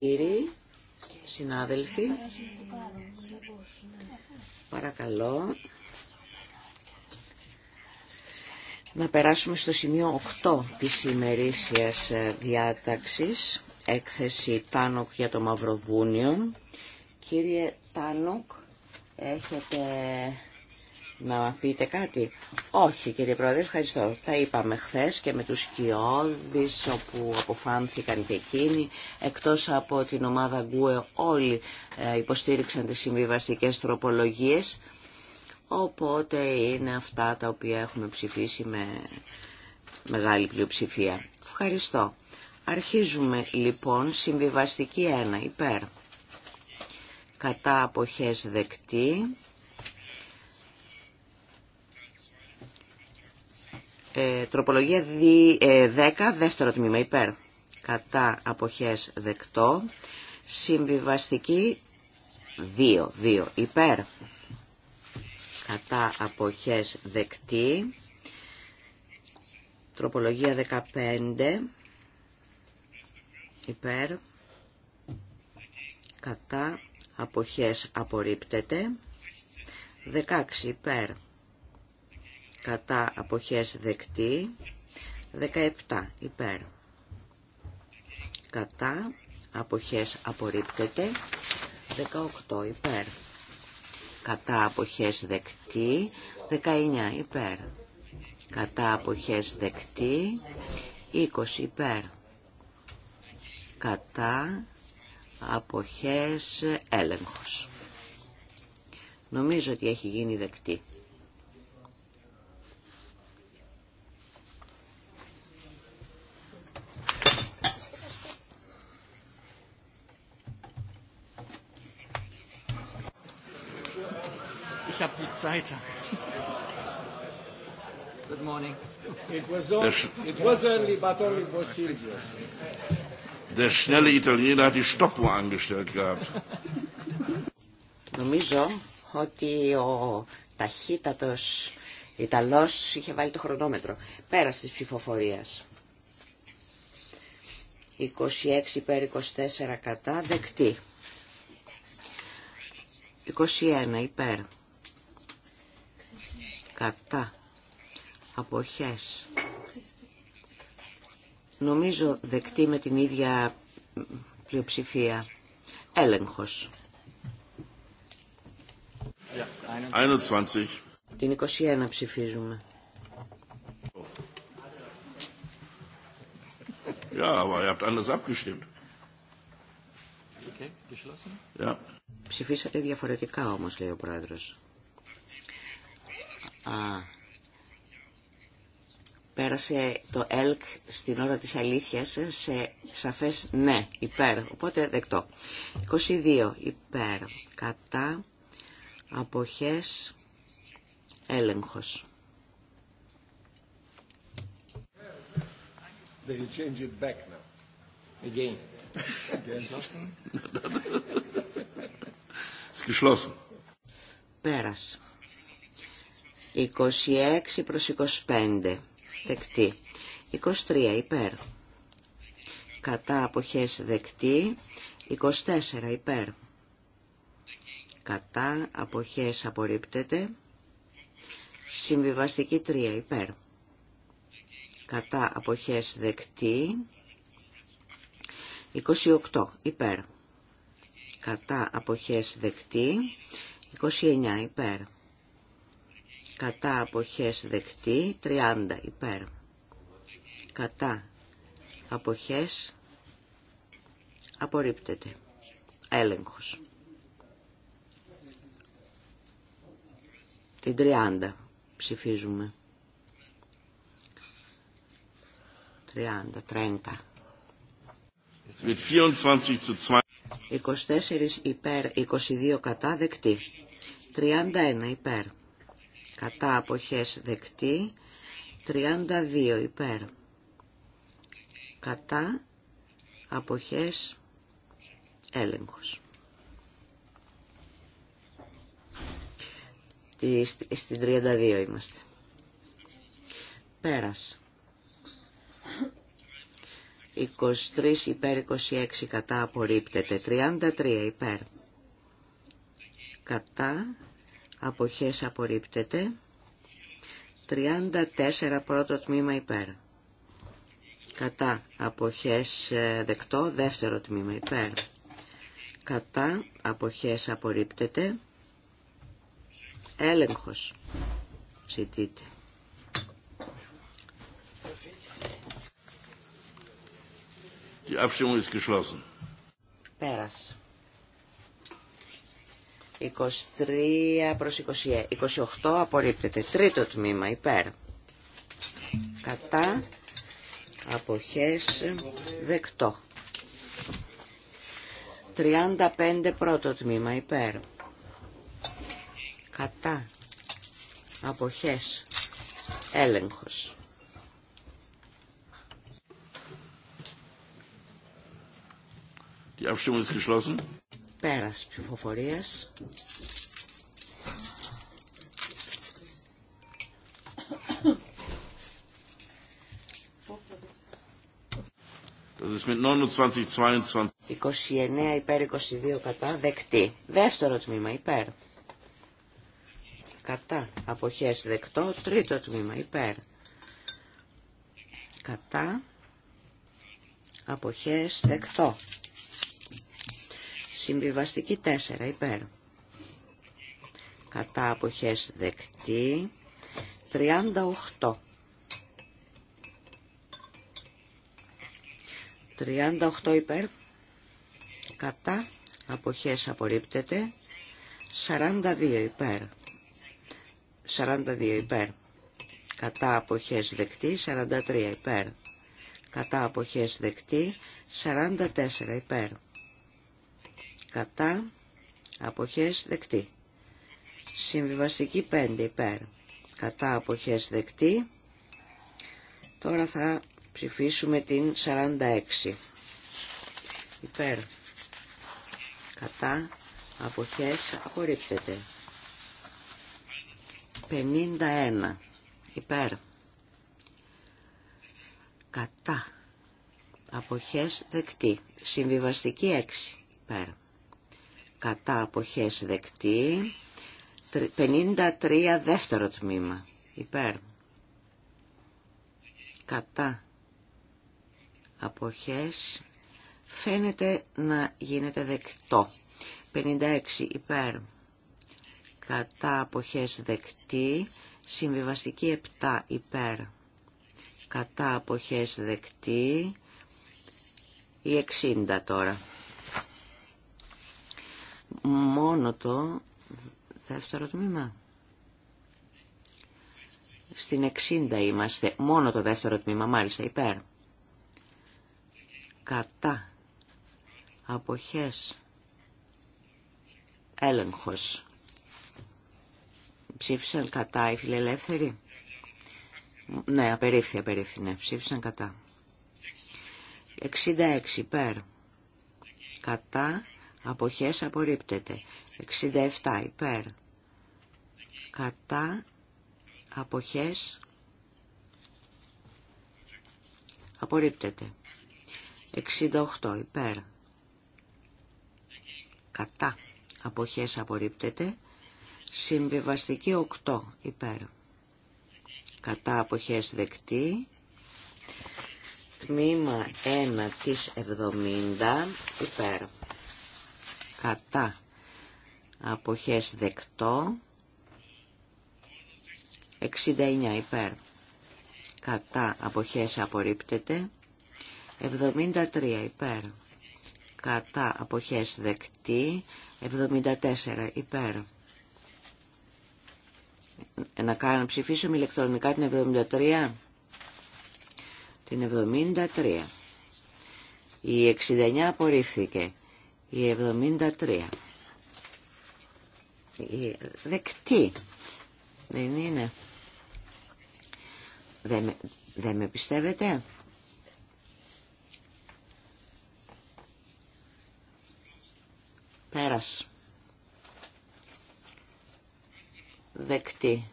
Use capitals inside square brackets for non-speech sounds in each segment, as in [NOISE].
Κύριοι, συνάδελφοι, παρακαλώ να περάσουμε στο σημείο 8 της ημερήσιας ε, διάταξης, έκθεση Τάνοκ για το Μαυροβούνιο. Κύριε Τάνοκ, έχετε να πείτε κάτι. Όχι κύριε Πρόεδρε, ευχαριστώ. Τα είπαμε χθε και με τους Κιώδης όπου αποφάνθηκαν και εκείνοι. Εκτός από την ομάδα Γκουε όλοι ε, υποστήριξαν τις συμβιβαστικές τροπολογίες. Οπότε είναι αυτά τα οποία έχουμε ψηφίσει με μεγάλη πλειοψηφία. Ευχαριστώ. Αρχίζουμε λοιπόν συμβιβαστική 1 υπέρ. Κατά αποχές δεκτή. Ε, τροπολογία 10, ε, δεύτερο τμήμα, υπέρ. Κατά αποχές δεκτό. Συμβιβαστική 2, 2, υπέρ. Κατά αποχές δεκτή. Τροπολογία 15, υπέρ. Κατά αποχές απορρίπτεται. 16 υπέρ κατά αποχές δεκτή 17 υπέρ κατά αποχές απορρίπτεται 18 υπέρ κατά αποχές δεκτή 19 υπέρ κατά αποχές δεκτή 20 υπέρ κατά αποχές έλεγχος νομίζω ότι έχει γίνει δεκτή ich habe die Zeit. Good morning. It was, on, it was early, but only for Silvio. Der schnelle Italiener hat die Stoppuhr angestellt gehabt. Νομίζω ότι ο ταχύτατος Ιταλός είχε βάλει το χρονόμετρο. Πέρασε της ψηφοφορίας. 26 υπέρ 24 κατά δεκτή. 21 υπέρ κατά αποχές νομίζω δεκτή με την ίδια πλειοψηφία έλεγχος 21. την 21 ψηφίζουμε [LAUGHS] Ja, aber ihr habt anders abgestimmt. Okay, geschlossen? Ja. Ψηφίσατε διαφορετικά όμως, λέει ο πρόεδρος πέρασε το ΕΛΚ στην ώρα της αλήθειας σε σαφές ναι, υπέρ, οπότε δεκτό. 22, υπέρ, κατά, αποχές, έλεγχος. Πέρασε. 26 προς 25 δεκτή 23 υπέρ κατά αποχές δεκτή 24 υπέρ κατά αποχές απορρίπτεται συμβιβαστική 3 υπέρ κατά αποχές δεκτή 28 υπέρ κατά αποχές δεκτή 29 υπέρ κατά αποχές δεκτή 30 υπέρ κατά αποχές απορρίπτεται έλεγχος την 30 ψηφίζουμε 30, 30 24 υπέρ, 22 κατά δεκτή 31 υπέρ κατά αποχές δεκτή 32 υπέρ κατά αποχές έλεγχος στην 32 είμαστε πέρας 23 υπέρ 26 κατά απορρίπτεται 33 υπέρ κατά αποχές απορρίπτεται 34 πρώτο τμήμα υπέρ κατά αποχές ε, δεκτό δεύτερο τμήμα υπέρ κατά αποχές απορρίπτεται έλεγχος ζητείται Die Abstimmung ist geschlossen. Πέρας. 23 προς 28 απορρίπτεται. Τρίτο τμήμα υπέρ. Κατά αποχές δεκτό. 35 πρώτο τμήμα υπέρ. Κατά αποχές έλεγχος. Die Abstimmung ist geschlossen. Πέρας ψηφοφορίας. 29, υπέρ 22 κατά δεκτή. Δεύτερο τμήμα υπέρ. Κατά. Αποχές δεκτό. Τρίτο τμήμα υπέρ. Κατά. Αποχές δεκτό. Συμβιβαστική 4 υπέρ. Κατά αποχές δεκτή. 38. 38 υπέρ. Κατά αποχές απορρίπτεται. 42 υπέρ. 42 υπέρ. Κατά αποχές δεκτή. 43 υπέρ. Κατά αποχές δεκτή. 44 υπέρ κατά αποχές δεκτή. Συμβιβαστική 5 υπέρ κατά αποχές δεκτή. Τώρα θα ψηφίσουμε την 46 υπέρ κατά αποχές απορρίπτεται. 51 υπέρ κατά αποχές δεκτή. Συμβιβαστική 6 υπέρ κατά αποχές δεκτή 53 δεύτερο τμήμα υπέρ κατά αποχές φαίνεται να γίνεται δεκτό 56 υπέρ κατά αποχές δεκτή συμβιβαστική 7 υπέρ κατά αποχές δεκτή η 60 τώρα μόνο το δεύτερο τμήμα. Στην 60 είμαστε. Μόνο το δεύτερο τμήμα, μάλιστα, υπέρ. Κατά. Αποχές. Έλεγχος. Ψήφισαν κατά οι φιλελεύθεροι. Ναι, απερίφθη, απερίφθη, ναι. Ψήφισαν κατά. 66 υπέρ. Κατά. Αποχές απορρίπτεται. 67 υπέρ. Κατά. Αποχές απορρίπτεται. 68 υπέρ. Κατά. Αποχές απορρίπτεται. Συμβιβαστική 8 υπέρ. Κατά αποχές δεκτή. Τμήμα 1 της 70 υπέρ κατά αποχές δεκτό 69 υπέρ κατά αποχές απορρίπτεται 73 υπέρ κατά αποχές δεκτή 74 υπέρ να κάνω ψηφίσουμε ηλεκτρονικά την 73 την 73 η 69 απορρίφθηκε η 73. Η δεκτή. Δεν είναι. Δεν με, δεν με πιστεύετε. Πέρας. Δεκτή.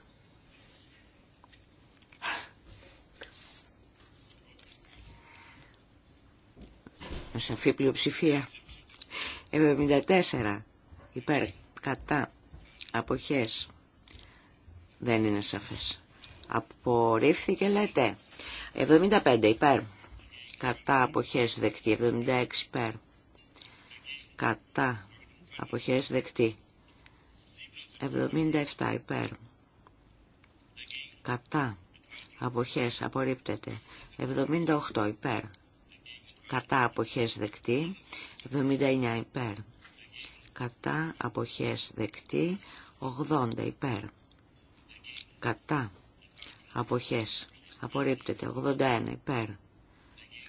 Με σαφή πλειοψηφία. 74 υπέρ κατά αποχές δεν είναι σαφές. Απορρίφθηκε λέτε. 75 υπέρ κατά αποχές δεκτή. 76 υπέρ κατά αποχές δεκτή. 77 υπέρ κατά αποχές απορρίπτεται. 78 υπέρ κατά αποχές δεκτή, 79 υπέρ, κατά αποχές δεκτή, 80 υπέρ, κατά αποχές απορρίπτεται, 81 υπέρ,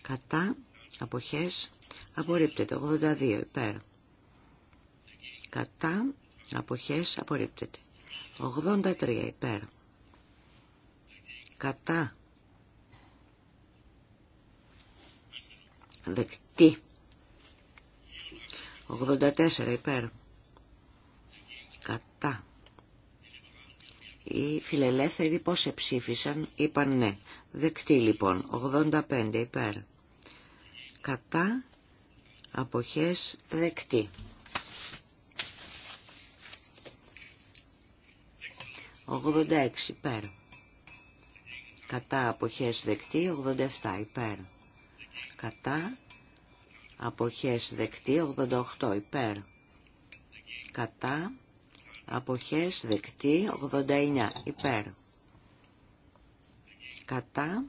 κατά αποχές απορρίπτεται, 82 υπέρ, κατά αποχές απορρίπτεται, 83 υπέρ, κατά δεκτή 84 υπέρ κατά οι φιλελεύθεροι πώς εψήφισαν είπαν ναι δεκτή λοιπόν 85 υπέρ κατά αποχές δεκτή 86 υπέρ κατά αποχές δεκτή 87 υπέρ κατά αποχές δεκτή 88 υπέρ κατά αποχές δεκτή 89 υπέρ κατά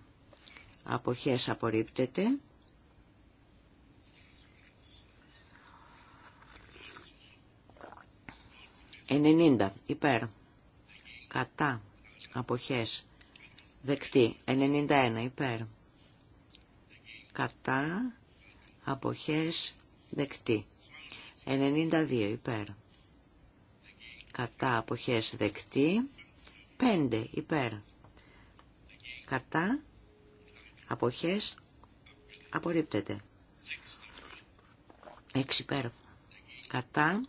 αποχές απορρίπτεται Ενενήντα υπέρ κατά αποχές δεκτή 91 υπέρ κατά αποχές δεκτή 92 υπέρ κατά αποχές δεκτή 5 υπέρ κατά αποχές απορρίπτεται 6 υπέρ κατά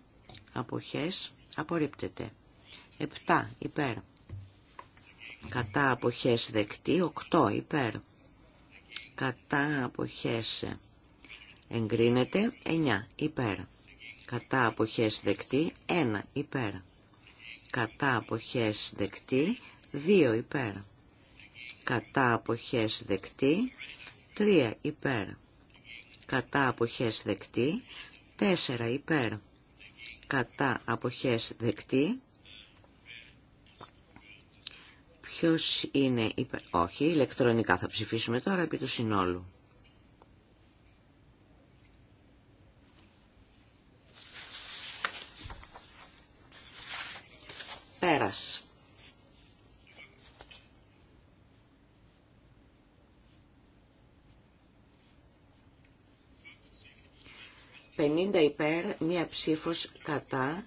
αποχές απορρίπτεται 7 υπέρ κατά αποχές δεκτή 8 υπέρ κατά αποχές εγκρίνεται 9 υπέρ κατά αποχές δεκτή 1 υπέρ κατά αποχές δεκτή 2 υπέρ κατά αποχές δεκτή 3 υπέρ κατά αποχές δεκτή 4 υπέρ κατά αποχές δεκτή Ποιος είναι υπέρ... Όχι, ηλεκτρονικά θα ψηφίσουμε τώρα επί του συνόλου. Πέρας. Πενήντα υπέρ, μία ψήφος κατά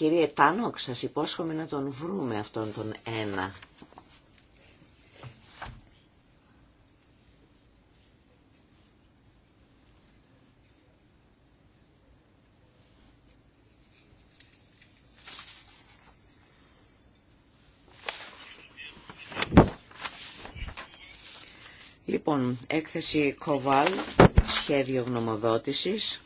Κύριε Τάνοξ, σας υπόσχομαι να τον βρούμε αυτόν τον ένα. Λοιπόν, έκθεση Κοβάλ, σχέδιο γνωμοδότησης.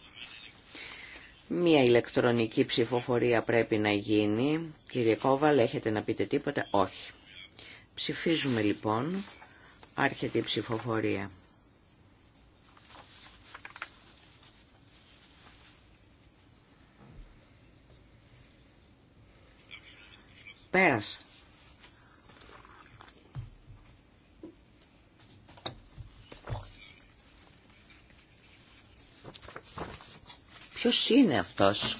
Μία ηλεκτρονική ψηφοφορία πρέπει να γίνει. Κύριε Κόβαλ, έχετε να πείτε τίποτα. Όχι. Ψηφίζουμε λοιπόν. Άρχεται η ψηφοφορία. Πέρασε. Ποιος είναι αυτός.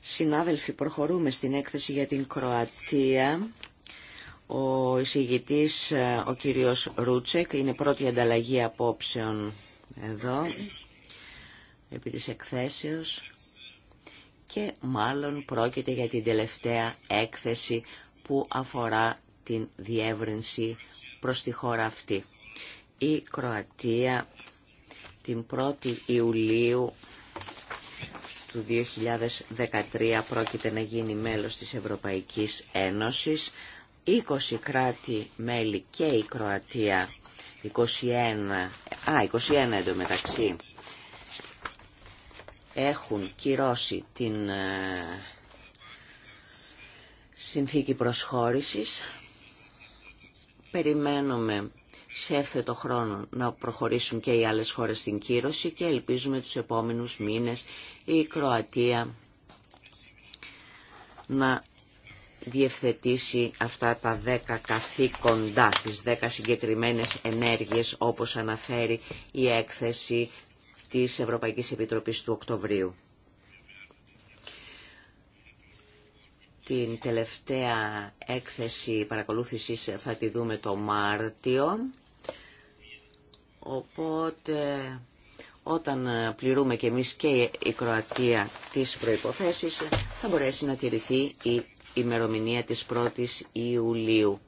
Συνάδελφοι, προχωρούμε στην έκθεση για την Κροατία. Ο εισηγητής, ε, ο κύριος Ρούτσεκ, είναι πρώτη ανταλλαγή απόψεων εδώ, επί της εκθέσεως και μάλλον πρόκειται για την τελευταία έκθεση που αφορά την διεύρυνση προς τη χώρα αυτή. Η Κροατία την 1η Ιουλίου του 2013 πρόκειται να γίνει μέλος της Ευρωπαϊκής Ένωσης. 20 κράτη-μέλη και η Κροατία, 21, α, 21 εντωμεταξύ, έχουν κυρώσει την ε, συνθήκη προσχώρησης. Περιμένουμε σε εύθετο χρόνο να προχωρήσουν και οι άλλες χώρες στην κύρωση και ελπίζουμε τους επόμενους μήνες η Κροατία να διευθετήσει αυτά τα δέκα καθήκοντα, τις δέκα συγκεκριμένες ενέργειες όπως αναφέρει η έκθεση της Ευρωπαϊκής Επιτροπής του Οκτωβρίου. Την τελευταία έκθεση παρακολούθησης θα τη δούμε το Μάρτιο. Οπότε όταν πληρούμε και εμείς και η Κροατία τις προϋποθέσεις θα μπορέσει να τηρηθεί η ημερομηνία της 1ης Ιουλίου.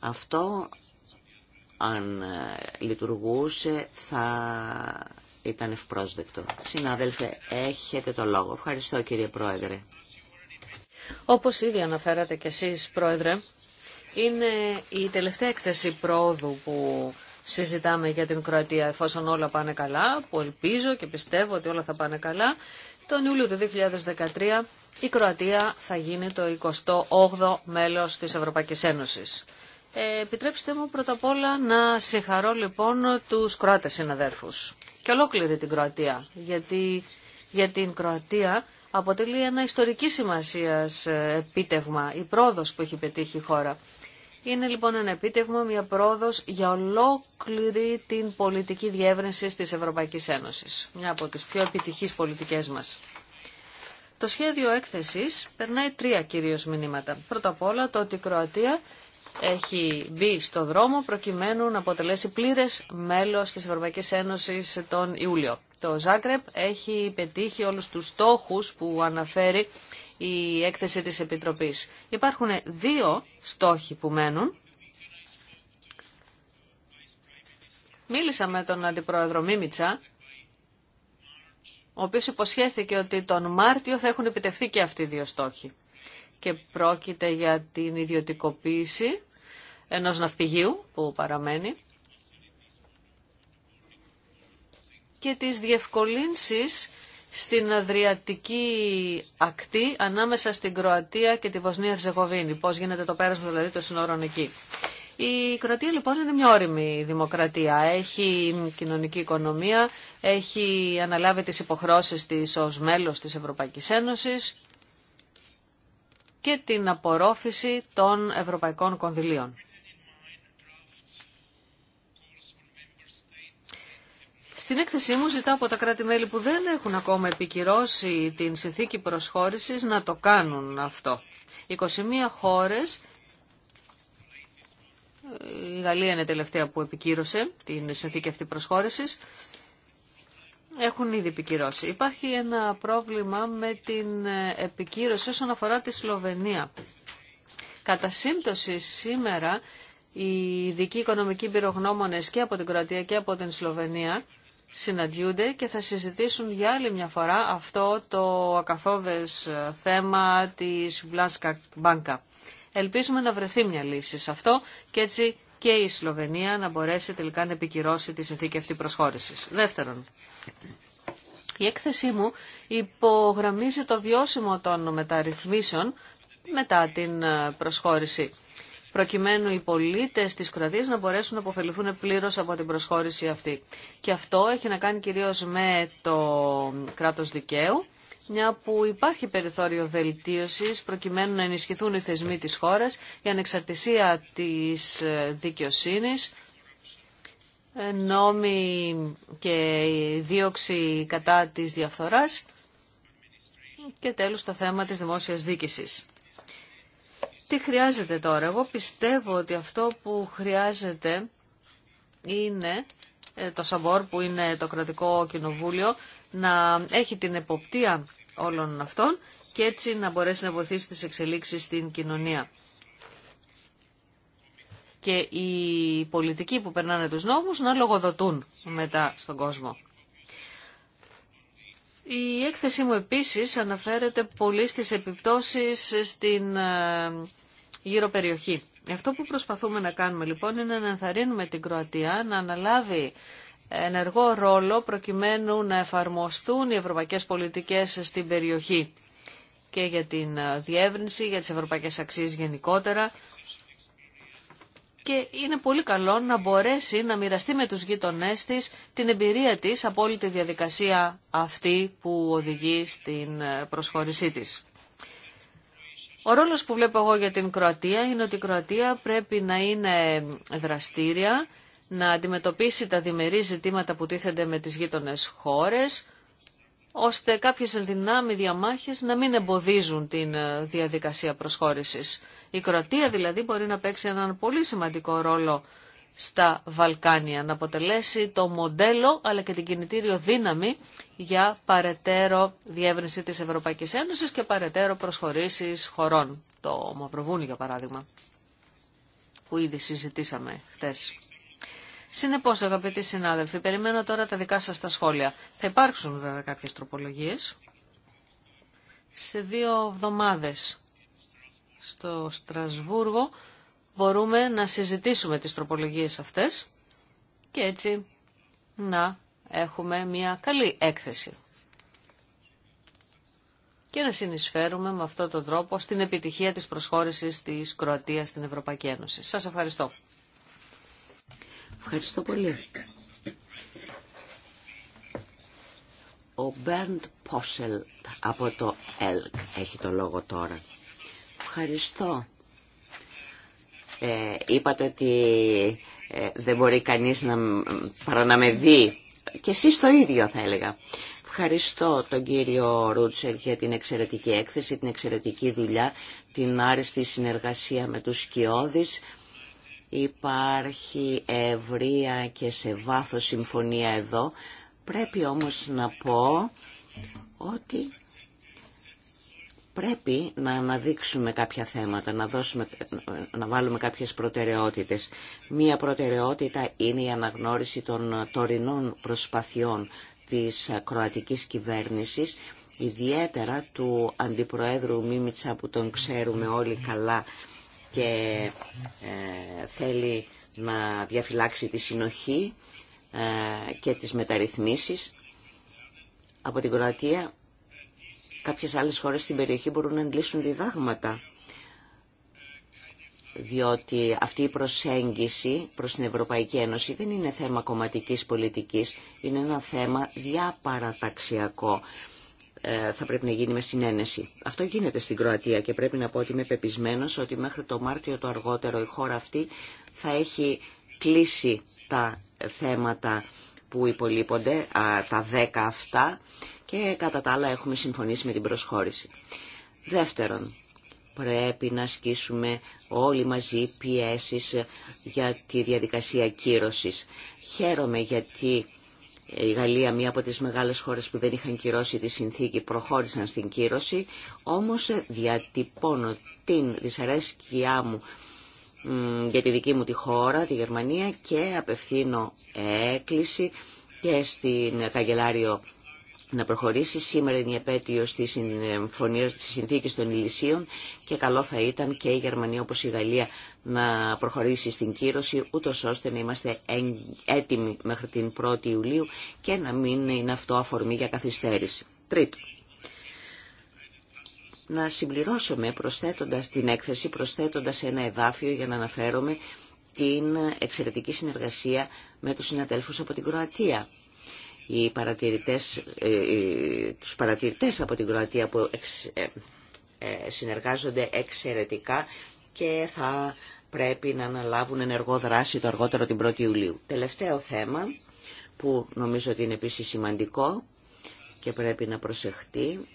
Αυτό αν ε, λειτουργούσε θα ήταν ευπρόσδεκτο. Συνάδελφε, έχετε το λόγο. Ευχαριστώ κύριε Πρόεδρε. Όπως ήδη αναφέρατε κι εσείς Πρόεδρε, είναι η τελευταία έκθεση πρόοδου που συζητάμε για την Κροατία εφόσον όλα πάνε καλά, που ελπίζω και πιστεύω ότι όλα θα πάνε καλά. Τον Ιούλιο του 2013 η Κροατία θα γίνει το 28ο μέλος της Ευρωπαϊκής Ένωσης. Ε, επιτρέψτε μου πρώτα απ' όλα να συγχαρώ λοιπόν τους Κροάτες συναδέρφους και ολόκληρη την Κροατία, γιατί για την Κροατία αποτελεί ένα ιστορική σημασία ε, επίτευγμα, η πρόοδος που έχει πετύχει η χώρα. Είναι λοιπόν ένα επίτευγμα, μια πρόοδος για ολόκληρη την πολιτική διεύρυνση της Ευρωπαϊκής Ένωσης. Μια από τις πιο επιτυχείς πολιτικές μας. Το σχέδιο έκθεσης περνάει τρία κυρίως μηνύματα. Πρώτα απ' όλα το ότι η Κροατία έχει μπει στο δρόμο προκειμένου να αποτελέσει πλήρες μέλος της Ευρωπαϊκής Ένωσης τον Ιούλιο. Το Ζάκρεπ έχει πετύχει όλους τους στόχους που αναφέρει η έκθεση της Επιτροπής. Υπάρχουν δύο στόχοι που μένουν. Μίλησα με τον Αντιπρόεδρο Μίμητσα ο οποίος υποσχέθηκε ότι τον Μάρτιο θα έχουν επιτευχθεί και αυτοί οι δύο στόχοι. Και πρόκειται για την ιδιωτικοποίηση ενός ναυπηγείου που παραμένει και τις διευκολύνσεις στην Αδριατική ακτή ανάμεσα στην Κροατία και τη Βοσνία Ερζεγοβίνη. Πώς γίνεται το πέρασμα δηλαδή των συνόρων εκεί. Η Κροατία λοιπόν είναι μια όρημη δημοκρατία. Έχει κοινωνική οικονομία, έχει αναλάβει τις υποχρώσεις της ως μέλος της Ευρωπαϊκής Ένωσης και την απορρόφηση των ευρωπαϊκών κονδυλίων. Στην έκθεσή μου ζητάω από τα κράτη-μέλη που δεν έχουν ακόμα επικυρώσει την συνθήκη προσχώρησης να το κάνουν αυτό. 21 χώρες η Γαλλία είναι τελευταία που επικύρωσε την συνθήκη αυτή προσχώρησης. Έχουν ήδη επικυρώσει. Υπάρχει ένα πρόβλημα με την επικύρωση όσον αφορά τη Σλοβενία. Κατά σύμπτωση σήμερα οι ειδικοί οικονομικοί πυρογνώμονες και από την Κροατία και από την Σλοβενία συναντιούνται και θα συζητήσουν για άλλη μια φορά αυτό το ακαθόβες θέμα της Βλάσκα Μπάνκα. Ελπίζουμε να βρεθεί μια λύση σε αυτό και έτσι και η Σλοβενία να μπορέσει τελικά να επικυρώσει τη συνθήκη αυτή προσχώρησης. Δεύτερον, η έκθεσή μου υπογραμμίζει το βιώσιμο των μεταρρυθμίσεων μετά την ε, προσχώρηση προκειμένου οι πολίτες της Κροατίας να μπορέσουν να αποφεληθούν πλήρως από την προσχώρηση αυτή. Και αυτό έχει να κάνει κυρίως με το κράτος δικαίου μια που υπάρχει περιθώριο δελτίωσης προκειμένου να ενισχυθούν οι θεσμοί της χώρας, η ανεξαρτησία της ε, δικαιοσύνης, ε, νόμοι και δίωξη κατά της διαφθοράς και τέλος το θέμα της δημόσιας δίκησης. Τι χρειάζεται τώρα. Εγώ πιστεύω ότι αυτό που χρειάζεται είναι ε, το ΣΑΜΠΟΡ που είναι το κρατικό κοινοβούλιο να έχει την εποπτεία όλων αυτών και έτσι να μπορέσει να βοηθήσει τις εξελίξεις στην κοινωνία. Και οι πολιτικοί που περνάνε τους νόμους να λογοδοτούν μετά στον κόσμο. Η έκθεσή μου επίσης αναφέρεται πολύ στις επιπτώσεις στην ε, γύρω περιοχή. Αυτό που προσπαθούμε να κάνουμε λοιπόν είναι να ενθαρρύνουμε την Κροατία να αναλάβει ενεργό ρόλο προκειμένου να εφαρμοστούν οι ευρωπαϊκές πολιτικές στην περιοχή και για την ε, διεύρυνση, για τις ευρωπαϊκές αξίες γενικότερα. Και είναι πολύ καλό να μπορέσει να μοιραστεί με τους γείτονές της την εμπειρία της από όλη τη διαδικασία αυτή που οδηγεί στην ε, προσχώρησή της. Ο ρόλος που βλέπω εγώ για την Κροατία είναι ότι η Κροατία πρέπει να είναι δραστήρια να αντιμετωπίσει τα διμερεί ζητήματα που τίθενται με τις γείτονες χώρες, ώστε κάποιες ενδυνάμει διαμάχες να μην εμποδίζουν την ε, διαδικασία προσχώρησης. Η Κροατία δηλαδή μπορεί να παίξει έναν πολύ σημαντικό ρόλο στα Βαλκάνια, να αποτελέσει το μοντέλο αλλά και την κινητήριο δύναμη για παρετέρω διεύρυνση της Ευρωπαϊκής Ένωσης και παρετέρω προσχωρήσεις χωρών, το Μαυροβούνι για παράδειγμα, που ήδη συζητήσαμε χτες. Συνεπώ, αγαπητοί συνάδελφοι, περιμένω τώρα τα δικά σας τα σχόλια. Θα υπάρξουν βέβαια κάποιε τροπολογίε. Σε δύο εβδομάδε στο Στρασβούργο μπορούμε να συζητήσουμε τις τροπολογίες αυτές και έτσι να έχουμε μια καλή έκθεση και να συνεισφέρουμε με αυτόν τον τρόπο στην επιτυχία της προσχώρησης της Κροατίας στην Ευρωπαϊκή Ένωση. Σας ευχαριστώ. Ευχαριστώ πολύ. Ο Μπέρντ Πόσελ από το ΕΛΚ έχει το λόγο τώρα. Ευχαριστώ. Ε, είπατε ότι ε, δεν μπορεί κανείς να, παρά να με δει. Και εσείς το ίδιο θα έλεγα. Ευχαριστώ τον κύριο Ρούτσερ για την εξαιρετική έκθεση, την εξαιρετική δουλειά, την άριστη συνεργασία με τους Σκιώδης. Υπάρχει ευρεία και σε βάθος συμφωνία εδώ. Πρέπει όμως να πω ότι πρέπει να αναδείξουμε κάποια θέματα, να, δώσουμε, να βάλουμε κάποιες προτεραιότητες. Μία προτεραιότητα είναι η αναγνώριση των τωρινών προσπαθειών της κροατικής κυβέρνησης, ιδιαίτερα του Αντιπροέδρου Μίμητσα που τον ξέρουμε όλοι καλά και ε, θέλει να διαφυλάξει τη συνοχή ε, και τις μεταρρυθμίσεις. Από την Κροατία κάποιες άλλες χώρες στην περιοχή μπορούν να εντλήσουν διδάγματα διότι αυτή η προσέγγιση προς την Ευρωπαϊκή Ένωση δεν είναι θέμα κομματικής πολιτικής, είναι ένα θέμα διαπαραταξιακό. Ε, θα πρέπει να γίνει με συνένεση. Αυτό γίνεται στην Κροατία και πρέπει να πω ότι είμαι πεπισμένος ότι μέχρι το Μάρτιο το αργότερο η χώρα αυτή θα έχει κλείσει τα θέματα που υπολείπονται, τα δέκα αυτά και κατά τα άλλα έχουμε συμφωνήσει με την προσχώρηση. Δεύτερον, πρέπει να ασκήσουμε όλοι μαζί πιέσεις για τη διαδικασία κύρωσης. Χαίρομαι γιατί η Γαλλία, μία από τις μεγάλες χώρες που δεν είχαν κυρώσει τη συνθήκη, προχώρησαν στην κύρωση, όμως ε, διατυπώνω την δυσαρέσκειά μου για τη δική μου τη χώρα, τη Γερμανία, και απευθύνω έκκληση και στην καγκελάριο να προχωρήσει. Σήμερα είναι η επέτειο τη συμφωνία συνθήκη των Ηλυσίων και καλό θα ήταν και η Γερμανία όπω η Γαλλία να προχωρήσει στην κύρωση, ούτω ώστε να είμαστε έτοιμοι μέχρι την 1η Ιουλίου και να μην είναι αυτό αφορμή για καθυστέρηση. Τρίτο. Να συμπληρώσουμε προσθέτοντας την έκθεση, προσθέτοντας ένα εδάφιο για να αναφέρομαι την εξαιρετική συνεργασία με τους συναδέλφους από την Κροατία οι παρατηρητές, ε, ε, τους παρατηρητές από την Κροατία που ε, συνεργάζονται εξαιρετικά και θα πρέπει να αναλάβουν ενεργό δράση το αργότερο την 1η Ιουλίου. Τελευταίο θέμα που νομίζω ότι είναι επίσης σημαντικό και πρέπει να προσεχτεί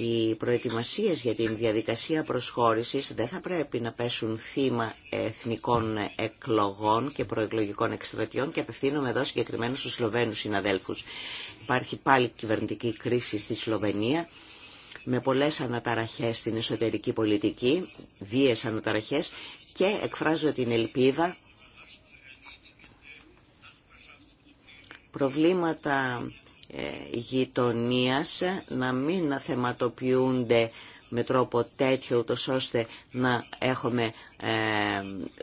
οι προετοιμασίες για την διαδικασία προσχώρησης δεν θα πρέπει να πέσουν θύμα εθνικών εκλογών και προεκλογικών εκστρατιών και απευθύνομαι εδώ συγκεκριμένα στους Σλοβαίνους συναδέλφους. Υπάρχει πάλι κυβερνητική κρίση στη Σλοβενία με πολλές αναταραχές στην εσωτερική πολιτική, βίες αναταραχές και εκφράζω την ελπίδα προβλήματα ε, γειτονίας να μην θεματοποιούνται με τρόπο τέτοιο ούτως ώστε να έχουμε ε,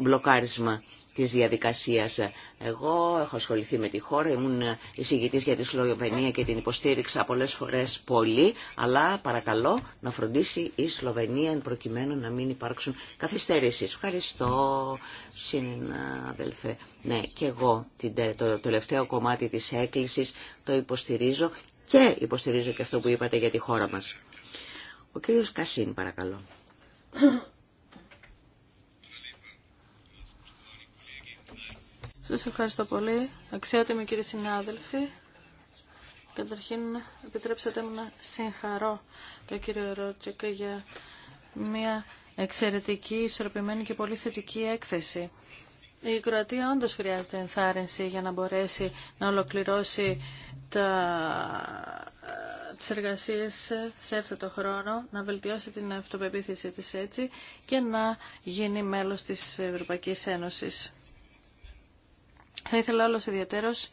μπλοκάρισμα της διαδικασίας. Εγώ έχω ασχοληθεί με τη χώρα, ήμουν εισηγητής για τη Σλοβενία και την υποστήριξα πολλές φορές πολύ, αλλά παρακαλώ να φροντίσει η Σλοβενία εν προκειμένου να μην υπάρξουν καθυστερήσεις. Ευχαριστώ, συναδελφέ. Ναι, και εγώ το τελευταίο κομμάτι της έκκλησης το υποστηρίζω και υποστηρίζω και αυτό που είπατε για τη χώρα μας. Ο κύριος Κασίν, παρακαλώ. [COUGHS] Σας ευχαριστώ πολύ. Αξιότιμοι κύριοι συνάδελφοι, καταρχήν επιτρέψατε μου να συγχαρώ τον κύριο Ρότσεκ για μια εξαιρετική, ισορροπημένη και πολύ θετική έκθεση. Η Κροατία όντως χρειάζεται ενθάρρυνση για να μπορέσει να ολοκληρώσει τα... τις εργασίες σε το χρόνο, να βελτιώσει την αυτοπεποίθησή της έτσι και να γίνει μέλος της Ευρωπαϊκής Ένωσης. Θα ήθελα όλο ιδιαίτερος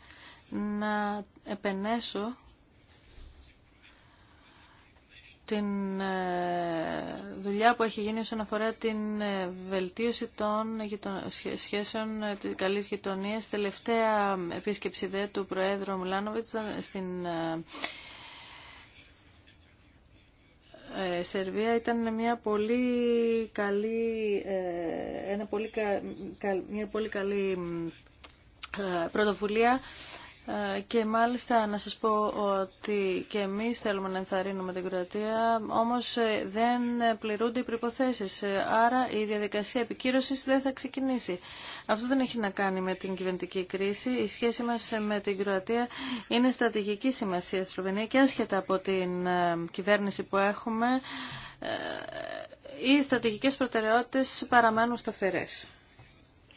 να επενέσω την ε, δουλειά που έχει γίνει όσον αφορά την ε, βελτίωση των σχέσεων ε, της καλής γειτονίας. Τελευταία επίσκεψη δε του Προέδρου Μιλάνοβιτς στην Σερβία ήταν μια πολύ καλή, ένα πολύ μια πολύ καλή ε, πρωτοβουλία ε, και μάλιστα να σας πω ότι και εμείς θέλουμε να ενθαρρύνουμε την Κροατία, όμως ε, δεν πληρούνται οι προϋποθέσεις, άρα η διαδικασία επικύρωσης δεν θα ξεκινήσει. Αυτό δεν έχει να κάνει με την κυβερνητική κρίση. Η σχέση μας με την Κροατία είναι στρατηγική σημασία στη Σλοβενία και άσχετα από την κυβέρνηση που έχουμε, οι στρατηγικές προτεραιότητες παραμένουν σταθερές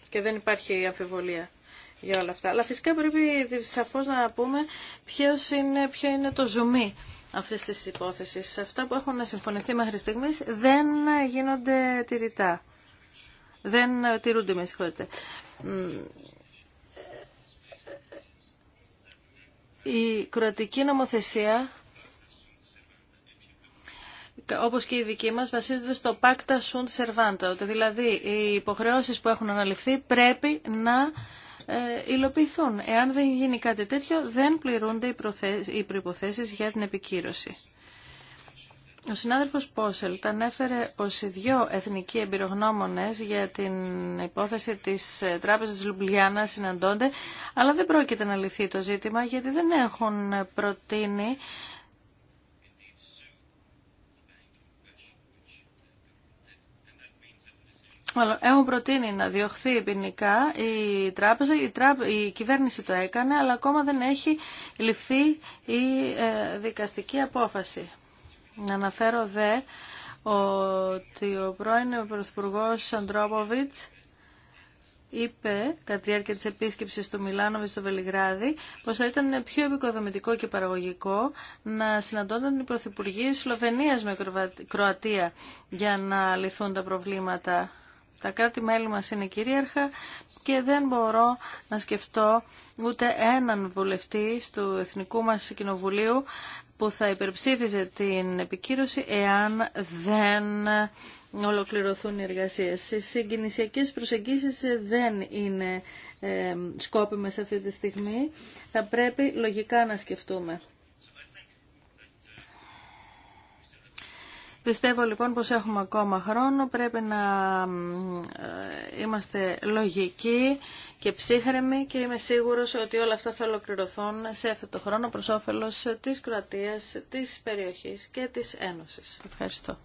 και δεν υπάρχει αμφιβολία για όλα αυτά. Αλλά φυσικά πρέπει σαφώς να πούμε ποιος είναι, ποιο είναι το ζουμί αυτής της υπόθεσης. Αυτά που έχουν συμφωνηθεί μέχρι στιγμής δεν γίνονται τηρητά. Δεν τηρούνται, με συγχωρείτε. Η κροατική νομοθεσία όπως και η δική μας, βασίζονται στο pacta sunt servanta Ότι δηλαδή οι υποχρεώσεις που έχουν αναλυφθεί πρέπει να ε, υλοποιηθούν. Εάν δεν γίνει κάτι τέτοιο, δεν πληρούνται οι προϋποθέσεις για την επικύρωση. Ο συνάδελφος Πόσελτ ανέφερε ως οι δυο εθνικοί εμπειρογνώμονες για την υπόθεση της ε, Τράπεζας Λουμπλιάνα συναντώνται, αλλά δεν πρόκειται να λυθεί το ζήτημα γιατί δεν έχουν προτείνει μάλλον, έχουν προτείνει να διωχθεί ποινικά η τράπεζα, η, τράπε, η κυβέρνηση το έκανε, αλλά ακόμα δεν έχει ληφθεί η ε, δικαστική απόφαση. Να αναφέρω δε ότι ο πρώην Πρωθυπουργός Αντρόποβιτς είπε κατά τη διάρκεια της επίσκεψης του Μιλάνο στο Βελιγράδι πως θα ήταν πιο επικοδομητικό και παραγωγικό να συναντώνταν οι πρωθυπουργοί Σλοβενίας με Κροατία για να λυθούν τα προβλήματα τα κράτη-μέλη μας είναι κυρίαρχα και δεν μπορώ να σκεφτώ ούτε έναν βουλευτή του Εθνικού μας Κοινοβουλίου που θα υπερψήφιζε την επικύρωση εάν δεν ολοκληρωθούν οι εργασίες. Οι συγκινησιακές προσεγγίσεις δεν είναι ε, σκόπιμες αυτή τη στιγμή. Θα πρέπει λογικά να σκεφτούμε. Πιστεύω λοιπόν πως έχουμε ακόμα χρόνο, πρέπει να ε, είμαστε λογικοί και ψύχρεμοι και είμαι σίγουρος ότι όλα αυτά θα ολοκληρωθούν σε αυτό το χρόνο προς όφελος της Κροατίας, της περιοχής και της Ένωσης. Ευχαριστώ.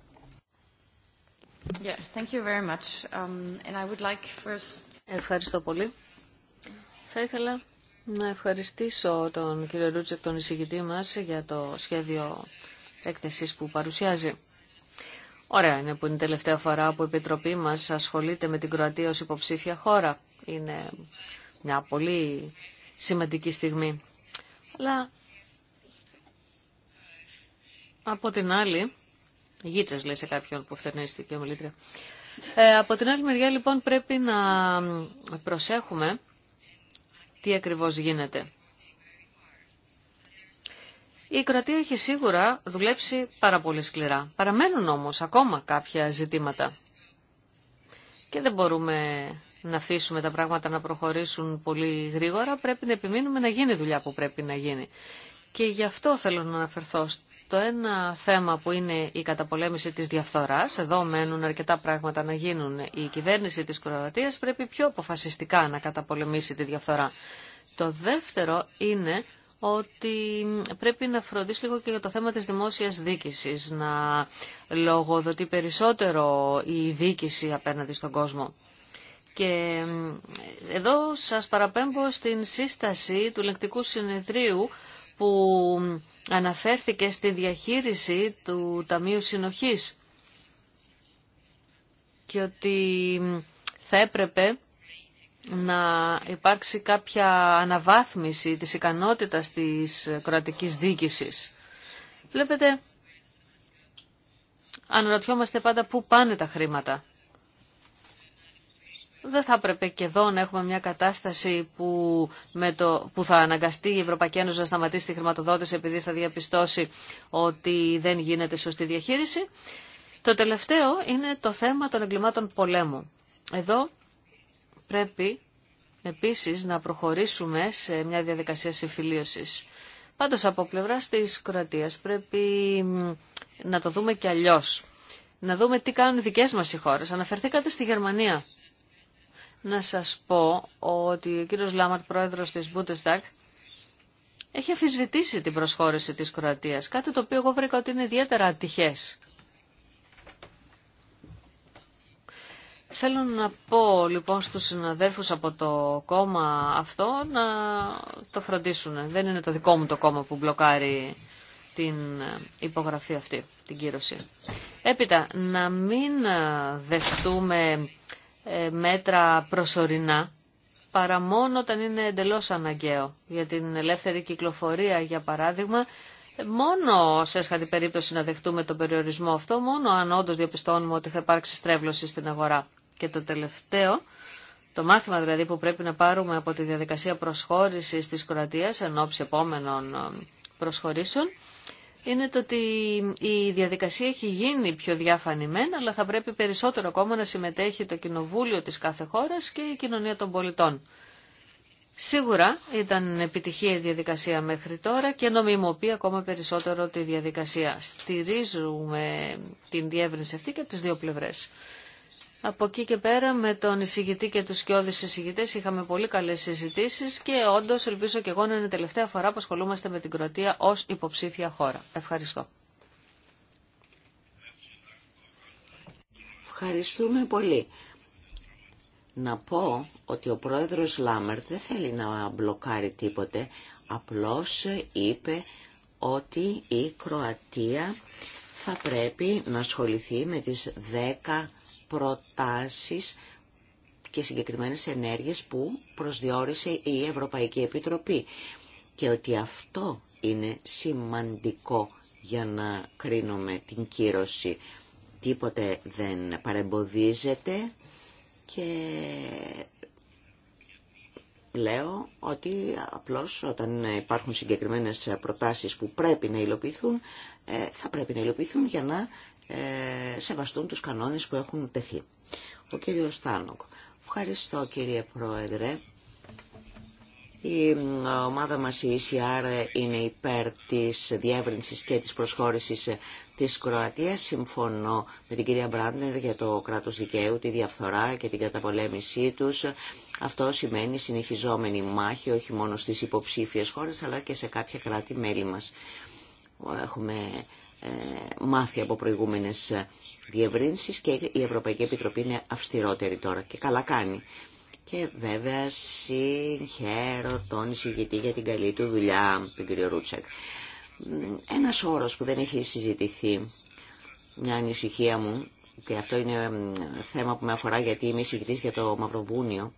Ευχαριστώ πολύ. Θα ήθελα να ευχαριστήσω τον κύριο Ρούτσεκ, τον εισηγητή μας, για το σχέδιο έκθεσης που παρουσιάζει. Ωραία είναι που είναι η τελευταία φορά που η Επιτροπή μας ασχολείται με την Κροατία ως υποψήφια χώρα. Είναι μια πολύ σημαντική στιγμή. Αλλά από την άλλη, Γίτσε λέει σε κάποιον που φτερνίστηκε ομιλήτρια. Ε, από την άλλη μεριά λοιπόν πρέπει να προσέχουμε τι ακριβώς γίνεται. Η Κροατία έχει σίγουρα δουλέψει πάρα πολύ σκληρά. Παραμένουν όμως ακόμα κάποια ζητήματα. Και δεν μπορούμε να αφήσουμε τα πράγματα να προχωρήσουν πολύ γρήγορα. Πρέπει να επιμείνουμε να γίνει δουλειά που πρέπει να γίνει. Και γι' αυτό θέλω να αναφερθώ στο ένα θέμα που είναι η καταπολέμηση της διαφθοράς, εδώ μένουν αρκετά πράγματα να γίνουν. Η κυβέρνηση της Κροατίας πρέπει πιο αποφασιστικά να καταπολεμήσει τη διαφθορά. Το δεύτερο είναι ότι πρέπει να φροντίσει λίγο και για το θέμα της δημόσιας δίκησης, να λογοδοτεί περισσότερο η δίκηση απέναντι στον κόσμο. Και εδώ σας παραπέμπω στην σύσταση του Λεκτικού Συνεδρίου που αναφέρθηκε στη διαχείριση του Ταμείου Συνοχής και ότι θα έπρεπε να υπάρξει κάποια αναβάθμιση της ικανότητας της κρατικής δίκησης. Βλέπετε, αναρωτιόμαστε πάντα πού πάνε τα χρήματα. Δεν θα έπρεπε και εδώ να έχουμε μια κατάσταση που, με το, που θα αναγκαστεί η Ευρωπαϊκή Ένωση να σταματήσει τη χρηματοδότηση επειδή θα διαπιστώσει ότι δεν γίνεται σωστή διαχείριση. Το τελευταίο είναι το θέμα των εγκλημάτων πολέμου. Εδώ πρέπει επίσης να προχωρήσουμε σε μια διαδικασία συμφιλίωσης. Πάντως από πλευρά της Κροατίας πρέπει να το δούμε και αλλιώς. Να δούμε τι κάνουν οι δικές μας οι χώρες. Αναφερθήκατε στη Γερμανία. Να σας πω ότι ο κύριος Λάμαρτ, πρόεδρος της Bundestag, έχει αφισβητήσει την προσχώρηση της Κροατίας, κάτι το οποίο εγώ βρήκα ότι είναι ιδιαίτερα ατυχές. Θέλω να πω λοιπόν στους συναδέλφους από το κόμμα αυτό να το φροντίσουν. Δεν είναι το δικό μου το κόμμα που μπλοκάρει την ε, υπογραφή αυτή, την κύρωση. Έπειτα, να μην ε, δεχτούμε ε, μέτρα προσωρινά, παρά μόνο όταν είναι εντελώς αναγκαίο. Για την ελεύθερη κυκλοφορία, για παράδειγμα, μόνο σε έσχατη περίπτωση να δεχτούμε τον περιορισμό αυτό, μόνο αν όντω διαπιστώνουμε ότι θα υπάρξει στρέβλωση στην αγορά. Και το τελευταίο, το μάθημα δηλαδή που πρέπει να πάρουμε από τη διαδικασία προσχώρησης της Κροατίας εν ώψη επόμενων ε, προσχωρήσεων, είναι το ότι η διαδικασία έχει γίνει πιο διάφανη αλλά θα πρέπει περισσότερο ακόμα να συμμετέχει το κοινοβούλιο της κάθε χώρας και η κοινωνία των πολιτών. Σίγουρα ήταν επιτυχία η διαδικασία μέχρι τώρα και νομιμοποιεί ακόμα περισσότερο τη διαδικασία. Στηρίζουμε την διεύρυνση αυτή και από τις δύο πλευρές. Από εκεί και πέρα με τον εισηγητή και τους σκιώδεις εισηγητές είχαμε πολύ καλές συζητήσεις και όντως ελπίζω και εγώ να είναι τελευταία φορά που ασχολούμαστε με την Κροατία ως υποψήφια χώρα. Ευχαριστώ. Ευχαριστούμε πολύ. Να πω ότι ο πρόεδρος Λάμερ δεν θέλει να μπλοκάρει τίποτε, απλώς είπε ότι η Κροατία θα πρέπει να ασχοληθεί με τις 10 προτάσεις και συγκεκριμένες ενέργειες που προσδιορίσε η Ευρωπαϊκή Επιτροπή και ότι αυτό είναι σημαντικό για να κρίνουμε την κύρωση. Τίποτε δεν παρεμποδίζεται και λέω ότι απλώς όταν υπάρχουν συγκεκριμένες προτάσεις που πρέπει να υλοποιηθούν, ε, θα πρέπει να υλοποιηθούν για να ε, σεβαστούν τους κανόνες που έχουν τεθεί. Ο κύριος Στάνοκ. Ευχαριστώ κύριε Πρόεδρε. Η ε, ομάδα μας η ECR είναι υπέρ της διεύρυνσης και της προσχώρησης ε, της Κροατίας. Συμφωνώ με την κυρία Μπράντερ για το κράτος δικαίου, τη διαφθορά και την καταπολέμησή τους. Αυτό σημαίνει συνεχιζόμενη μάχη όχι μόνο στις υποψήφιες χώρες αλλά και σε κάποια κράτη-μέλη μας. Έχουμε ε, μάθει από προηγούμενες ε, διευρύνσεις και η Ευρωπαϊκή Επιτροπή είναι αυστηρότερη τώρα και καλά κάνει. Και βέβαια συγχαίρω τον εισηγητή για την καλή του δουλειά, τον κύριο Ρούτσεκ. Ε, ένας όρος που δεν έχει συζητηθεί, μια ανησυχία μου, και αυτό είναι θέμα που με αφορά γιατί είμαι εισηγητή για το Μαυροβούνιο,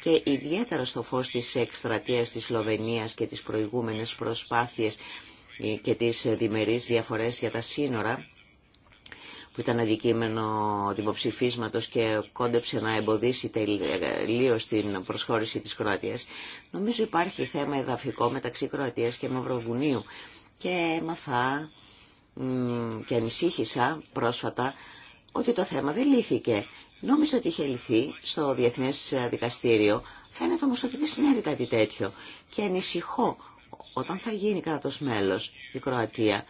και ιδιαίτερα στο φως της εκστρατείας της Σλοβενίας και τις προηγούμενες προσπάθειες και τις διμερείς διαφορές για τα σύνορα που ήταν αντικείμενο δημοψηφίσματος και κόντεψε να εμποδίσει τελείω την προσχώρηση της Κροατίας. Νομίζω υπάρχει θέμα εδαφικό μεταξύ Κροατίας και Μαυροβουνίου και έμαθα και ανησύχησα πρόσφατα ότι το θέμα δεν λύθηκε. Νόμιζα ότι είχε λυθεί στο Διεθνές Δικαστήριο, φαίνεται όμως ότι δεν συνέβη κάτι τέτοιο και ανησυχώ όταν θα γίνει κράτος μέλος η Κροατία,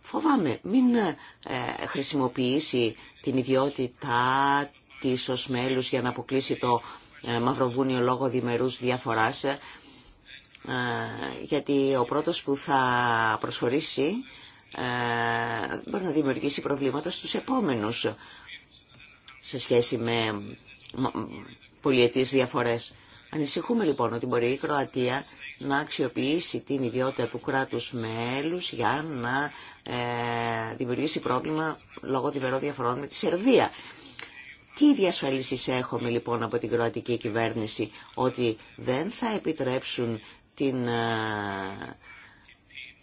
φοβάμαι μην ε, χρησιμοποιήσει την ιδιότητά της ως μέλους για να αποκλείσει το ε, Μαυροβούνιο λόγω διμερούς διαφοράς, ε, γιατί ο πρώτος που θα προσχωρήσει ε, μπορεί να δημιουργήσει προβλήματα στους επόμενους σε σχέση με πολιετής διαφορές. Ανησυχούμε λοιπόν ότι μπορεί η Κροατία να αξιοποιήσει την ιδιότητα του κράτους μέλους για να ε, δημιουργήσει πρόβλημα λόγω διμερών διαφορών με τη Σερβία. Τι διασφαλίσεις έχουμε λοιπόν από την κροατική κυβέρνηση ότι δεν θα επιτρέψουν την ε,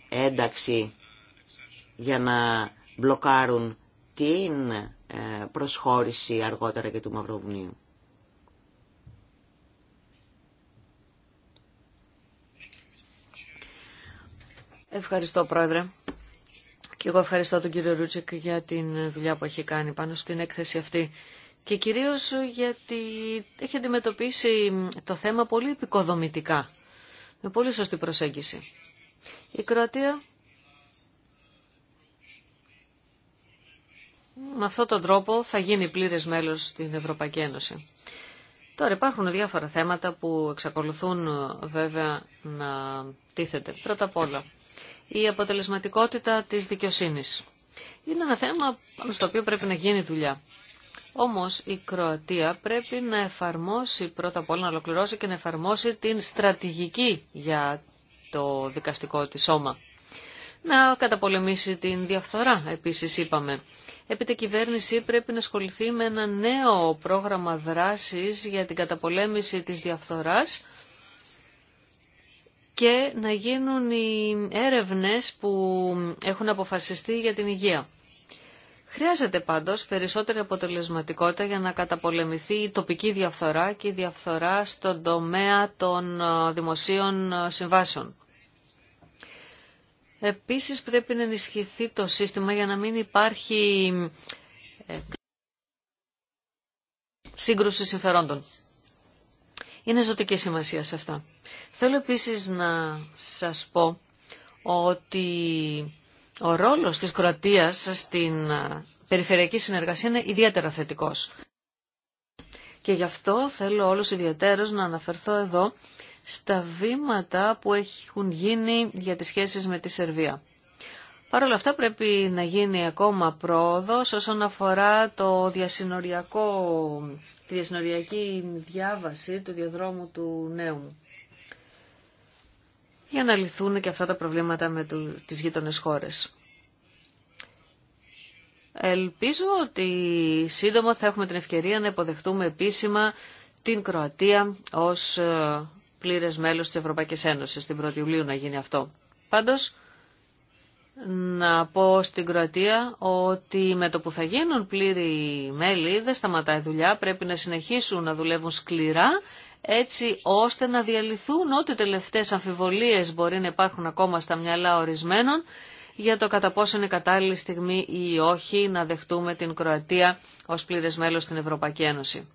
ένταξη για να μπλοκάρουν την ε, προσχώρηση αργότερα και του Μαυροβουνίου. Ευχαριστώ, Πρόεδρε. Και εγώ ευχαριστώ τον κύριο Ρούτσεκ για την δουλειά που έχει κάνει πάνω στην έκθεση αυτή. Και κυρίως γιατί έχει αντιμετωπίσει το θέμα πολύ επικοδομητικά, με πολύ σωστή προσέγγιση. Η Κροατία με αυτόν τον τρόπο θα γίνει πλήρες μέλος στην Ευρωπαϊκή Ένωση. Τώρα υπάρχουν διάφορα θέματα που εξακολουθούν βέβαια να τίθεται. Πρώτα απ' όλα, η αποτελεσματικότητα της δικαιοσύνης. Είναι ένα θέμα στο οποίο πρέπει να γίνει δουλειά. Όμως η Κροατία πρέπει να εφαρμόσει πρώτα απ' όλα να ολοκληρώσει και να εφαρμόσει την στρατηγική για το δικαστικό της σώμα. Να καταπολεμήσει την διαφθορά, επίσης είπαμε. Έπειτα η κυβέρνηση πρέπει να ασχοληθεί με ένα νέο πρόγραμμα δράσης για την καταπολέμηση της διαφθοράς και να γίνουν οι έρευνες που έχουν αποφασιστεί για την υγεία. Χρειάζεται πάντως περισσότερη αποτελεσματικότητα για να καταπολεμηθεί η τοπική διαφθορά και η διαφθορά στον τομέα των ε, δημοσίων ε, συμβάσεων. Επίσης πρέπει να ενισχυθεί το σύστημα για να μην υπάρχει ε, σύγκρουση συμφερόντων. Είναι ζωτική σημασία σε αυτά. Θέλω επίσης να σας πω ότι ο ρόλος της Κροατίας στην ε, περιφερειακή συνεργασία είναι ιδιαίτερα θετικός. Και γι' αυτό θέλω όλους ιδιαίτερος να αναφερθώ εδώ στα βήματα που έχουν γίνει για τις σχέσεις με τη Σερβία. Παρ' όλα αυτά πρέπει να γίνει ακόμα πρόοδος όσον αφορά το διασυνοριακό, τη διασυνοριακή διάβαση του διαδρόμου του νέου για να λυθούν και αυτά τα προβλήματα με του, τις γείτονες χώρες. Ελπίζω ότι σύντομα θα έχουμε την ευκαιρία να υποδεχτούμε επίσημα την Κροατία ως ε, πλήρες μέλος της Ευρωπαϊκής Ένωσης. Την 1η Ιουλίου να γίνει αυτό. Πάντως, να πω στην Κροατία ότι με το που θα γίνουν πλήρη μέλη δεν σταματάει δουλειά, πρέπει να συνεχίσουν να δουλεύουν σκληρά έτσι ώστε να διαλυθούν ό,τι τελευταίες αμφιβολίες μπορεί να υπάρχουν ακόμα στα μυαλά ορισμένων για το κατά πόσο είναι κατάλληλη στιγμή ή όχι να δεχτούμε την Κροατία ως πλήρες μέλος στην Ευρωπαϊκή Ένωση.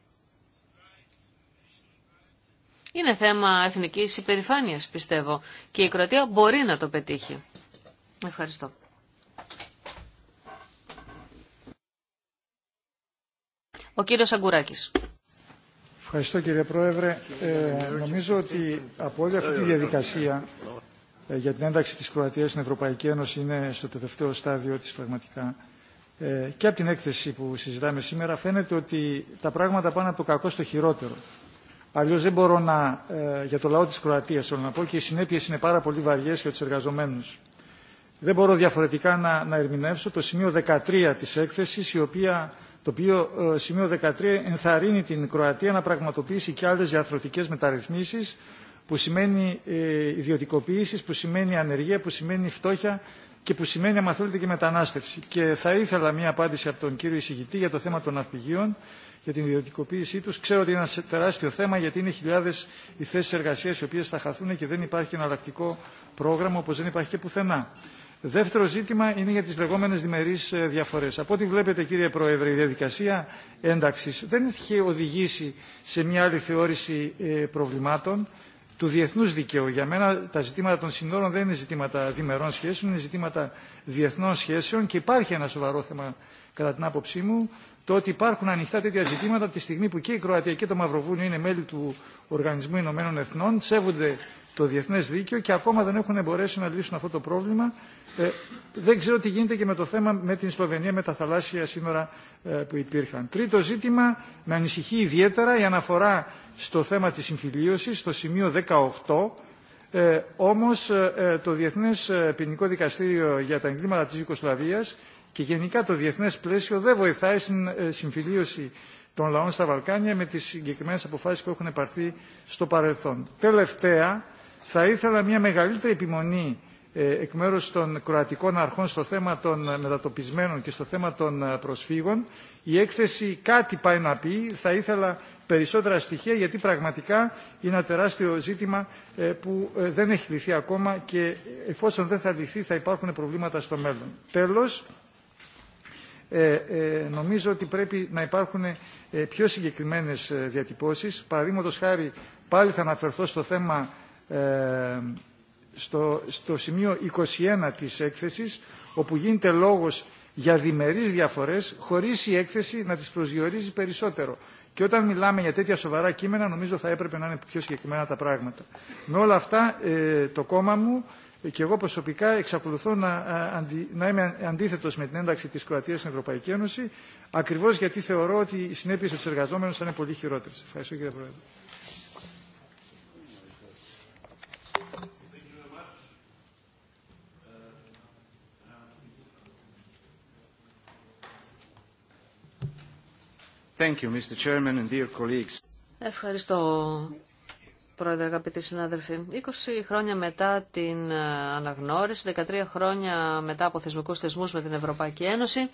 Είναι θέμα εθνικής υπερηφάνειας, πιστεύω, και η Κροατία μπορεί να το πετύχει. Ευχαριστώ. Ο κύριος Αγκουράκης. Ευχαριστώ κύριε Πρόεδρε. Ε, νομίζω ότι από όλη αυτή τη διαδικασία ε, για την ένταξη της Κροατίας στην Ευρωπαϊκή Ένωση είναι στο τελευταίο στάδιο της πραγματικά ε, και από την έκθεση που συζητάμε σήμερα φαίνεται ότι τα πράγματα πάνε από το κακό στο χειρότερο. Αλλιώ δεν μπορώ να, ε, για το λαό της Κροατίας θέλω να πω και οι συνέπειε είναι πάρα πολύ βαριές για τους εργαζομένους δεν μπορώ διαφορετικά να, να ερμηνεύσω το σημείο 13 της έκθεσης, η οποία, το οποίο ε, σημείο 13 ενθαρρύνει την Κροατία να πραγματοποιήσει και άλλες διαθροτικές μεταρρυθμίσεις, που σημαίνει ε, ιδιωτικοποίηση, που σημαίνει ανεργία, που σημαίνει φτώχεια και που σημαίνει, αν θέλετε, και μετανάστευση. Και θα ήθελα μια απάντηση από τον κύριο εισηγητή για το θέμα των ναυπηγείων, για την ιδιωτικοποίησή του. Ξέρω ότι είναι ένα τεράστιο θέμα, γιατί είναι χιλιάδε οι θέσει εργασία οι οποίε θα χαθούν και δεν υπάρχει εναλλακτικό πρόγραμμα, όπω δεν υπάρχει και πουθενά. Δεύτερο ζήτημα είναι για τις λεγόμενες διμερείς ε, διαφορές. Από ό,τι βλέπετε κύριε Πρόεδρε η διαδικασία ένταξης δεν είχε οδηγήσει σε μια άλλη θεώρηση ε, προβλημάτων του διεθνού δικαίου. Για μένα τα ζητήματα των συνόρων δεν είναι ζητήματα διμερών σχέσεων, είναι ζητήματα διεθνών σχέσεων και υπάρχει ένα σοβαρό θέμα, κατά την άποψή μου, το ότι υπάρχουν ανοιχτά τέτοια ζητήματα τη στιγμή που και η Κροατία και το Μαυροβούνιο είναι μέλη του Οργανισμού Ηνωμένων Εθνών, σέβονται το διεθνέ δίκαιο και ακόμα δεν έχουν μπορέσει να λύσουν αυτό το πρόβλημα ε, δεν ξέρω τι γίνεται και με το θέμα με την Σλοβενία, με τα θαλάσσια σύνορα ε, που υπήρχαν. Τρίτο ζήτημα, με ανησυχεί ιδιαίτερα η αναφορά στο θέμα της συμφιλίωσης, στο σημείο 18, ε, όμως ε, ε, το Διεθνές Ποινικό Δικαστήριο για τα Εγκλήματα της Ιουκοσλαβίας και γενικά το διεθνές πλαίσιο δεν βοηθάει στην συμφιλίωση των λαών στα Βαλκάνια με τις συγκεκριμένε αποφάσεις που έχουν επαρθεί στο παρελθόν. Τελευταία, θα ήθελα μια μεγαλύτερη επιμονή ε, εκ μέρους των κροατικών αρχών στο θέμα των μετατοπισμένων και στο θέμα των ε, προσφύγων. Η έκθεση κάτι πάει να πει, θα ήθελα περισσότερα στοιχεία γιατί πραγματικά είναι ένα τεράστιο ζήτημα ε, που δεν έχει λυθεί ακόμα και εφόσον δεν θα λυθεί θα υπάρχουν προβλήματα στο μέλλον. Τέλος, νομίζω ότι πρέπει να υπάρχουν πιο συγκεκριμένες διατυπώσεις. Παραδείγματος χάρη πάλι θα αναφερθώ στο θέμα στο, στο σημείο 21 της έκθεσης όπου γίνεται λόγος για διμερείς διαφορές χωρίς η έκθεση να τις προσδιορίζει περισσότερο. Και όταν μιλάμε για τέτοια σοβαρά κείμενα νομίζω θα έπρεπε να είναι πιο συγκεκριμένα τα πράγματα. Με όλα αυτά ε, το κόμμα μου και εγώ προσωπικά εξακολουθώ να, είμαι αντίθετος με την ένταξη της Κροατίας στην Ευρωπαϊκή Ένωση ακριβώς γιατί θεωρώ ότι οι συνέπειες του εργαζόμενων θα είναι πολύ χειρότερες. Ευχαριστώ κύριε Πρόεδρε. Ευχαριστώ, Πρόεδρε, αγαπητοί συνάδελφοι. 20 χρόνια μετά την ε, αναγνώριση, 13 χρόνια μετά από θεσμικούς θεσμούς με την Ευρωπαϊκή Ένωση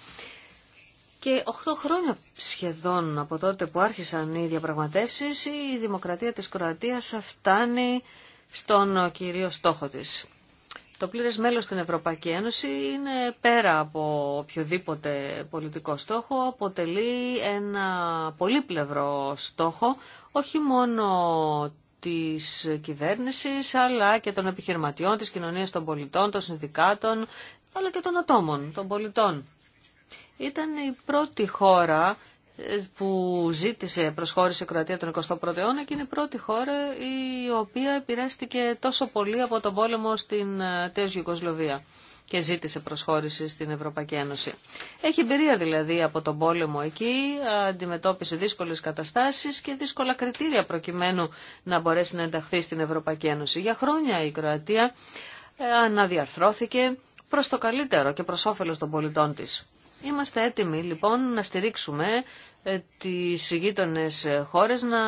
και 8 χρόνια σχεδόν από τότε που άρχισαν οι διαπραγματεύσεις, η δημοκρατία της Κροατίας φτάνει στον κύριο στόχο της. Το πλήρες μέλος στην Ευρωπαϊκή Ένωση είναι πέρα από οποιοδήποτε πολιτικό στόχο, αποτελεί ένα πολύπλευρο στόχο, όχι μόνο της κυβέρνησης, αλλά και των επιχειρηματιών, της κοινωνίας των πολιτών, των συνδικάτων, αλλά και των ατόμων, των πολιτών. Ήταν η πρώτη χώρα που ζήτησε προσχώρηση η Κροατία τον 21ο αιώνα και είναι η πρώτη χώρα η οποία επηρεάστηκε τόσο πολύ από τον πόλεμο στην ε, τέως Γιουγκοσλοβία και ζήτησε προσχώρηση στην Ευρωπαϊκή Ένωση. Έχει εμπειρία δηλαδή από τον πόλεμο εκεί, αντιμετώπισε δύσκολες καταστάσεις και δύσκολα κριτήρια προκειμένου να μπορέσει να ενταχθεί στην Ευρωπαϊκή Ένωση. Για χρόνια η Κροατία ε, αναδιαρθρώθηκε προς το καλύτερο και προς όφελος των πολιτών της. Είμαστε έτοιμοι λοιπόν να στηρίξουμε ε, τι γείτονες χώρες να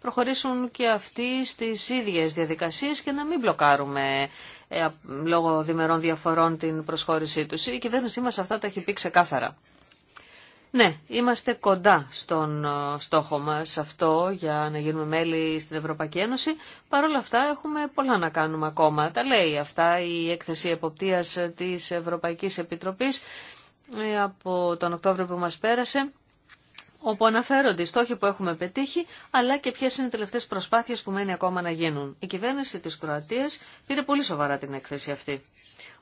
προχωρήσουν και αυτοί στις ίδιες διαδικασίες και να μην μπλοκάρουμε ε, λόγω διμερών διαφορών την προσχώρησή τους. Η κυβέρνησή μας αυτά τα έχει πει ξεκάθαρα. Ναι, είμαστε κοντά στον ε, στόχο μας αυτό για να γίνουμε μέλη στην Ευρωπαϊκή Ένωση. Παρ' όλα αυτά έχουμε πολλά να κάνουμε ακόμα. Τα λέει αυτά η έκθεση εποπτείας της Ευρωπαϊκής Επιτροπής από τον Οκτώβριο που μας πέρασε όπου αναφέρονται οι στόχοι που έχουμε πετύχει, αλλά και ποιε είναι οι τελευταίε προσπάθειε που μένει ακόμα να γίνουν. Η κυβέρνηση τη Κροατία πήρε πολύ σοβαρά την έκθεση αυτή.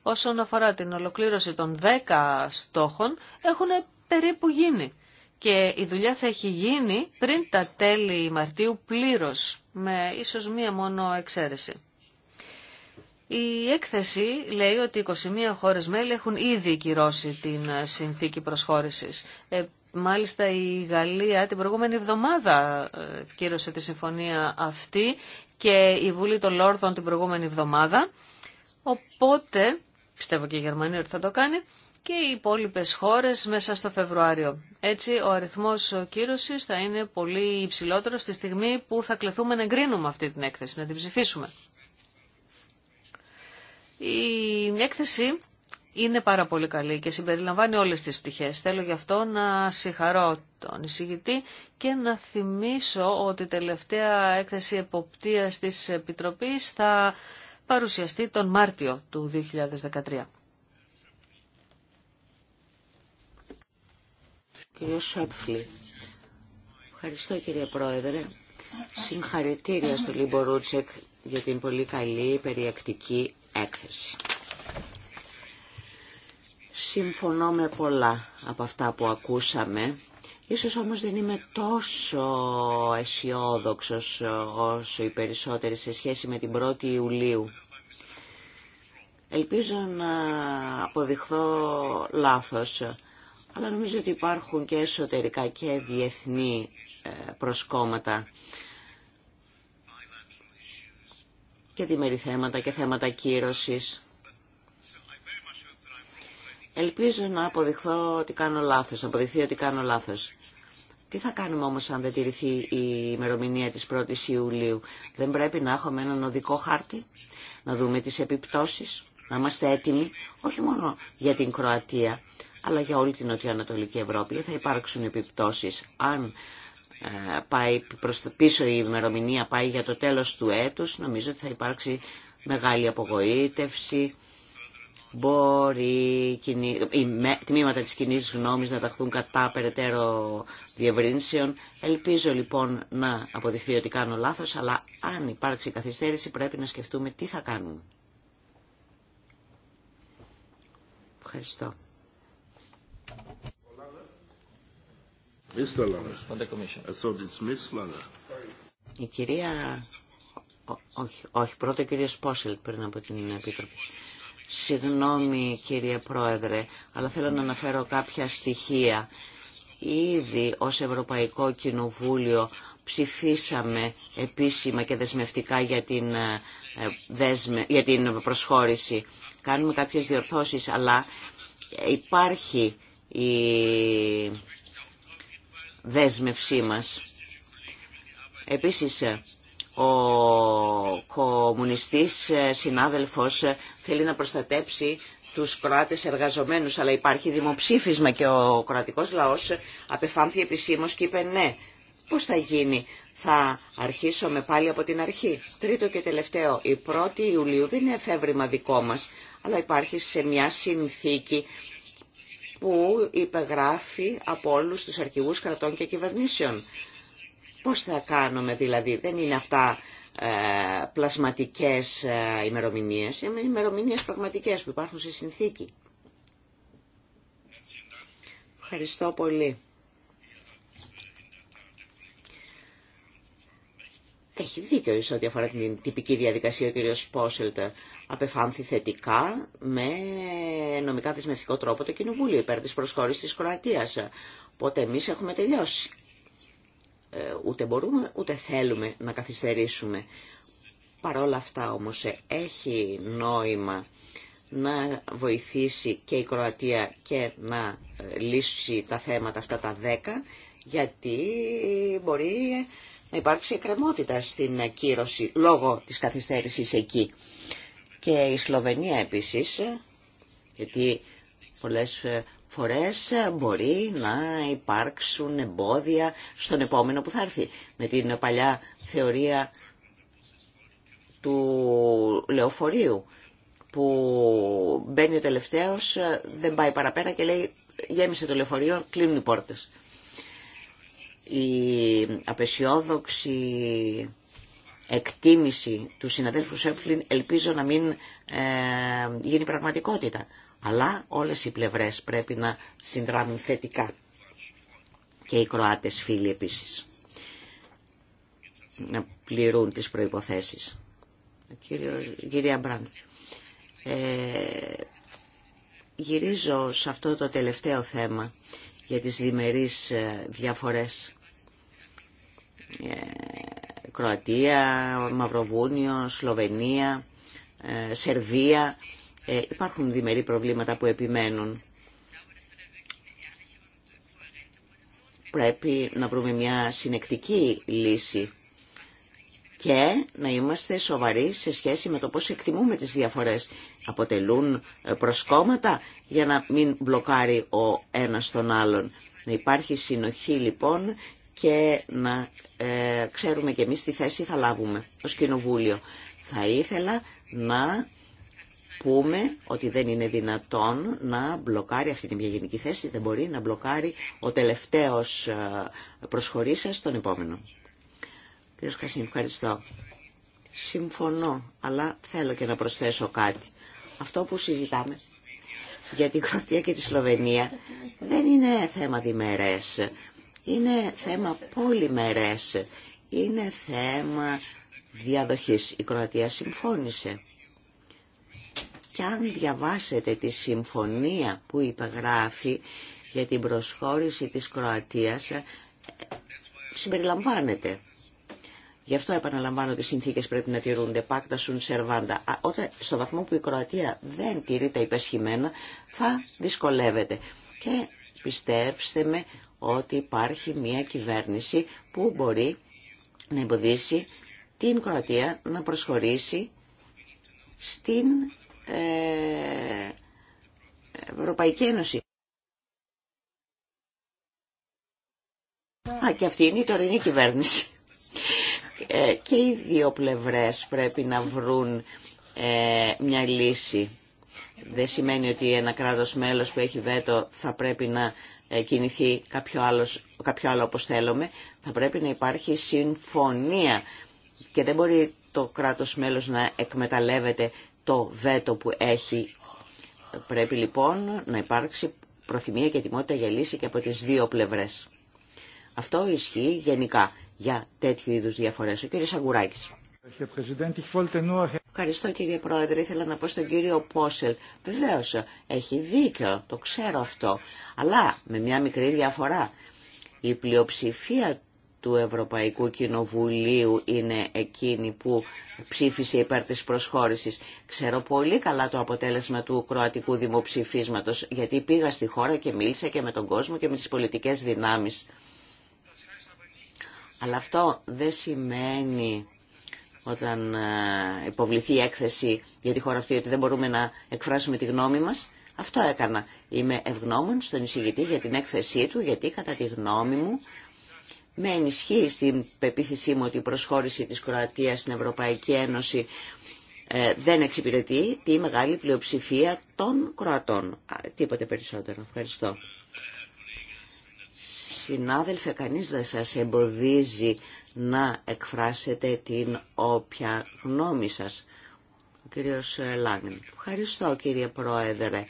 Όσον αφορά την ολοκλήρωση των 10 στόχων, έχουν περίπου γίνει. Και η δουλειά θα έχει γίνει πριν τα τέλη Μαρτίου πλήρω με ίσω μία μόνο εξαίρεση. Η έκθεση λέει ότι 21 χώρες μέλη έχουν ήδη κυρώσει την συνθήκη προσχώρησης. Ε, Μάλιστα η Γαλλία την προηγούμενη εβδομάδα ε, κύρωσε τη συμφωνία αυτή και η Βουλή των Λόρδων την προηγούμενη εβδομάδα. Οπότε, πιστεύω και η Γερμανία ότι θα το κάνει, και οι υπόλοιπε χώρες μέσα στο Φεβρουάριο. Έτσι ο αριθμός κύρωσης θα είναι πολύ υψηλότερο στη στιγμή που θα κλεθούμε να εγκρίνουμε αυτή την έκθεση, να την ψηφίσουμε. Η έκθεση είναι πάρα πολύ καλή και συμπεριλαμβάνει όλες τις πτυχές. Θέλω γι' αυτό να συγχαρώ τον εισηγητή και να θυμίσω ότι η τελευταία έκθεση εποπτείας της Επιτροπής θα παρουσιαστεί τον Μάρτιο του 2013. Κύριε Σόπφλη, Ευχαριστώ κύριε Πρόεδρε. Συγχαρητήρια στον Λίμπο Ρούτσεκ για την πολύ καλή περιεκτική έκθεση. Συμφωνώ με πολλά από αυτά που ακούσαμε. Ίσως όμως δεν είμαι τόσο αισιόδοξο όσο οι περισσότεροι σε σχέση με την 1η Ιουλίου. Ελπίζω να αποδειχθώ λάθος, αλλά νομίζω ότι υπάρχουν και εσωτερικά και διεθνή ε, προσκόμματα και διμερεί θέματα και θέματα κύρωσης. Ελπίζω να αποδειχθώ ότι κάνω λάθος, να αποδειχθεί ότι κάνω λάθος. Τι θα κάνουμε όμως αν δεν τηρηθεί η ημερομηνία της 1ης Ιουλίου. Δεν πρέπει να έχουμε έναν οδικό χάρτη, να δούμε τις επιπτώσεις, να είμαστε έτοιμοι, όχι μόνο για την Κροατία, αλλά για όλη την Νοτιοανατολική Ευρώπη. Θα υπάρξουν επιπτώσεις αν ε, πάει προς πίσω η ημερομηνία πάει για το τέλος του έτους, νομίζω ότι θα υπάρξει μεγάλη απογοήτευση, μπορεί οι τμήματα της κοινή γνώμης να ταχθούν κατά περαιτέρω διευρύνσεων. Ελπίζω λοιπόν να αποδειχθεί ότι κάνω λάθος, αλλά αν υπάρξει καθυστέρηση πρέπει να σκεφτούμε τι θα κάνουν. Ευχαριστώ. Η κυρία... Ό, όχι, όχι, πρώτα ο κύριος ο Σπόσελτ πριν από την Επίτροπη. Συγγνώμη κύριε Πρόεδρε, αλλά θέλω να αναφέρω κάποια στοιχεία. Ήδη ως Ευρωπαϊκό Κοινοβούλιο ψηφίσαμε επίσημα και δεσμευτικά για την, ε, για την προσχώρηση. Κάνουμε κάποιες διορθώσεις, αλλά υπάρχει η δέσμευσή μας. Επίσης, ο κομμουνιστής ε, συνάδελφος ε, θέλει να προστατέψει τους Κροάτες εργαζομένους, αλλά υπάρχει δημοψήφισμα και ο κρατικός λαός ε, απεφάνθη επισήμως και είπε ναι. Πώς θα γίνει, θα αρχίσουμε πάλι από την αρχή. Τρίτο και τελευταίο, η 1η Ιουλίου δεν είναι εφεύρημα δικό μας, αλλά υπάρχει σε μια συνθήκη που υπεγράφει από όλους τους αρχηγούς κρατών και κυβερνήσεων. Πώς θα κάνουμε δηλαδή, δεν είναι αυτά ε, πλασματικές ε, ημερομηνίες, είναι ημερομηνίες πραγματικές που υπάρχουν σε συνθήκη. Ευχαριστώ πολύ. Έχει δίκιο εις ό,τι αφορά την τυπική διαδικασία ο κ. Σπόσελτ Απεφάνθη θετικά με νομικά δεσμευτικό τρόπο το Κοινοβούλιο υπέρ της προσχώρησης της Κροατία. Οπότε εμείς έχουμε τελειώσει. Ε, ούτε μπορούμε ούτε θέλουμε να καθυστερήσουμε. Παρόλα αυτά όμως ε, έχει νόημα να βοηθήσει και η Κροατία και να ε, λύσει τα θέματα αυτά τα 10 γιατί μπορεί να υπάρξει εκκρεμότητα στην ακύρωση λόγω της καθυστέρησης εκεί. Και η Σλοβενία επίσης, γιατί πολλές φορές μπορεί να υπάρξουν εμπόδια στον επόμενο που θα έρθει. Με την παλιά θεωρία του λεωφορείου που μπαίνει ο τελευταίος, δεν πάει παραπέρα και λέει γέμισε το λεωφορείο, κλείνουν οι πόρτες. Η απεσιόδοξη εκτίμηση του συναδέλφου Σέπφλιν ελπίζω να μην ε, γίνει πραγματικότητα. Αλλά όλες οι πλευρές πρέπει να συνδράμουν θετικά. Και οι Κροάτες φίλοι επίσης. Να πληρούν τις προϋποθέσεις. κύριε Αμπράν. Ε, γυρίζω σε αυτό το τελευταίο θέμα για τις διμερείς ε, διαφορές. Ε, Κροατία, Μαυροβούνιο, Σλοβενία, Σερβία ε, υπάρχουν διμερεί προβλήματα που επιμένουν. Πρέπει να βρούμε μια συνεκτική λύση και να είμαστε σοβαροί σε σχέση με το πώς εκτιμούμε τις διαφορές. Αποτελούν ε, προσκόμματα για να μην μπλοκάρει ο ένας τον άλλον. Να υπάρχει συνοχή λοιπόν και να ε, ξέρουμε και εμείς τι θέση θα λάβουμε ως Κοινοβούλιο. Θα ήθελα να πούμε ότι δεν είναι δυνατόν να μπλοκάρει, αυτή την μια γενική θέση, δεν μπορεί να μπλοκάρει ο τελευταίος ε, προσχωρήσας τον επόμενο. Κύριος Κασίν, ευχαριστώ. Συμφωνώ, αλλά θέλω και να προσθέσω κάτι. Αυτό που συζητάμε για την Κροατία και τη Σλοβενία δεν είναι θέμα διμερές. Είναι θέμα πολυμερές. Είναι θέμα διαδοχής. Η Κροατία συμφώνησε. Και αν διαβάσετε τη συμφωνία που υπεγράφει για την προσχώρηση της Κροατίας, ε, συμπεριλαμβάνεται. Γι' αυτό επαναλαμβάνω ότι οι συνθήκες πρέπει να τηρούνται, πάκτα σουν σερβάντα. Όταν, στο βαθμό που η Κροατία δεν τηρεί τα υπεσχημένα, θα δυσκολεύεται. Και πιστέψτε με ότι υπάρχει μια κυβέρνηση που μπορεί να εμποδίσει την Κροατία να προσχωρήσει στην ε, Ευρωπαϊκή Ένωση. Α, και αυτή είναι η τωρινή κυβέρνηση. Ε, και οι δύο πλευρές πρέπει να βρουν ε, μια λύση. Δεν σημαίνει ότι ένα κράτος μέλος που έχει βέτο θα πρέπει να κινηθεί κάποιο, άλλος, κάποιο άλλο όπως θέλουμε. Θα πρέπει να υπάρχει συμφωνία και δεν μπορεί το κράτος μέλος να εκμεταλλεύεται το βέτο που έχει. Πρέπει λοιπόν να υπάρξει προθυμία και ετοιμότητα για λύση και από τις δύο πλευρές. Αυτό ισχύει γενικά για τέτοιου είδους διαφορές. Ο κύριος Σαγκουράκης. Ευχαριστώ κύριε Πρόεδρε. Ήθελα να πω στον κύριο Πόσελ. Βεβαίω έχει δίκιο, το ξέρω αυτό. Αλλά με μια μικρή διαφορά. Η πλειοψηφία του Ευρωπαϊκού Κοινοβουλίου είναι εκείνη που ψήφισε υπέρ της προσχώρησης. Ξέρω πολύ καλά το αποτέλεσμα του κροατικού δημοψηφίσματος, γιατί πήγα στη χώρα και μίλησα και με τον κόσμο και με τις πολιτικές δυνάμεις. Αλλά αυτό δεν σημαίνει όταν ε, υποβληθεί η έκθεση για τη χώρα αυτή ότι δεν μπορούμε να εκφράσουμε τη γνώμη μας. Αυτό έκανα. Είμαι ευγνώμων στον εισηγητή για την έκθεσή του, γιατί κατά τη γνώμη μου με ενισχύει στην πεποίθησή μου ότι η προσχώρηση της Κροατίας στην Ευρωπαϊκή Ένωση ε, δεν εξυπηρετεί τη μεγάλη πλειοψηφία των Κροατών. Τίποτε περισσότερο. Ευχαριστώ. Συνάδελφε, κανείς δεν σας εμποδίζει να εκφράσετε την όποια γνώμη σας. Ο κύριος ε, Λάγκεν. Ευχαριστώ κύριε Πρόεδρε.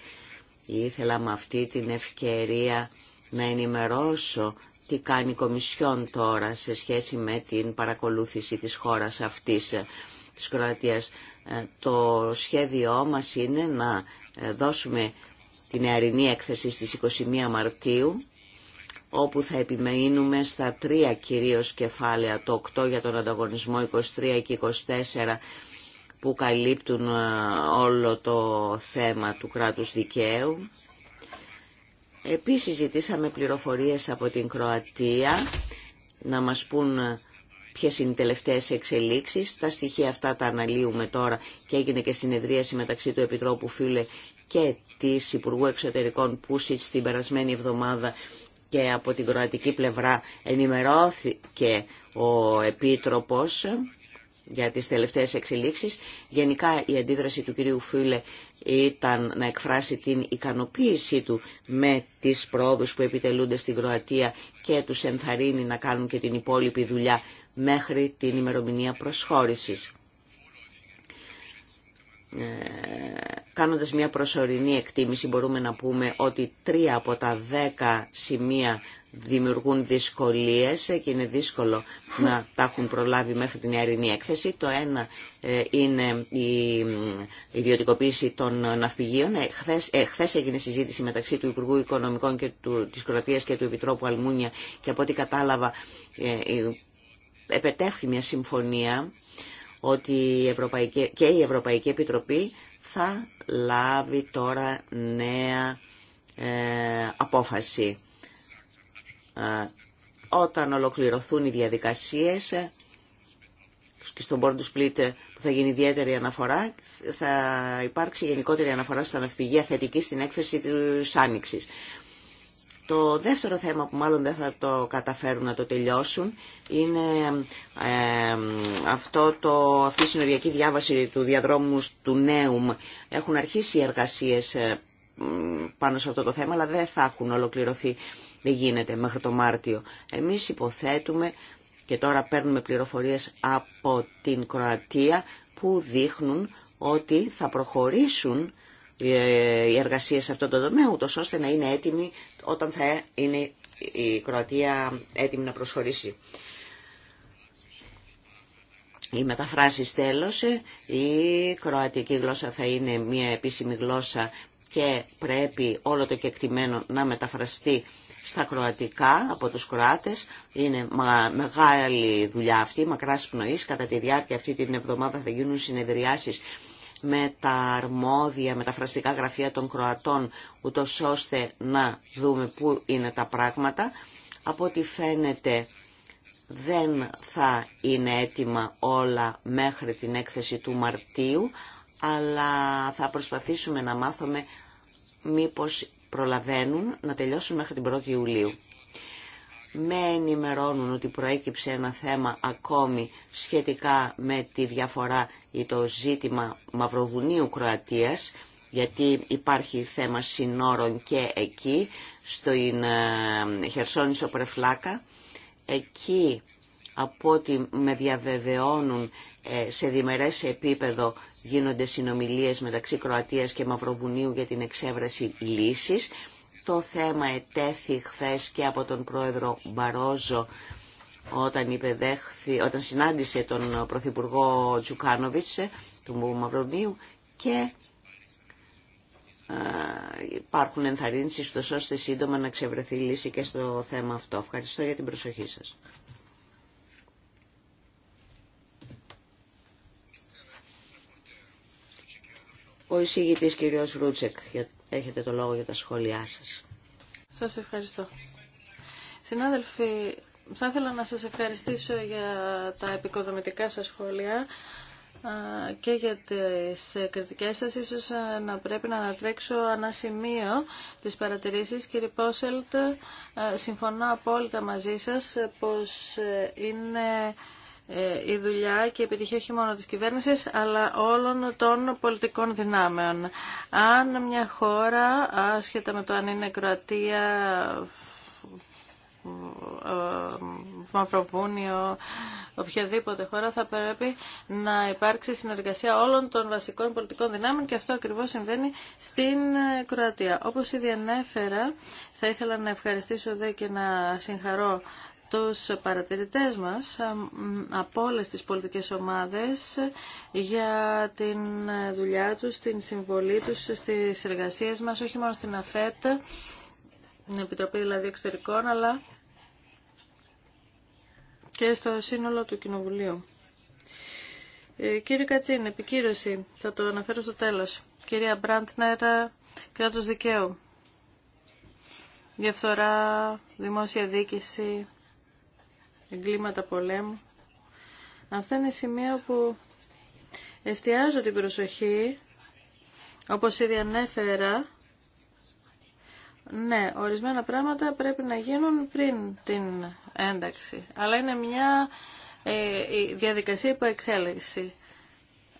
Ήθελα με αυτή την ευκαιρία να ενημερώσω τι κάνει η Κομισιόν τώρα σε σχέση με την παρακολούθηση της χώρας αυτής ε, της Κροατίας. Ε, το σχέδιό μας είναι να ε, δώσουμε την νεαρινή έκθεση στις 21 Μαρτίου όπου θα επιμείνουμε στα τρία κυρίως κεφάλαια, το 8 για τον ανταγωνισμό, 23 και 24 που καλύπτουν όλο το θέμα του κράτους δικαίου Επίσης ζητήσαμε πληροφορίες από την Κροατία να μας πούν ποιες είναι οι τελευταίες εξελίξεις. Τα στοιχεία αυτά τα αναλύουμε τώρα και έγινε και συνεδρίαση μεταξύ του Επιτρόπου Φίλε και της Υπουργού Εξωτερικών Πούσιτς την περασμένη εβδομάδα και από την κροατική πλευρά ενημερώθηκε ο Επίτροπος για τις τελευταίες εξελίξεις. Γενικά η αντίδραση του κυρίου Φίλε ήταν να εκφράσει την ικανοποίησή του με τις πρόοδους που επιτελούνται στην Κροατία και τους ενθαρρύνει να κάνουν και την υπόλοιπη δουλειά μέχρι την ημερομηνία προσχώρησης. Ε, κάνοντας μια προσωρινή εκτίμηση μπορούμε να πούμε ότι τρία από τα δέκα σημεία δημιουργούν δυσκολίες και είναι δύσκολο να τα έχουν προλάβει μέχρι την ιαρινή έκθεση. Το ένα ε, είναι η ιδιωτικοποίηση των ναυπηγείων. Ε, χθες, έγινε συζήτηση μεταξύ του Υπουργού Οικονομικών και του, της Κροατίας και του Επιτρόπου Αλμούνια και από ό,τι κατάλαβα ε, μια συμφωνία ότι η Ευρωπαϊκή, και η Ευρωπαϊκή Επιτροπή θα λάβει τώρα νέα ε, απόφαση. όταν ολοκληρωθούν οι διαδικασίες και στον Board Split που θα γίνει ιδιαίτερη αναφορά, θα υπάρξει γενικότερη αναφορά στα ναυπηγεία θετική στην έκθεση της Άνοιξης. Το δεύτερο θέμα που μάλλον δεν θα το καταφέρουν να το τελειώσουν είναι αυτό το, αυτή η συνοριακή διάβαση του διαδρόμου του νέου. Έχουν αρχίσει οι εργασίες ε, πάνω σε αυτό το θέμα, αλλά δεν θα έχουν ολοκληρωθεί. Δεν γίνεται μέχρι το Μάρτιο. Εμείς υποθέτουμε και τώρα παίρνουμε πληροφορίες από την Κροατία που δείχνουν ότι θα προχωρήσουν ε, οι εργασίες σε αυτό το τομέα, ούτως ώστε να είναι έτοιμοι όταν θα είναι η Κροατία έτοιμη να προσχωρήσει. Η μεταφράση τέλος, η κροατική γλώσσα θα είναι μια επίσημη γλώσσα και πρέπει όλο το κεκτημένο να μεταφραστεί στα κροατικά από τους Κροάτες. Είναι μεγάλη δουλειά αυτή, μακράς πνοής. Κατά τη διάρκεια αυτή την εβδομάδα θα γίνουν συνεδριάσεις με τα αρμόδια μεταφραστικά γραφεία των Κροατών, ούτω ώστε να δούμε πού είναι τα πράγματα. Από ό,τι φαίνεται δεν θα είναι έτοιμα όλα μέχρι την έκθεση του Μαρτίου, αλλά θα προσπαθήσουμε να μάθουμε μήπως προλαβαίνουν να τελειώσουν μέχρι την 1η Ιουλίου με ενημερώνουν ότι προέκυψε ένα θέμα ακόμη σχετικά με τη διαφορά ή το ζήτημα Μαυροβουνίου-Κροατίας, γιατί υπάρχει θέμα συνόρων και εκεί, στο ε, Χερσόνησο Πρεφλάκα. Εκεί, από ό,τι με διαβεβαιώνουν ε, σε διμερές επίπεδο, γίνονται συνομιλίες μεταξύ Κροατίας και Μαυροβουνίου για την εξέβραση λύσης το θέμα ετέθη χθε και από τον πρόεδρο Μπαρόζο όταν, όταν συνάντησε τον πρωθυπουργό Τζουκάνοβιτς ε, του Μαυρονίου και ε, υπάρχουν ενθαρρύνσεις στο ώστε σύντομα να ξεβρεθεί λύση και στο θέμα αυτό. Ευχαριστώ για την προσοχή σας. Ο εισηγητής κ. Ρούτσεκ για Έχετε το λόγο για τα σχόλιά σας. Σας ευχαριστώ. Συνάδελφοι, θα ήθελα να σας ευχαριστήσω για τα επικοδομητικά σας σχόλια και για τις ε, κριτικές σας ίσως ε, να πρέπει να ανατρέξω ένα σημείο της παρατηρήσης. Κύριε Πόσελτ, ε, συμφωνώ απόλυτα μαζί σας πως είναι ε, η δουλειά και η επιτυχία όχι μόνο της κυβέρνησης αλλά όλων των πολιτικών δυνάμεων. Αν μια χώρα, άσχετα με το αν είναι Κροατία, Μαυροβούνιο, οποιαδήποτε χώρα θα πρέπει να υπάρξει συνεργασία όλων των βασικών πολιτικών δυνάμεων και αυτό ακριβώς συμβαίνει στην Κροατία. Όπως ήδη ανέφερα, θα ήθελα να ευχαριστήσω δε και να συγχαρώ τους παρατηρητές μας από όλες τις πολιτικές ομάδες για την δουλειά τους, την συμβολή τους στις εργασίες μας, όχι μόνο στην ΑΦΕΤ, την Επιτροπή δηλαδή Εξωτερικών, αλλά και στο σύνολο του Κοινοβουλίου. Ε, κύριε Κατσίν, επικύρωση, θα το αναφέρω στο τέλος. Κυρία Μπραντνερ, κράτος δικαίου. Διαφθορά, δημόσια δίκηση, εγκλήματα πολέμου. Αυτά είναι σημεία που εστιάζω την προσοχή, όπως ήδη ανέφερα, ναι, ορισμένα πράγματα πρέπει να γίνουν πριν την ένταξη. Αλλά είναι μια ε, διαδικασία υπό εξέλιξη.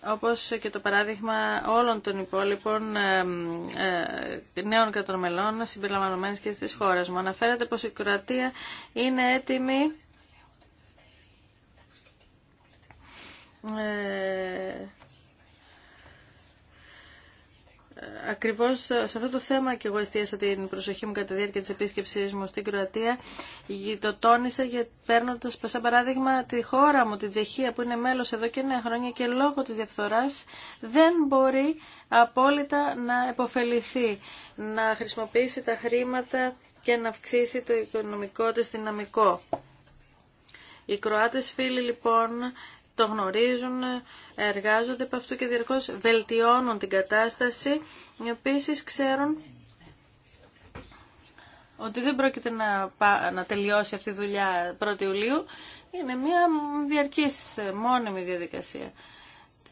Όπως και το παράδειγμα όλων των υπόλοιπων ε, ε, νέων κατρομελών συμπεριλαμβανωμένες και στις χώρες μου. αναφέρεται πως η Κροατία είναι έτοιμη ε, Ακριβώς σε αυτό το θέμα και εγώ εστίασα την προσοχή μου κατά τη διάρκεια της επίσκεψής μου στην Κροατία. Το τόνισα για, παίρνοντας σαν παράδειγμα τη χώρα μου, την Τσεχία που είναι μέλος εδώ και ένα χρόνια και λόγω της διαφθοράς δεν μπορεί απόλυτα να επωφεληθεί, να χρησιμοποιήσει τα χρήματα και να αυξήσει το οικονομικό της δυναμικό. Οι Κροάτες φίλοι λοιπόν το γνωρίζουν, εργάζονται από αυτού και διαρκώς βελτιώνουν την κατάσταση. Επίσης ξέρουν ότι δεν πρόκειται να, να τελειώσει αυτή η δουλειά 1η Ιουλίου. Είναι μια διαρκής μόνιμη διαδικασία.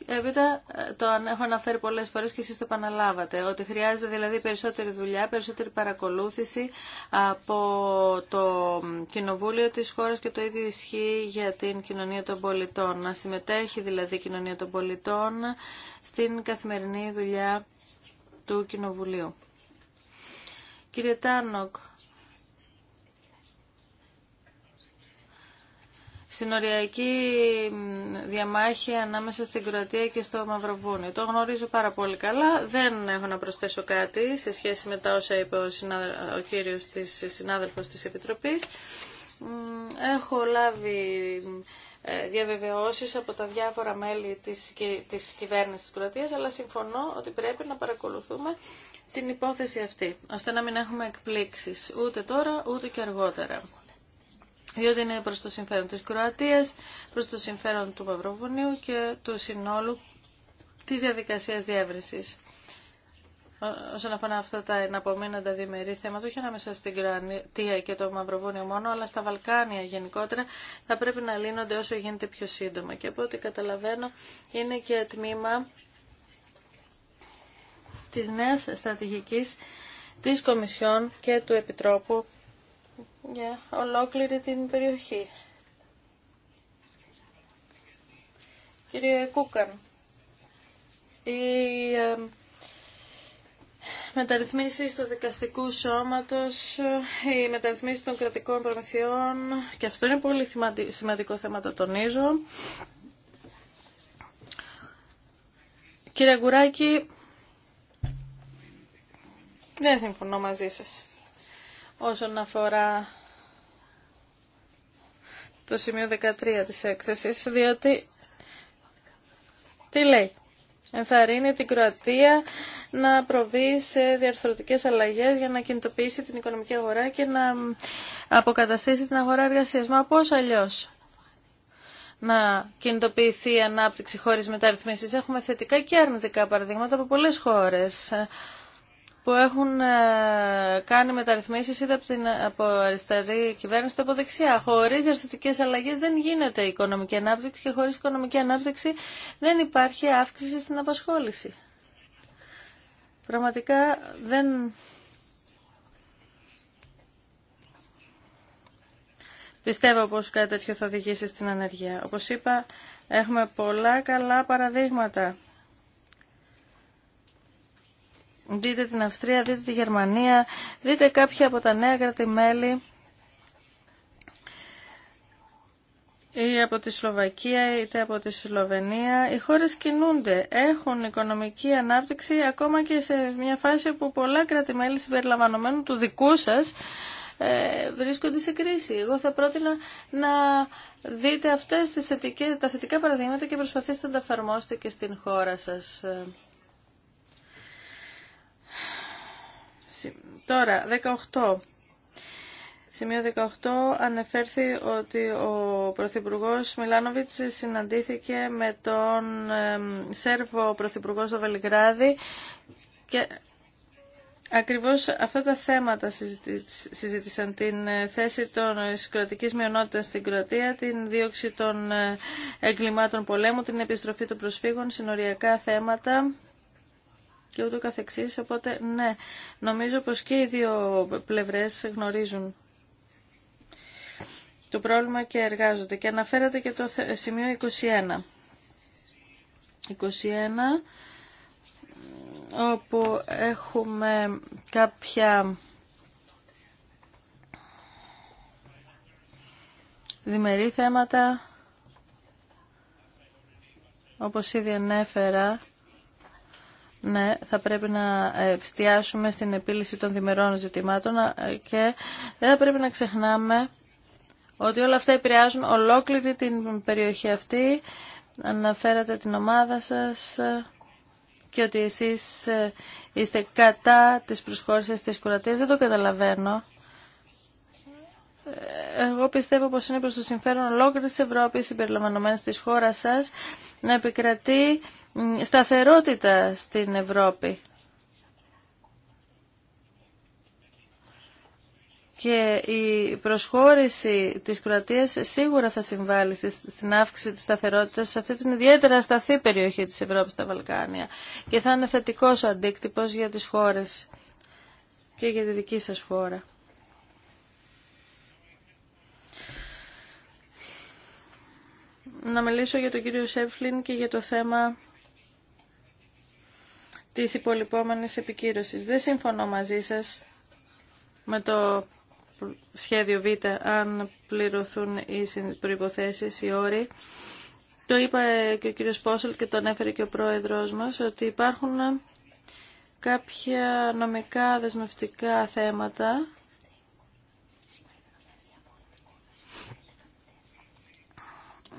Έπειτα ε, το έχω αναφέρει πολλές φορές και εσείς το επαναλάβατε, ότι χρειάζεται δηλαδή περισσότερη δουλειά, περισσότερη παρακολούθηση από το Κοινοβούλιο της χώρας και το ίδιο ισχύει για την κοινωνία των πολιτών. Να συμμετέχει δηλαδή η κοινωνία των πολιτών στην καθημερινή δουλειά του Κοινοβουλίου. Κύριε Τάνοκ, συνοριακή διαμάχη ανάμεσα στην Κροατία και στο Μαυροβούνιο. Το γνωρίζω πάρα πολύ καλά. Δεν έχω να προσθέσω κάτι σε σχέση με τα όσα είπε ο, συνάδελφος, ο κύριος της συνάδελφος της Επιτροπής. Έχω λάβει ε, διαβεβαιώσεις από τα διάφορα μέλη της, της κυβέρνησης της Κροατίας, αλλά συμφωνώ ότι πρέπει να παρακολουθούμε την υπόθεση αυτή, ώστε να μην έχουμε εκπλήξεις ούτε τώρα ούτε και αργότερα διότι είναι προς το συμφέρον της Κροατίας, προς το συμφέρον του Μαυροβουνίου και του συνόλου της διαδικασίας διεύρυνσης. Όσον αφορά αυτά τα εναπομείνοντα διμερεί θέματα, όχι ανάμεσα στην Κροατία και το Μαυροβούνιο μόνο, αλλά στα Βαλκάνια γενικότερα, θα πρέπει να λύνονται όσο γίνεται πιο σύντομα. Και από ό,τι καταλαβαίνω, είναι και τμήμα της νέας στρατηγικής της Κομισιόν και του Επιτρόπου για ολόκληρη την περιοχή. Κύριε Κούκαν, η ε, μεταρρυθμίσει του δικαστικού σώματος, οι μεταρρυθμίσει των κρατικών προμηθειών και αυτό είναι πολύ σημαντικό θέμα, το τονίζω. Κύριε Γκουράκη, δεν συμφωνώ μαζί σας όσον αφορά το σημείο 13 της έκθεσης, διότι τι λέει. Ενθαρρύνει την Κροατία να προβεί σε διαρθρωτικές αλλαγές για να κινητοποιήσει την οικονομική αγορά και να αποκαταστήσει την αγορά εργασίας. Μα πώς αλλιώς να κινητοποιηθεί η ανάπτυξη χωρίς μεταρρυθμίσεις. Έχουμε θετικά και αρνητικά παραδείγματα από πολλές χώρες που έχουν ε, κάνει μεταρρυθμίσεις είτε από την από αριστερή κυβέρνηση είτε από δεξιά. Χωρίς διαρθωτικές αλλαγές δεν γίνεται οικονομική ανάπτυξη και χωρίς οικονομική ανάπτυξη δεν υπάρχει αύξηση στην απασχόληση. Πραγματικά δεν... Πιστεύω πως κάτι τέτοιο θα οδηγήσει στην ανεργία. Όπως είπα, έχουμε πολλά καλά παραδείγματα. Δείτε την Αυστρία, δείτε τη Γερμανία, δείτε κάποια από τα νέα κρατημέλη ή από τη Σλοβακία είτε από τη Σλοβενία. Οι χώρες κινούνται, έχουν οικονομική ανάπτυξη ακόμα και σε μια φάση που πολλά κρατημέλη συμπεριλαμβανομένου του δικού σας ε, βρίσκονται σε κρίση. Εγώ θα πρότεινα να δείτε αυτές τις θετικές, τα θετικά παραδείγματα και προσπαθήστε να τα εφαρμόσετε και στην χώρα σας. Τώρα, 18. Σημείο 18 ανεφέρθη ότι ο Πρωθυπουργό Μιλάνοβιτς συναντήθηκε με τον Σέρβο Πρωθυπουργό στο και Ακριβώς αυτά τα θέματα συζήτησαν την ε, θέση των κρατικής μειονότητας στην Κροατία, την δίωξη των ε, εγκλημάτων πολέμου, την επιστροφή των προσφύγων, συνοριακά θέματα και ούτω καθεξής. Οπότε, ναι, νομίζω πως και οι δύο πλευρές γνωρίζουν το πρόβλημα και εργάζονται. Και αναφέρατε και το σημείο 21. 21 όπου έχουμε κάποια διμερεί θέματα όπως ήδη ανέφερα ναι, θα πρέπει να εστιάσουμε στην επίλυση των διμερών ζητημάτων και δεν θα πρέπει να ξεχνάμε ότι όλα αυτά επηρεάζουν ολόκληρη την περιοχή αυτή. Αναφέρατε την ομάδα σας και ότι εσείς ε, είστε κατά της προσχώρησης της κουρατίας. Δεν το καταλαβαίνω εγώ πιστεύω πως είναι προς το συμφέρον ολόκληρη της Ευρώπης, συμπεριλαμβανομένης της χώρας σας, να επικρατεί σταθερότητα στην Ευρώπη. και η προσχώρηση της Κροατίας σίγουρα θα συμβάλλει στην αύξηση της σταθερότητας σε αυτή την ιδιαίτερα σταθή περιοχή της Ευρώπης στα Βαλκάνια και θα είναι θετικός ο αντίκτυπος για τις χώρες και για τη δική σας χώρα. να μιλήσω για τον κύριο Σέφλιν και για το θέμα της υπολοιπόμενης επικύρωσης. Δεν συμφωνώ μαζί σας με το σχέδιο Β αν πληρωθούν οι προϋποθέσεις, οι όροι. Το είπα και ο κύριος Πόσελ και τον έφερε και ο πρόεδρος μας ότι υπάρχουν κάποια νομικά δεσμευτικά θέματα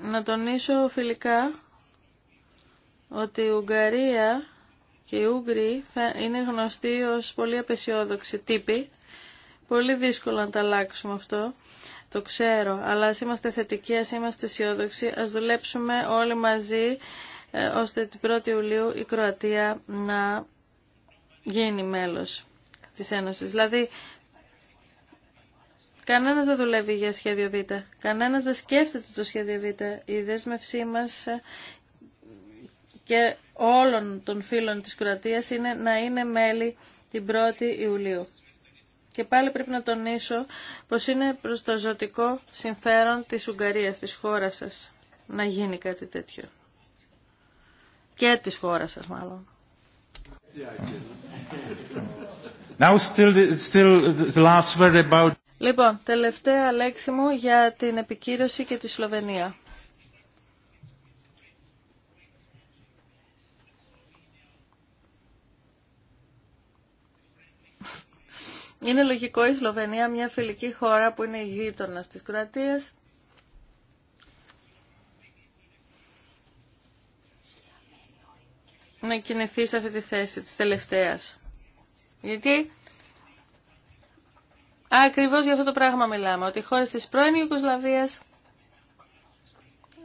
να τονίσω φιλικά ότι η Ουγγαρία και οι Ούγγροι είναι γνωστοί ως πολύ απεσιόδοξοι τύποι. Πολύ δύσκολο να τα αλλάξουμε αυτό. Το ξέρω, αλλά ας είμαστε θετικοί, ας είμαστε αισιόδοξοι, ας δουλέψουμε όλοι μαζί ε, ώστε την 1η Ιουλίου η Κροατία να γίνει μέλος της Ένωσης. Δηλαδή, Κανένας δεν δουλεύει για σχέδιο Β. Κανένας δεν σκέφτεται το σχέδιο Β. Η δέσμευσή μας ε, και όλων των φίλων της Κροατίας είναι να είναι μέλη την 1η Ιουλίου. Και πάλι πρέπει να τονίσω πως είναι προς το ζωτικό συμφέρον της Ουγγαρίας, της χώρας σας, να γίνει κάτι τέτοιο. Και της χώρας σας μάλλον. Now still, still the last about... Λοιπόν, τελευταία λέξη μου για την επικύρωση και τη Σλοβενία. Είναι λογικό η Σλοβενία, μια φιλική χώρα που είναι γείτονα τη Κροατία. να κινηθεί σε αυτή τη θέση της τελευταίας. Γιατί Ακριβώ για αυτό το πράγμα μιλάμε, ότι οι χώρε τη πρώην Ιουγκοσλαβία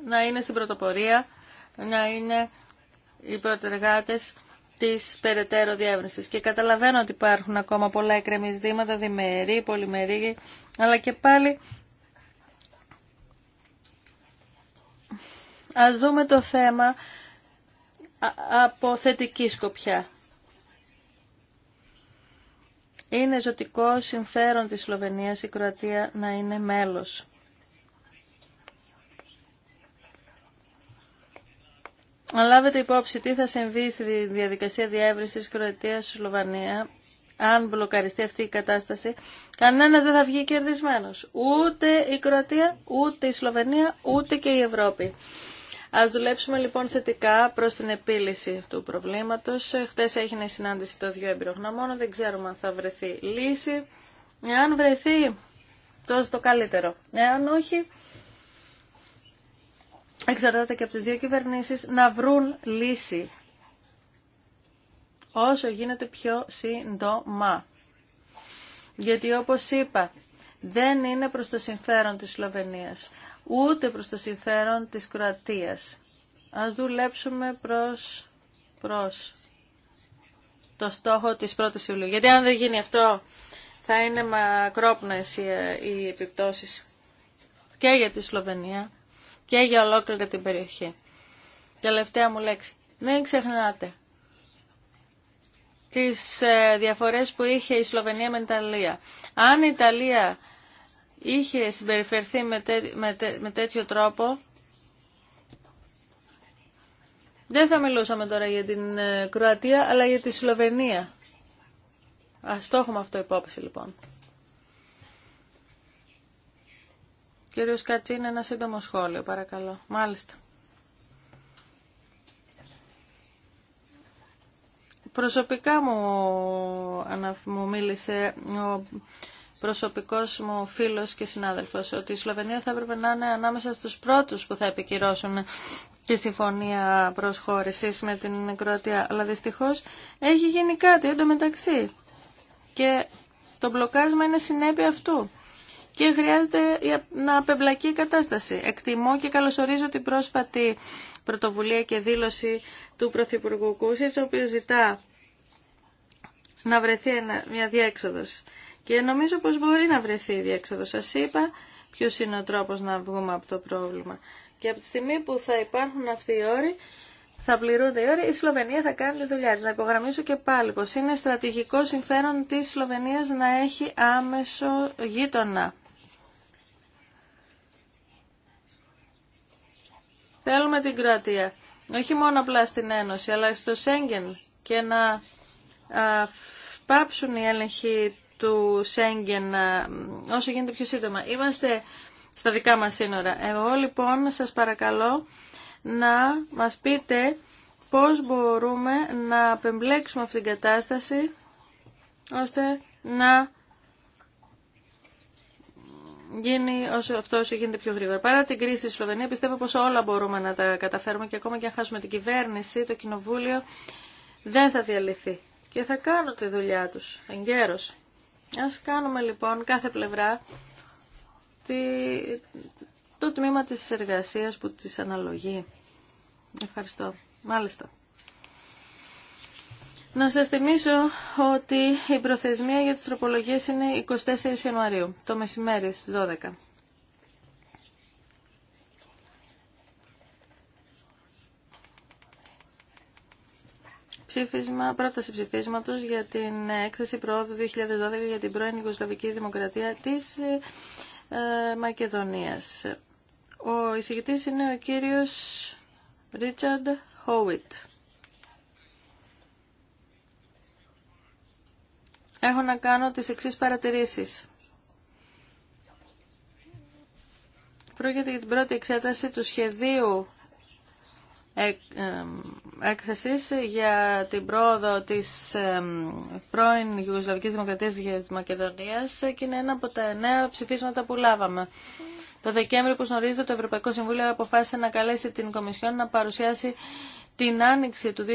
να είναι στην πρωτοπορία, να είναι οι πρωτεργάτες της περαιτέρω διεύρυνσης. Και καταλαβαίνω ότι υπάρχουν ακόμα πολλά εκκρεμισδήματα, δήματα, διμερεί, αλλά και πάλι ας δούμε το θέμα από θετική σκοπιά. Είναι ζωτικό συμφέρον της Σλοβενίας η Κροατία να είναι μέλος. Αν λάβετε υπόψη τι θα συμβεί στη διαδικασία διεύρυνσης Κροατίας-Σλοβανία, αν μπλοκαριστεί αυτή η κατάσταση, κανένα δεν θα βγει κερδισμένος. Ούτε η Κροατία, ούτε η Σλοβενία, ούτε και η Ευρώπη. Ας δουλέψουμε λοιπόν θετικά προς την επίλυση του προβλήματος. Χτες έγινε συνάντηση των δύο εμπειρογνωμών, δεν ξέρουμε αν θα βρεθεί λύση. Εάν βρεθεί, τόσο το καλύτερο. Εάν όχι, εξαρτάται και από τις δύο κυβερνήσεις να βρουν λύση όσο γίνεται πιο σύντομα. Γιατί όπως είπα, δεν είναι προς το συμφέρον της Σλοβενίας ούτε προς το συμφέρον της Κροατίας. Ας δουλέψουμε προς, προς το στόχο της πρώτης Ιουλίου. Γιατί αν δεν γίνει αυτό θα είναι μακρόπνες οι επιπτώσεις και για τη Σλοβενία και για ολόκληρη την περιοχή. Τελευταία μου λέξη. Μην ξεχνάτε τις ε, διαφορές που είχε η Σλοβενία με την Ιταλία. Αν η Ιταλία είχε συμπεριφερθεί με, με, τέτοιο τρόπο, δεν θα μιλούσαμε τώρα για την ε, Κροατία, αλλά για τη Σλοβενία. Ας το έχουμε αυτό υπόψη, λοιπόν. Κύριος Κατσίν, ένα σύντομο σχόλιο, παρακαλώ. Μάλιστα. Προσωπικά μου, μίλησε ο προσωπικός μου φίλος και συνάδελφος ότι η Σλοβενία θα έπρεπε να είναι ανάμεσα στους πρώτους που θα επικυρώσουν τη συμφωνία προσχώρησης με την Κροατία. Αλλά δυστυχώς έχει γίνει κάτι εντωμεταξύ και το μπλοκάρισμα είναι συνέπεια αυτού και χρειάζεται να απεμπλακεί η κατάσταση. Εκτιμώ και καλωσορίζω την πρόσφατη πρωτοβουλία και δήλωση του Πρωθυπουργού Κούσιτς, ο οποίος ζητά να βρεθεί μια διέξοδος. Και νομίζω πως μπορεί να βρεθεί η διέξοδο. Σας είπα ποιος είναι ο τρόπος να βγούμε από το πρόβλημα. Και από τη στιγμή που θα υπάρχουν αυτοί οι όροι, θα πληρούνται οι όροι, η Σλοβενία θα κάνει τη δουλειά της. Να υπογραμμίσω και πάλι πως είναι στρατηγικό συμφέρον της Σλοβενίας να έχει άμεσο γείτονα. Θέλουμε την Κροατία, όχι μόνο απλά στην Ένωση, αλλά στο Σέγγεν και να πάψουν οι έλεγχοι του Σέγγεν ε, όσο γίνεται πιο σύντομα. Είμαστε στα δικά μας σύνορα. Εγώ λοιπόν σας παρακαλώ να μας πείτε πώς μπορούμε να απεμπλέξουμε αυτήν την κατάσταση ώστε να γίνει όσο αυτό όσο γίνεται πιο γρήγορα. Παρά την κρίση στη Σλοβενία πιστεύω πως όλα μπορούμε να τα καταφέρουμε και ακόμα και αν χάσουμε την κυβέρνηση, το κοινοβούλιο δεν θα διαλυθεί και θα κάνω τη δουλειά τους εγκαίρως. Ας κάνουμε λοιπόν κάθε πλευρά το τμήμα της εργασίας που της αναλογεί. Ευχαριστώ. Μάλιστα. Να σας θυμίσω ότι η προθεσμία για τις τροπολογίες είναι 24 Ιανουαρίου, το μεσημέρι στις 12. ψήφισμα, πρόταση ψηφίσματο για την έκθεση προόδου 2012 για την πρώην Ιγκοσλαβική Δημοκρατία της ε, Μακεδονίας. Ο εισηγητή είναι ο κύριος Ρίτσαρντ Χόουιτ. Έχω να κάνω τις εξής παρατηρήσεις. Πρόκειται για την πρώτη εξέταση του σχεδίου Έκθεση για την πρόοδο της πρώην Ιουγκοσλαβική Δημοκρατίας τη Μακεδονία και είναι ένα από τα νέα ψηφίσματα που λάβαμε. Το Δεκέμβριο, που γνωρίζετε, το Ευρωπαϊκό Συμβούλιο αποφάσισε να καλέσει την Κομισιόν να παρουσιάσει την άνοιξη του 2013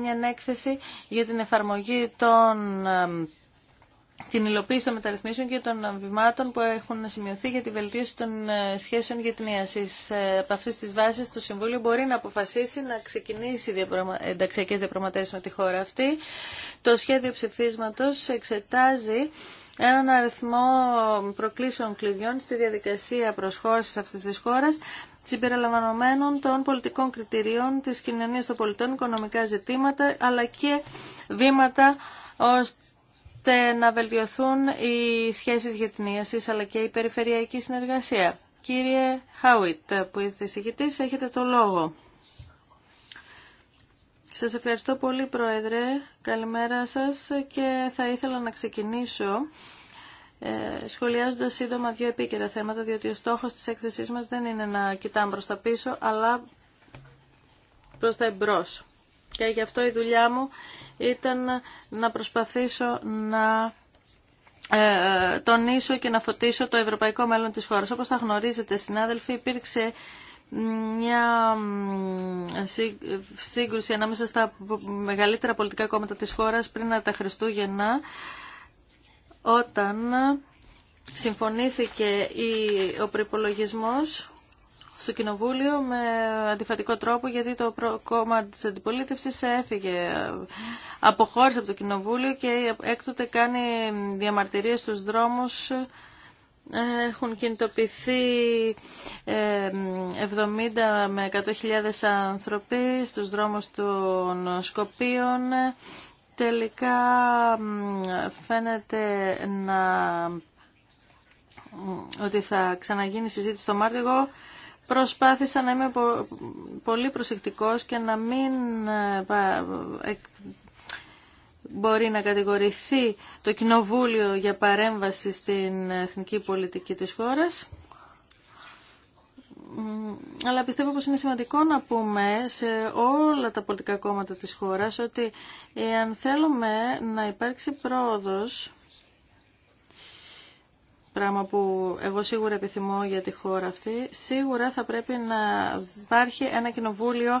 μια έκθεση για την εφαρμογή των την υλοποίηση των μεταρρυθμίσεων και των βημάτων που έχουν σημειωθεί για τη βελτίωση των ε, σχέσεων ίαση. Ε, από αυτέ τι βάσει, το Συμβούλιο μπορεί να αποφασίσει να ξεκινήσει ενταξιακέ διαπραγματεύσει με τη χώρα αυτή. Το σχέδιο ψηφίσματο εξετάζει έναν αριθμό προκλήσεων κλειδιών στη διαδικασία προσχώρηση αυτή τη χώρα, συμπεριλαμβανομένων των πολιτικών κριτηρίων της κοινωνίας των πολιτών, οικονομικά ζητήματα, αλλά και βήματα ως ώστε να βελτιωθούν οι σχέσεις γετνίασης αλλά και η περιφερειακή συνεργασία. Κύριε Χάουιτ, που είστε εισηγητής, έχετε το λόγο. Σας ευχαριστώ πολύ, Πρόεδρε. Καλημέρα σας και θα ήθελα να ξεκινήσω ε, σχολιάζοντας σύντομα δύο επίκαιρα θέματα, διότι ο στόχος της έκθεσής μας δεν είναι να κοιτάμε προς τα πίσω, αλλά προς τα εμπρός. Και γι' αυτό η δουλειά μου ήταν να προσπαθήσω να ε, τονίσω και να φωτίσω το ευρωπαϊκό μέλλον της χώρας. Όπως θα γνωρίζετε, συνάδελφοι, υπήρξε μια σύγκρουση ανάμεσα στα μεγαλύτερα πολιτικά κόμματα της χώρας πριν τα Χριστούγεννα, όταν συμφωνήθηκε ο προπολογισμό στο Κοινοβούλιο με αντιφατικό τρόπο γιατί το κόμμα της αντιπολίτευσης έφυγε, αποχώρησε από το Κοινοβούλιο και έκτοτε κάνει διαμαρτυρίες στους δρόμους έχουν κινητοποιηθεί 70 με 100.000 άνθρωποι στους δρόμους των Σκοπίων. Τελικά φαίνεται να... ότι θα ξαναγίνει συζήτηση στο Μάρτιο. Προσπάθησα να είμαι πολύ προσεκτικός και να μην ε, ε, μπορεί να κατηγορηθεί το Κοινοβούλιο για παρέμβαση στην εθνική πολιτική της χώρας. Αλλά πιστεύω πως είναι σημαντικό να πούμε σε όλα τα πολιτικά κόμματα της χώρας ότι αν θέλουμε να υπάρξει πρόοδος πράγμα που εγώ σίγουρα επιθυμώ για τη χώρα αυτή, σίγουρα θα πρέπει να υπάρχει ένα κοινοβούλιο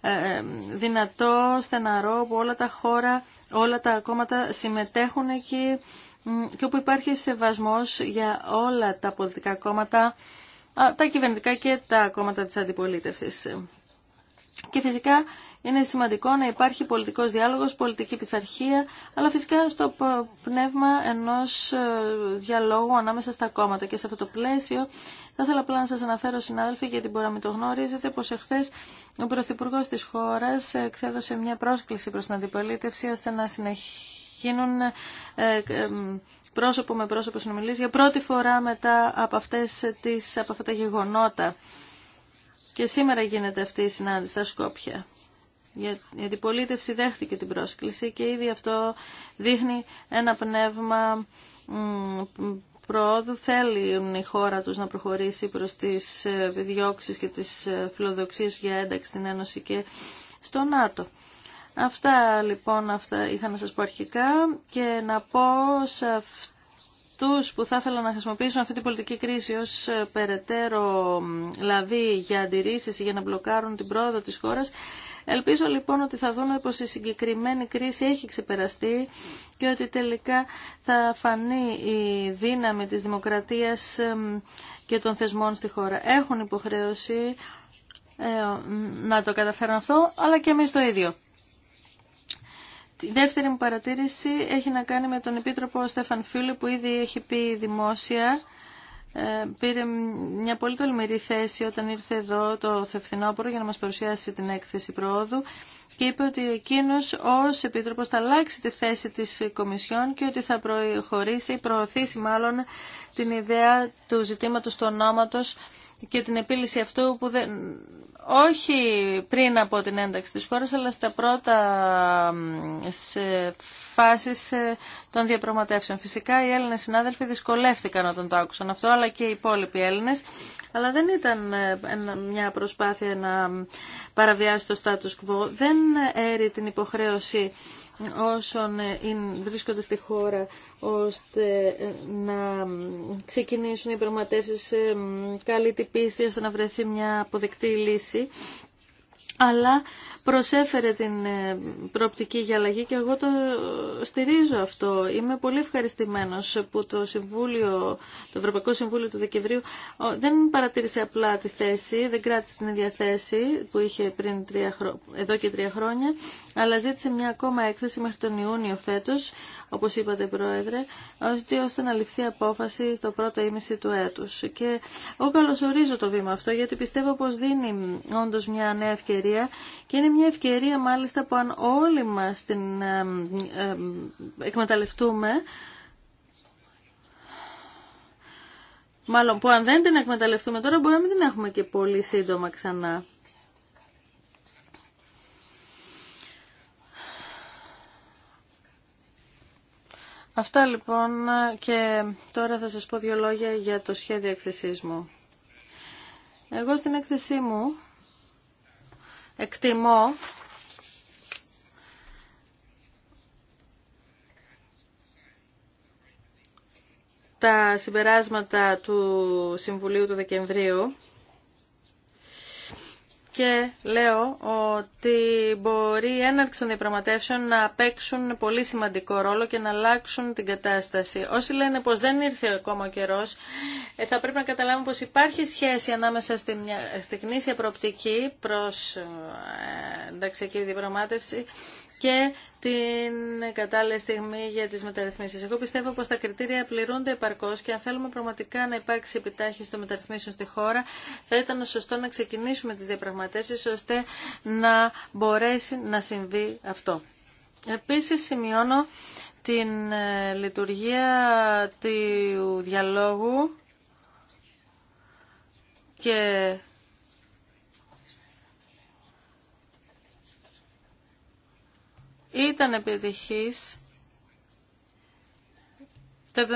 ε, ε, δυνατό, στεναρό, που όλα τα χώρα, όλα τα κόμματα συμμετέχουν εκεί και όπου υπάρχει σεβασμός για όλα τα πολιτικά κόμματα, τα κυβερνητικά και τα κόμματα της αντιπολίτευσης. Και φυσικά είναι σημαντικό να υπάρχει πολιτικός διάλογος, πολιτική πειθαρχία, αλλά φυσικά στο πνεύμα ενός ε, διαλόγου ανάμεσα στα κόμματα. Και σε αυτό το πλαίσιο θα ήθελα απλά να σας αναφέρω, συνάδελφοι, γιατί μπορεί να μην το γνωρίζετε, πως εχθές ο Πρωθυπουργό της χώρας εξέδωσε μια πρόσκληση προς την αντιπολίτευση, ώστε να συνεχίνουν ε, ε, πρόσωπο με πρόσωπο συνομιλίες για πρώτη φορά μετά από, αυτές τις, από αυτά τα γεγονότα. Και σήμερα γίνεται αυτή η συνάντηση στα Σκόπια. Η αντιπολίτευση δέχτηκε την πρόσκληση και ήδη αυτό δείχνει ένα πνεύμα προόδου θέλουν η χώρα τους να προχωρήσει προς τις ε, διώξεις και τις ε, φιλοδοξίες για ένταξη στην Ένωση και στο ΝΑΤΟ. Αυτά λοιπόν αυτά είχα να σας πω αρχικά και να πω σε αυτούς που θα ήθελα να χρησιμοποιήσουν αυτή την πολιτική κρίση ως ε, περαιτέρω λαβή για αντιρρήσεις ή για να μπλοκάρουν την πρόοδο της χώρας Ελπίζω λοιπόν ότι θα δούμε πως η συγκεκριμένη κρίση έχει ξεπεραστεί και ότι τελικά θα φανεί η δύναμη της δημοκρατίας και των θεσμών στη χώρα. Έχουν υποχρέωση ε, να το καταφέρουν αυτό, αλλά και εμείς το ίδιο. Η δεύτερη μου παρατήρηση έχει να κάνει με τον Επίτροπο Στέφαν Φίλου που ήδη έχει πει δημόσια ε, πήρε μια πολύ τολμηρή θέση όταν ήρθε εδώ το Θευθυνόπορο για να μας παρουσιάσει την έκθεση πρόοδου και είπε ότι εκείνο ω Επίτροπο θα αλλάξει τη θέση τη Κομισιόν και ότι θα προχωρήσει, προωθήσει μάλλον την ιδέα του ζητήματο του ονόματο και την επίλυση αυτού που δεν, όχι πριν από την ένταξη της χώρας, αλλά στα πρώτα σε φάσεις ε, των διαπραγματεύσεων. Φυσικά οι Έλληνες συνάδελφοι δυσκολεύτηκαν όταν το άκουσαν αυτό, αλλά και οι υπόλοιποι Έλληνες. Αλλά δεν ήταν ε, μια προσπάθεια να παραβιάσει το status quo. Δεν ε, έρει την υποχρέωση όσων ε, βρίσκονται στη χώρα ώστε ε, να ξεκινήσουν οι πραγματεύσεις ε, καλή την πίστη ώστε να βρεθεί μια αποδεκτή λύση αλλά προσέφερε την ε, προοπτική για αλλαγή και εγώ το στηρίζω αυτό. Είμαι πολύ ευχαριστημένος που το, Συμβούλιο, το Ευρωπαϊκό Συμβούλιο του Δεκεμβρίου δεν παρατήρησε απλά τη θέση, δεν κράτησε την ίδια θέση που είχε πριν τρία χρο... εδώ και τρία χρόνια, αλλά ζήτησε μια ακόμα έκθεση μέχρι τον Ιούνιο φέτος, όπως είπατε Πρόεδρε, ώστε να ληφθεί απόφαση στο πρώτο ήμιση του έτους. Και εγώ καλωσορίζω το βήμα αυτό γιατί πιστεύω πως δίνει όντως μια νέα ευκαιρία και είναι μια ευκαιρία μάλιστα που αν όλοι μας την εκμεταλλευτούμε, μάλλον που αν δεν την εκμεταλλευτούμε τώρα μπορεί να μην την έχουμε και πολύ σύντομα ξανά. Αυτά λοιπόν και τώρα θα σας πω δύο λόγια για το σχέδιο εκθεσής μου. Εγώ στην έκθεσή μου εκτιμώ τα συμπεράσματα του Συμβουλίου του Δεκεμβρίου και λέω ότι μπορεί η έναρξη των διαπραγματεύσεων να παίξουν πολύ σημαντικό ρόλο και να αλλάξουν την κατάσταση. Όσοι λένε πως δεν ήρθε ακόμα ο καιρός, ε, θα πρέπει να καταλάβουν πως υπάρχει σχέση ανάμεσα στην στη γνήσια προοπτική προς ε, ενταξιακή διαπραγμάτευση και την κατάλληλη στιγμή για τις μεταρρυθμίσεις. Εγώ πιστεύω πως τα κριτήρια πληρούνται επαρκώς και αν θέλουμε πραγματικά να υπάρξει επιτάχυνση των μεταρρυθμίσεων στη χώρα θα ήταν σωστό να ξεκινήσουμε τις διαπραγματεύσεις ώστε να μπορέσει να συμβεί αυτό. Επίσης σημειώνω την ε, λειτουργία του διαλόγου και ήταν επιτυχής. Το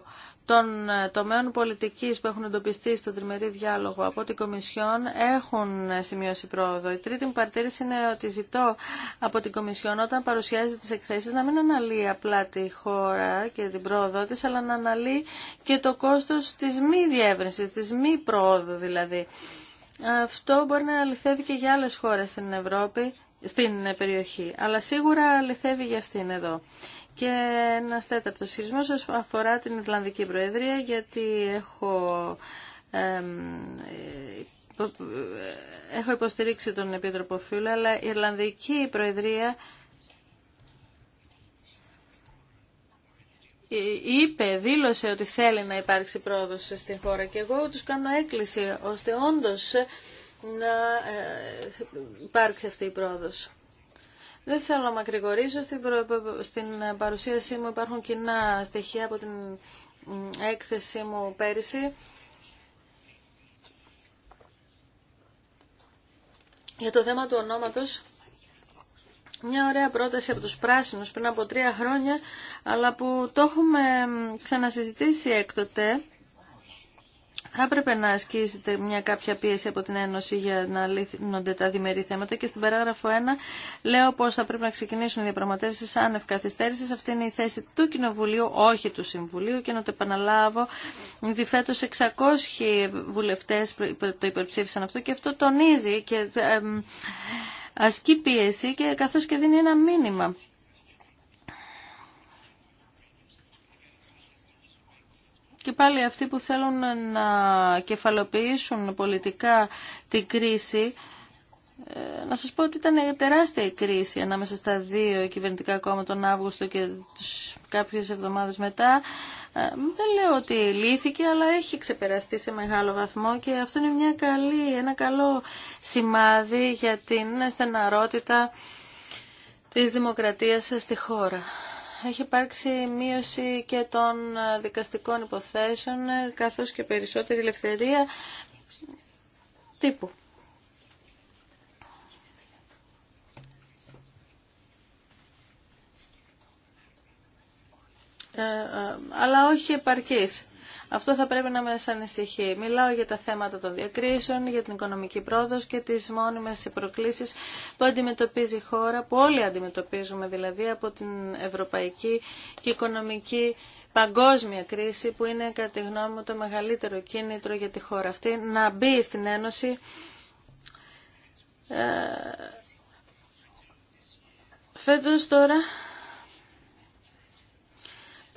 75% των ε, τομέων πολιτικής που έχουν εντοπιστεί στο τριμερή διάλογο από την Κομισιόν έχουν ε, σημειώσει πρόοδο. Η τρίτη μου παρτήρηση είναι ότι ζητώ από την Κομισιόν όταν παρουσιάζει τις εκθέσεις να μην αναλύει απλά τη χώρα και την πρόοδο της, αλλά να αναλύει και το κόστος της μη διεύρυνσης, της μη πρόοδου δηλαδή. Αυτό μπορεί να αληθεύει και για άλλες χώρες στην Ευρώπη στην περιοχή. Αλλά σίγουρα αληθεύει για αυτήν εδώ. Και ένα τέταρτο χειρισμό αφορά την Ιρλανδική Προεδρία, γιατί έχω, έχω υποστηρίξει τον Επίτροπο Φίλου, αλλά η Ιρλανδική Προεδρία είπε, δήλωσε ότι θέλει να υπάρξει πρόοδος στην χώρα και εγώ τους κάνω έκκληση ώστε όντως να ε, υπάρξει αυτή η πρόοδος. Δεν θέλω να μακρηγορήσω. Στην, στην παρουσίασή μου υπάρχουν κοινά στοιχεία από την έκθεσή μου πέρυσι. Για το θέμα του ονόματος, μια ωραία πρόταση από τους πράσινους πριν από τρία χρόνια, αλλά που το έχουμε ξανασυζητήσει έκτοτε θα έπρεπε να ασκήσετε μια κάποια πίεση από την Ένωση για να λύνονται τα διμερεί θέματα και στην παράγραφο 1 λέω πως θα πρέπει να ξεκινήσουν οι διαπραγματεύσεις άνευ Αυτή είναι η θέση του Κοινοβουλίου, όχι του Συμβουλίου και να το επαναλάβω ότι φέτος 600 βουλευτές το υπερψήφισαν αυτό και αυτό τονίζει και ασκεί πίεση και καθώς και δίνει ένα μήνυμα. και πάλι αυτοί που θέλουν να κεφαλοποιήσουν πολιτικά την κρίση ε, να σας πω ότι ήταν τεράστια η κρίση ανάμεσα στα δύο κυβερνητικά κόμματα τον Αύγουστο και κάποιες εβδομάδες μετά. Ε, δεν λέω ότι λύθηκε, αλλά έχει ξεπεραστεί σε μεγάλο βαθμό και αυτό είναι μια καλή, ένα καλό σημάδι για την στεναρότητα της δημοκρατίας στη χώρα έχει υπάρξει μείωση και των δικαστικών υποθέσεων καθώς και περισσότερη ελευθερία τύπου. Ε, ε, αλλά όχι επαρκής. Αυτό θα πρέπει να μας ανησυχεί. Μιλάω για τα θέματα των διακρίσεων, για την οικονομική πρόοδο και τις μόνιμες προκλήσεις που αντιμετωπίζει η χώρα, που όλοι αντιμετωπίζουμε δηλαδή από την ευρωπαϊκή και οικονομική παγκόσμια κρίση που είναι κατά τη γνώμη μου το μεγαλύτερο κίνητρο για τη χώρα αυτή να μπει στην Ένωση ε, φέτος τώρα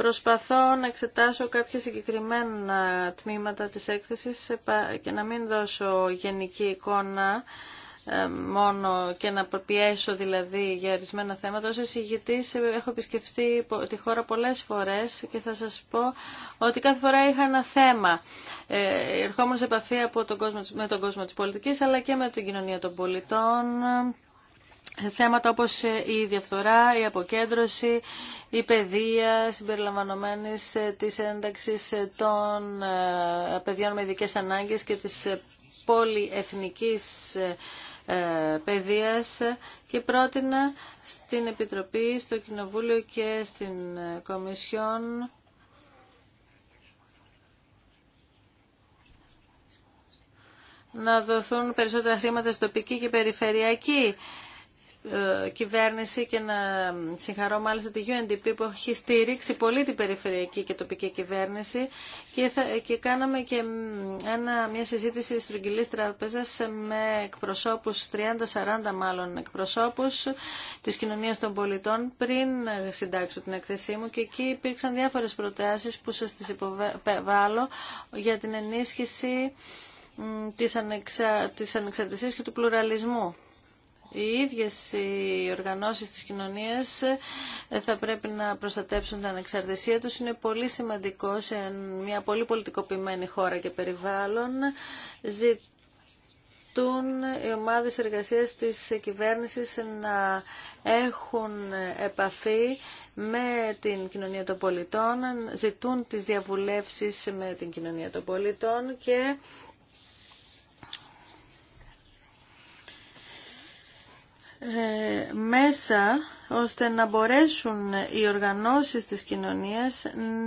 Προσπαθώ να εξετάσω κάποια συγκεκριμένα τμήματα της έκθεσης και να μην δώσω γενική εικόνα ε, μόνο και να πιέσω δηλαδή για ορισμένα θέματα. Ως εισηγητής έχω επισκεφτεί τη χώρα πολλές φορές και θα σας πω ότι κάθε φορά είχα ένα θέμα. Ε, ερχόμουν σε επαφή από τον με τον κόσμο της πολιτικής αλλά και με την κοινωνία των πολιτών θέματα όπως ε, η διαφθορά, η αποκέντρωση, η παιδεία συμπεριλαμβανομένης ε, της ένταξης ε, των παιδιών με ειδικές ανάγκες και της πολυεθνικής παιδείας και πρότεινα στην Επιτροπή, στο Κοινοβούλιο και στην Κομισιόν να δοθούν περισσότερα χρήματα στην και περιφερειακή ε, κυβέρνηση και να συγχαρώ μάλιστα τη UNDP που έχει στηρίξει πολύ την περιφερειακή και τοπική κυβέρνηση και, θα, και κάναμε και ένα, μια συζήτηση στρογγυλής τραπέζας με εκπροσώπους, 30-40 μάλλον εκπροσώπους της κοινωνίας των πολιτών πριν συντάξω την εκθεσή μου και εκεί υπήρξαν διάφορες προτάσεις που σας τις υποβάλλω για την ενίσχυση της, ανεξα... της ανεξαρτησίας και του πλουραλισμού οι ίδιες οι οργανώσεις της κοινωνίας ε, θα πρέπει να προστατέψουν την ανεξαρτησία τους. Είναι πολύ σημαντικό σε μια πολύ πολιτικοποιημένη χώρα και περιβάλλον. Ζητούν οι ομάδες εργασίας της κυβέρνησης να έχουν επαφή με την κοινωνία των πολιτών, ζητούν τις διαβουλεύσεις με την κοινωνία των πολιτών και Ε, μέσα ώστε να μπορέσουν οι οργανώσεις της κοινωνίας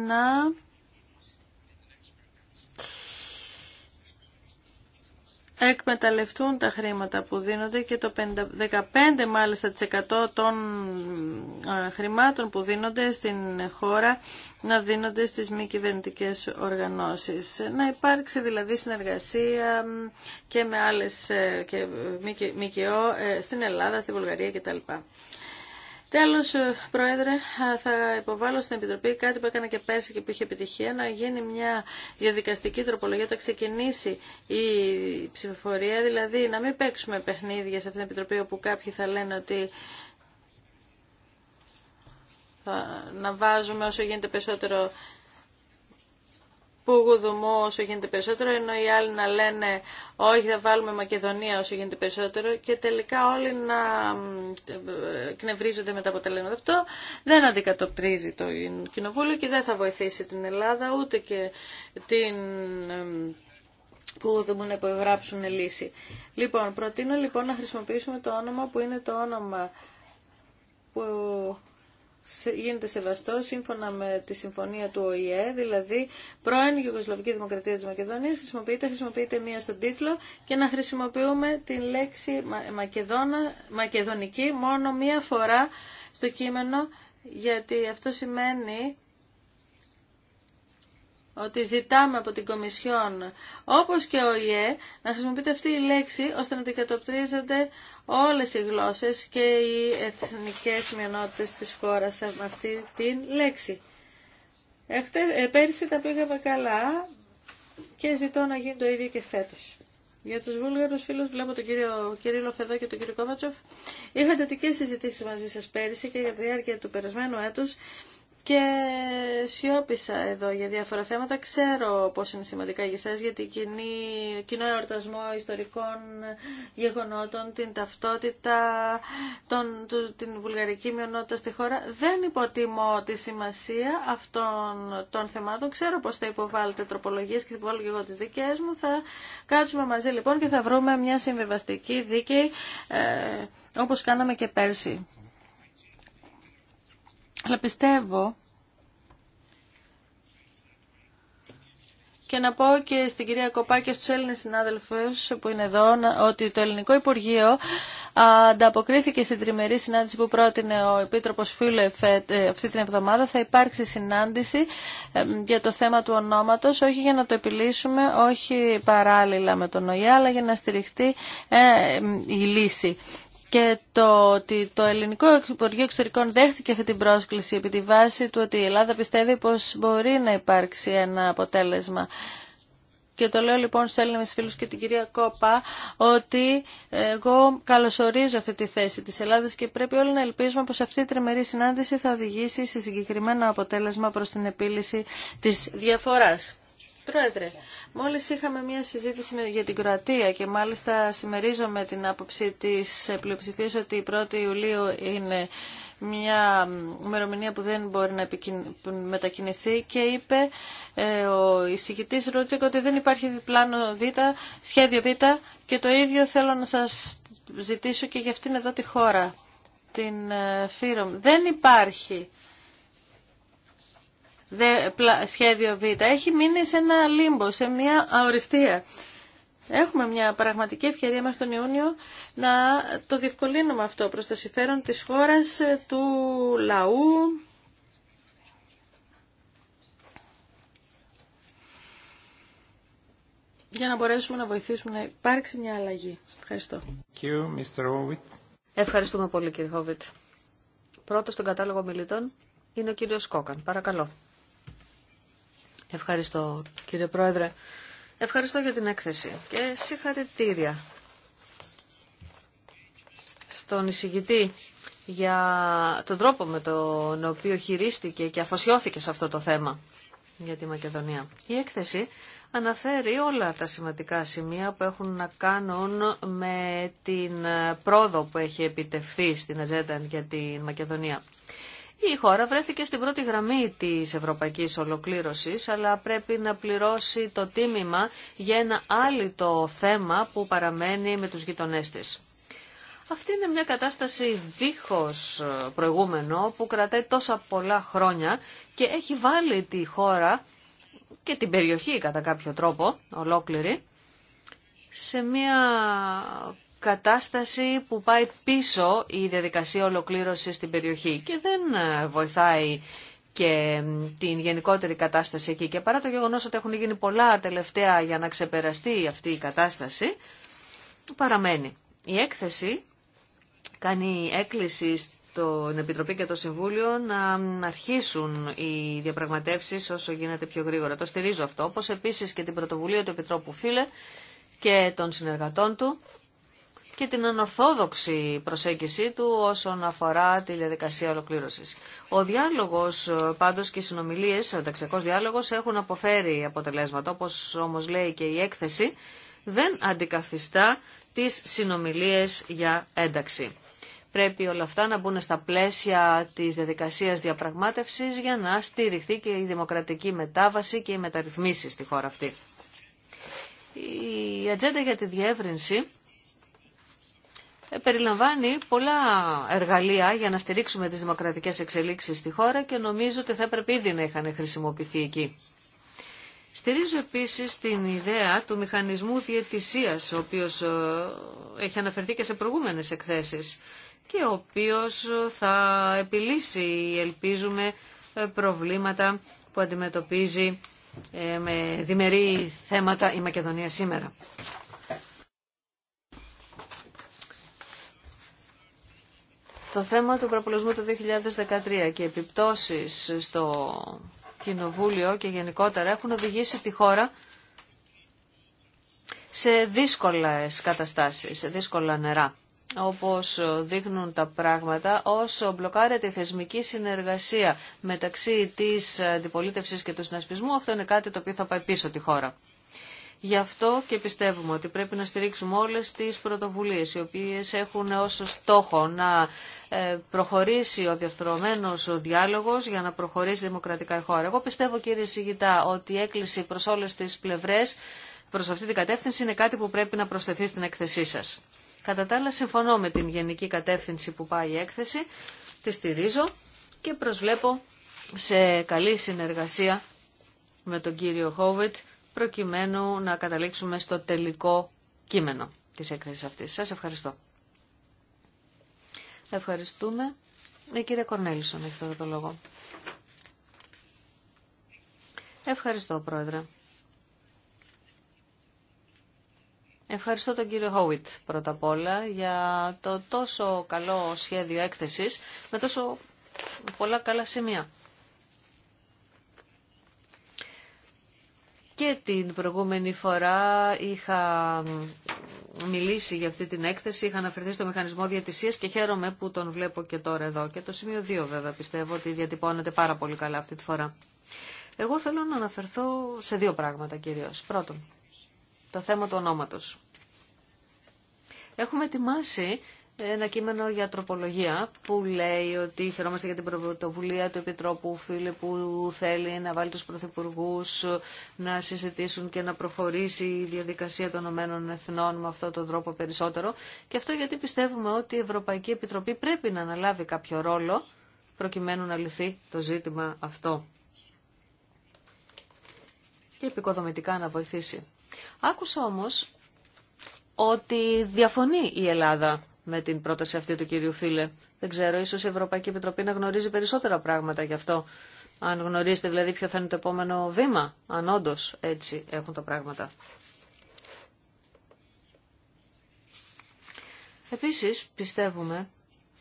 να εκμεταλλευτούν τα χρήματα που δίνονται και το 15 μάλιστα των χρημάτων που δίνονται στην χώρα να δίνονται στις μη κυβερνητικέ οργανώσεις. Να υπάρξει δηλαδή συνεργασία και με άλλες ε, και ΜΚΟ ε, στην Ελλάδα, στη Βουλγαρία κτλ. Τέλος, ε, Πρόεδρε, θα υποβάλω στην Επιτροπή κάτι που έκανα και πέρσι και που είχε επιτυχία, να γίνει μια διαδικαστική τροπολογία, όταν ξεκινήσει η ψηφοφορία, δηλαδή να μην παίξουμε παιχνίδια σε αυτήν την Επιτροπή όπου κάποιοι θα λένε ότι θα, να βάζουμε όσο γίνεται περισσότερο που γουδουμό όσο γίνεται περισσότερο, ενώ οι άλλοι να λένε όχι θα βάλουμε Μακεδονία όσο γίνεται περισσότερο και τελικά όλοι να ε, κνευρίζονται με τα αποτελέσματα. Αυτό δεν αντικατοπτρίζει το Κοινοβούλιο και δεν θα βοηθήσει την Ελλάδα ούτε και την ε, που δούμε να υπογράψουν λύση. Λοιπόν, προτείνω λοιπόν να χρησιμοποιήσουμε το όνομα που είναι το όνομα που γίνεται σεβαστό σύμφωνα με τη συμφωνία του ΟΗΕ, δηλαδή πρώην Ιουγκοσλαβική Δημοκρατία της Μακεδονίας, χρησιμοποιείται, χρησιμοποιείται μία στον τίτλο και να χρησιμοποιούμε την λέξη Μακεδόνα, μακεδονική μόνο μία φορά στο κείμενο, γιατί αυτό σημαίνει ότι ζητάμε από την Κομισιόν, όπως και ο ΙΕ, να χρησιμοποιείται αυτή η λέξη, ώστε να αντικατοπτρίζονται όλες οι γλώσσες και οι εθνικές μειονότητες της χώρας με αυτή τη λέξη. Εχτε, πέρυσι τα πήγαμε καλά και ζητώ να γίνει το ίδιο και φέτος. Για τους βούλγαρους φίλους βλέπω τον κύριο Κυρίλο Φεδό και τον κύριο Κόβατσοφ. είχατε τι συζητήσεις μαζί σας πέρυσι και για τη διάρκεια του περασμένου έτους και σιώπησα εδώ για διάφορα θέματα. Ξέρω πώς είναι σημαντικά για εσάς γιατί την κοινή, κοινό εορτασμό ιστορικών γεγονότων, την ταυτότητα, τον, την βουλγαρική μειονότητα στη χώρα. Δεν υποτιμώ τη σημασία αυτών των θεμάτων. Ξέρω πώς θα υποβάλλετε τροπολογίες και θα υποβάλλω και εγώ τις δικές μου. Θα κάτσουμε μαζί λοιπόν και θα βρούμε μια συμβιβαστική δίκαιη ε, όπως κάναμε και πέρσι. Αλλά πιστεύω Και να πω και στην κυρία Κοπά και στους Έλληνες συνάδελφους που είναι εδώ ότι το Ελληνικό Υπουργείο ανταποκρίθηκε στην τριμερή συνάντηση που πρότεινε ο Επίτροπος Φίλε ε, αυτή την εβδομάδα. Θα υπάρξει συνάντηση για το θέμα του ονόματος, όχι για να το επιλύσουμε, όχι παράλληλα με τον ΟΙΑ, αλλά για να στηριχτεί ε, η λύση και το ότι το ελληνικό Υπουργείο Εξωτερικών δέχτηκε αυτή την πρόσκληση επί τη βάση του ότι η Ελλάδα πιστεύει πως μπορεί να υπάρξει ένα αποτέλεσμα. Και το λέω λοιπόν στους Έλληνες φίλους και την κυρία Κόπα ότι εγώ καλωσορίζω αυτή τη θέση της Ελλάδας και πρέπει όλοι να ελπίζουμε πως αυτή η τριμερή συνάντηση θα οδηγήσει σε συγκεκριμένο αποτέλεσμα προς την επίλυση της διαφοράς. Πρόεδρε, μόλις είχαμε μια συζήτηση για την Κροατία και μάλιστα συμμερίζομαι την άποψη της πλειοψηφίας ότι η 1η Ιουλίου είναι μια ημερομηνία που δεν μπορεί να μετακινηθεί και είπε ε, ο εισηγητής Ρούτσικ ότι δεν υπάρχει πλάνο σχέδιο Β και το ίδιο θέλω να σας ζητήσω και για αυτήν εδώ τη χώρα, την ε, Φύρομ. Δεν υπάρχει σχέδιο Β έχει μείνει σε ένα λίμπο, σε μια αοριστία. Έχουμε μια πραγματική ευκαιρία μας τον Ιούνιο να το διευκολύνουμε αυτό προς το συμφέρον της χώρας, του λαού. για να μπορέσουμε να βοηθήσουμε να υπάρξει μια αλλαγή. Ευχαριστώ. Ευχαριστούμε πολύ κύριε Χόβιτ. Πρώτος στον κατάλογο μιλητών είναι ο κύριος Κόκαν. Παρακαλώ. Ευχαριστώ κύριε Πρόεδρε. Ευχαριστώ για την έκθεση και συγχαρητήρια στον εισηγητή για τον τρόπο με τον οποίο χειρίστηκε και αφοσιώθηκε σε αυτό το θέμα για τη Μακεδονία. Η έκθεση αναφέρει όλα τα σημαντικά σημεία που έχουν να κάνουν με την πρόοδο που έχει επιτευχθεί στην ατζέντα για τη Μακεδονία. Η χώρα βρέθηκε στην πρώτη γραμμή της ευρωπαϊκής ολοκλήρωσης, αλλά πρέπει να πληρώσει το τίμημα για ένα άλλο θέμα που παραμένει με τους γειτονές της. Αυτή είναι μια κατάσταση δίχως ε, προηγούμενο που κρατάει τόσα πολλά χρόνια και έχει βάλει τη χώρα και την περιοχή κατά κάποιο τρόπο ολόκληρη σε μια κατάσταση που πάει πίσω η διαδικασία ολοκλήρωση στην περιοχή και δεν ε, βοηθάει και την γενικότερη κατάσταση εκεί. Και παρά το γεγονός ότι έχουν γίνει πολλά τελευταία για να ξεπεραστεί αυτή η κατάσταση, παραμένει. Η έκθεση κάνει έκκληση στην Επιτροπή και το Συμβούλιο να αρχίσουν οι διαπραγματεύσεις όσο γίνεται πιο γρήγορα. Το στηρίζω αυτό, όπως επίσης και την πρωτοβουλία του Επιτρόπου Φίλε και των συνεργατών του και την ανορθόδοξη προσέγγιση του όσον αφορά τη διαδικασία ολοκλήρωση. Ο διάλογος ε, πάντως και οι συνομιλίες, ο ενταξιακός διάλογος έχουν αποφέρει αποτελέσματα, όπως όμως λέει και η έκθεση, δεν αντικαθιστά τις συνομιλίες για ένταξη. Πρέπει όλα αυτά να μπουν στα πλαίσια της διαδικασίας διαπραγμάτευσης για να στηριχθεί και η δημοκρατική μετάβαση και οι μεταρρυθμίσεις στη χώρα αυτή. Η ατζέντα για τη διεύρυνση ε, περιλαμβάνει πολλά εργαλεία για να στηρίξουμε τις δημοκρατικές εξελίξεις στη χώρα και νομίζω ότι θα έπρεπε ήδη να είχαν χρησιμοποιηθεί εκεί. Στηρίζω επίσης την ιδέα του μηχανισμού διαιτησίας, ο οποίος ε, έχει αναφερθεί και σε προηγούμενες εκθέσεις και ο οποίος ε, θα επιλύσει, ελπίζουμε, προβλήματα που αντιμετωπίζει με διμερεί θέματα η Μακεδονία σήμερα. Το θέμα του προπολογισμού του 2013 και επιπτώσεις στο Κοινοβούλιο και γενικότερα έχουν οδηγήσει τη χώρα σε δύσκολες καταστάσεις, σε δύσκολα νερά. Όπως δείχνουν τα πράγματα, όσο μπλοκάρεται η θεσμική συνεργασία μεταξύ της αντιπολίτευσης και του συνασπισμού, αυτό είναι κάτι το οποίο θα πάει πίσω τη χώρα. Γι' αυτό και πιστεύουμε ότι πρέπει να στηρίξουμε όλες τις πρωτοβουλίες οι οποίες έχουν ως στόχο να ε, προχωρήσει ο διορθωμένος διάλογος για να προχωρήσει δημοκρατικά η χώρα. Εγώ πιστεύω κύριε Σιγητά ότι η έκκληση προς όλες τις πλευρές προς αυτή την κατεύθυνση είναι κάτι που πρέπει να προσθεθεί στην έκθεσή σας. Κατά τα άλλα συμφωνώ με την γενική κατεύθυνση που πάει η έκθεση, τη στηρίζω και προσβλέπω σε καλή συνεργασία με τον κύριο Χόβιτ προκειμένου να καταλήξουμε στο τελικό κείμενο της έκθεσης αυτής. Σας ευχαριστώ. Ευχαριστούμε. Η ε, κύριε Κορνέλισον έχει τώρα το λόγο. Ευχαριστώ, Πρόεδρε. Ευχαριστώ τον κύριο Χόουιτ πρώτα απ' όλα για το τόσο καλό σχέδιο έκθεσης με τόσο πολλά καλά σημεία. Και την προηγούμενη φορά είχα μιλήσει για αυτή την έκθεση, είχα αναφερθεί στο μηχανισμό διατησία και χαίρομαι που τον βλέπω και τώρα εδώ. Και το σημείο 2 βέβαια πιστεύω ότι διατυπώνεται πάρα πολύ καλά αυτή τη φορά. Εγώ θέλω να αναφερθώ σε δύο πράγματα κυρίω. Πρώτον, το θέμα του ονόματος. Έχουμε ετοιμάσει ένα κείμενο για τροπολογία που λέει ότι χαιρόμαστε για την πρωτοβουλία του Επιτρόπου Φίλε που θέλει να βάλει τους Πρωθυπουργού να συζητήσουν και να προχωρήσει η διαδικασία των Ηνωμένων Εθνών με αυτόν τον τρόπο περισσότερο. Και αυτό γιατί πιστεύουμε ότι η Ευρωπαϊκή Επιτροπή πρέπει να αναλάβει κάποιο ρόλο προκειμένου να λυθεί το ζήτημα αυτό και επικοδομητικά να βοηθήσει. Άκουσα όμως ότι διαφωνεί η Ελλάδα με την πρόταση αυτή του κυρίου Φίλε. Δεν ξέρω, ίσως η Ευρωπαϊκή Επιτροπή να γνωρίζει περισσότερα πράγματα γι' αυτό. Αν γνωρίζετε δηλαδή ποιο θα είναι το επόμενο βήμα, αν όντω έτσι έχουν τα πράγματα. Επίσης πιστεύουμε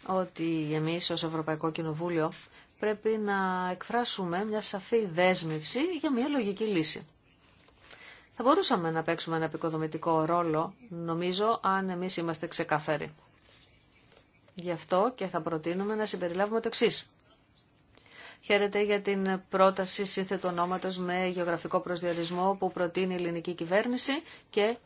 ότι εμείς ως Ευρωπαϊκό Κοινοβούλιο πρέπει να εκφράσουμε μια σαφή δέσμευση για μια λογική λύση. Θα μπορούσαμε να παίξουμε ένα επικοδομητικό ρόλο, νομίζω, αν εμείς είμαστε ξεκαθαροί. Γι' αυτό και θα προτείνουμε να συμπεριλάβουμε το εξή. Χαίρεται για την πρόταση σύνθετου ονόματο με γεωγραφικό προσδιορισμό που προτείνει η ελληνική κυβέρνηση και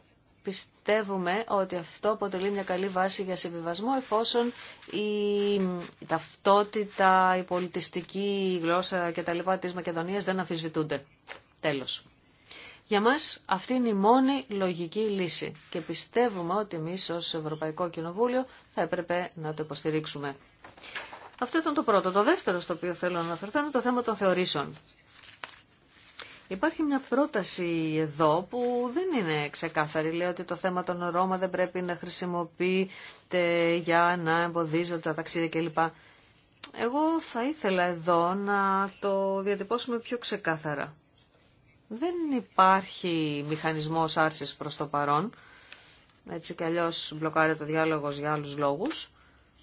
πιστεύουμε ότι αυτό αποτελεί μια καλή βάση για συμβιβασμό εφόσον η ταυτότητα, η πολιτιστική γλώσσα κτλ. της Μακεδονίας δεν αμφισβητούνται. Τέλος. Για μας αυτή είναι η μόνη λογική λύση και πιστεύουμε ότι εμεί ω Ευρωπαϊκό Κοινοβούλιο θα έπρεπε να το υποστηρίξουμε. Αυτό ήταν το πρώτο. Το δεύτερο στο οποίο θέλω να αναφερθώ είναι το θέμα των θεωρήσεων. Υπάρχει μια πρόταση εδώ που δεν είναι ξεκάθαρη. Λέει ότι το θέμα των Ρώμα δεν πρέπει να χρησιμοποιείται για να εμποδίζονται τα ταξίδια κλπ. Εγώ θα ήθελα εδώ να το διατυπώσουμε πιο ξεκάθαρα. Δεν υπάρχει μηχανισμός άρσης προς το παρόν. Έτσι κι αλλιώς μπλοκάρει το διάλογος για άλλους λόγους.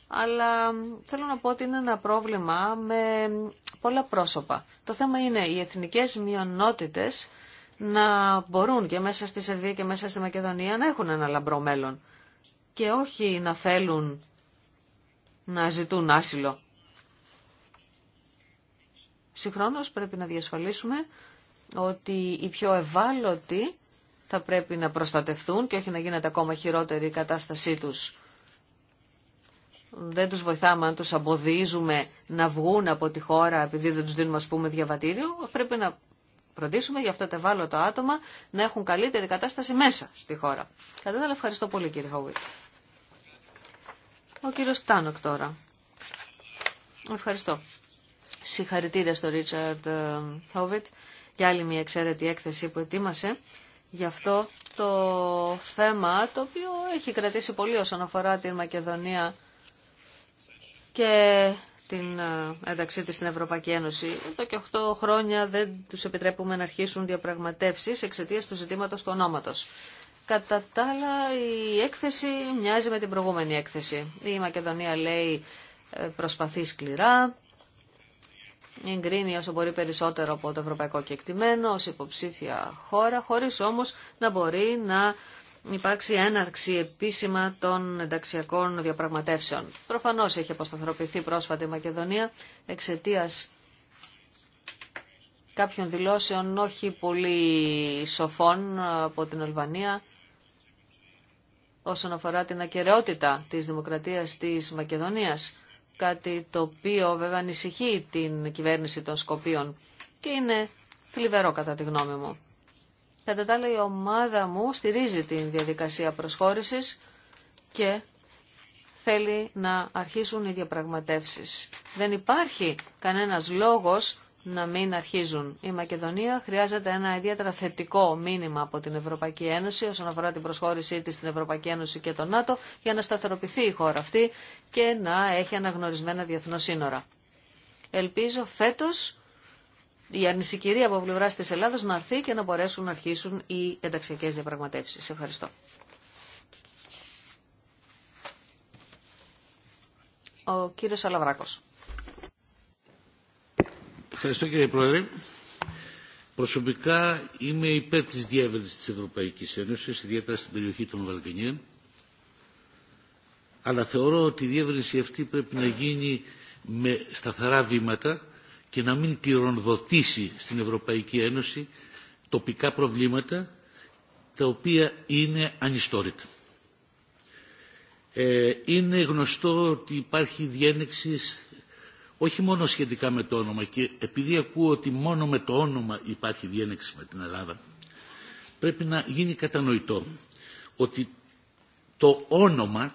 Αλλά θέλω να πω ότι είναι ένα πρόβλημα με πολλά πρόσωπα. Το θέμα είναι οι εθνικές μειονότητες να μπορούν και μέσα στη Σερβία και μέσα στη Μακεδονία να έχουν ένα λαμπρό μέλλον και όχι να θέλουν να ζητούν άσυλο. Συγχρόνως πρέπει να διασφαλίσουμε ότι οι πιο ευάλωτοι θα πρέπει να προστατευτούν και όχι να γίνεται ακόμα χειρότερη η κατάστασή τους. Δεν τους βοηθάμε αν τους εμποδίζουμε να βγουν από τη χώρα επειδή δεν τους δίνουμε ας πούμε διαβατήριο. Πρέπει να προτίσουμε για αυτά τα ευάλωτα άτομα να έχουν καλύτερη κατάσταση μέσα στη χώρα. Κατά τα ευχαριστώ πολύ κύριε Χόβιτ. Ο κύριος Τάνοκ τώρα. Ευχαριστώ. Συγχαρητήρια στο Ρίτσαρντ ε, Χόβιτ. Και άλλη μια εξαίρετη έκθεση που ετοίμασε. Γι' αυτό το θέμα το οποίο έχει κρατήσει πολύ όσον αφορά την Μακεδονία και την ε, ένταξή της στην Ευρωπαϊκή Ένωση. Εδώ και 8 χρόνια δεν τους επιτρέπουμε να αρχίσουν διαπραγματεύσεις εξαιτία του ζητήματος του ονόματος. Κατά τα άλλα η έκθεση μοιάζει με την προηγούμενη έκθεση. Η Μακεδονία λέει ε, προσπαθεί σκληρά, εγκρίνει όσο μπορεί περισσότερο από το ευρωπαϊκό κεκτημένο ως υποψήφια χώρα, χωρίς όμως να μπορεί να υπάρξει έναρξη επίσημα των ενταξιακών διαπραγματεύσεων. Προφανώς έχει αποσταθεροποιηθεί πρόσφατα η Μακεδονία εξαιτία κάποιων δηλώσεων όχι πολύ σοφών από την Αλβανία όσον αφορά την ακαιρεότητα της δημοκρατίας της Μακεδονίας κάτι το οποίο βέβαια ανησυχεί την κυβέρνηση των Σκοπίων και είναι θλιβερό κατά τη γνώμη μου. Κατά τα άλλα η ομάδα μου στηρίζει την διαδικασία προσχώρησης και θέλει να αρχίσουν οι διαπραγματεύσεις. Δεν υπάρχει κανένας λόγος να μην αρχίζουν. Η Μακεδονία χρειάζεται ένα ιδιαίτερα θετικό μήνυμα από την Ευρωπαϊκή Ένωση όσον αφορά την προσχώρησή της στην Ευρωπαϊκή Ένωση και τον ΝΑΤΟ για να σταθεροποιηθεί η χώρα αυτή και να έχει αναγνωρισμένα διεθνώς σύνορα. Ελπίζω φέτος η ανησυχία από πλευρά τη Ελλάδα να έρθει και να μπορέσουν να αρχίσουν οι ενταξιακέ διαπραγματεύσει. Ευχαριστώ. Ο κύριος Ευχαριστώ κύριε Πρόεδρε. Προσωπικά είμαι υπέρ της διεύρυνσης της Ευρωπαϊκής Ένωσης, ιδιαίτερα στην περιοχή των Βαλκανίων, αλλά θεωρώ ότι η διεύρυνση αυτή πρέπει να γίνει με σταθερά βήματα και να μην κυρονδοτήσει στην Ευρωπαϊκή Ένωση τοπικά προβλήματα τα οποία είναι ανιστόρυτα. Ε, είναι γνωστό ότι υπάρχει διένεξη όχι μόνο σχετικά με το όνομα και επειδή ακούω ότι μόνο με το όνομα υπάρχει διένεξη με την Ελλάδα πρέπει να γίνει κατανοητό ότι το όνομα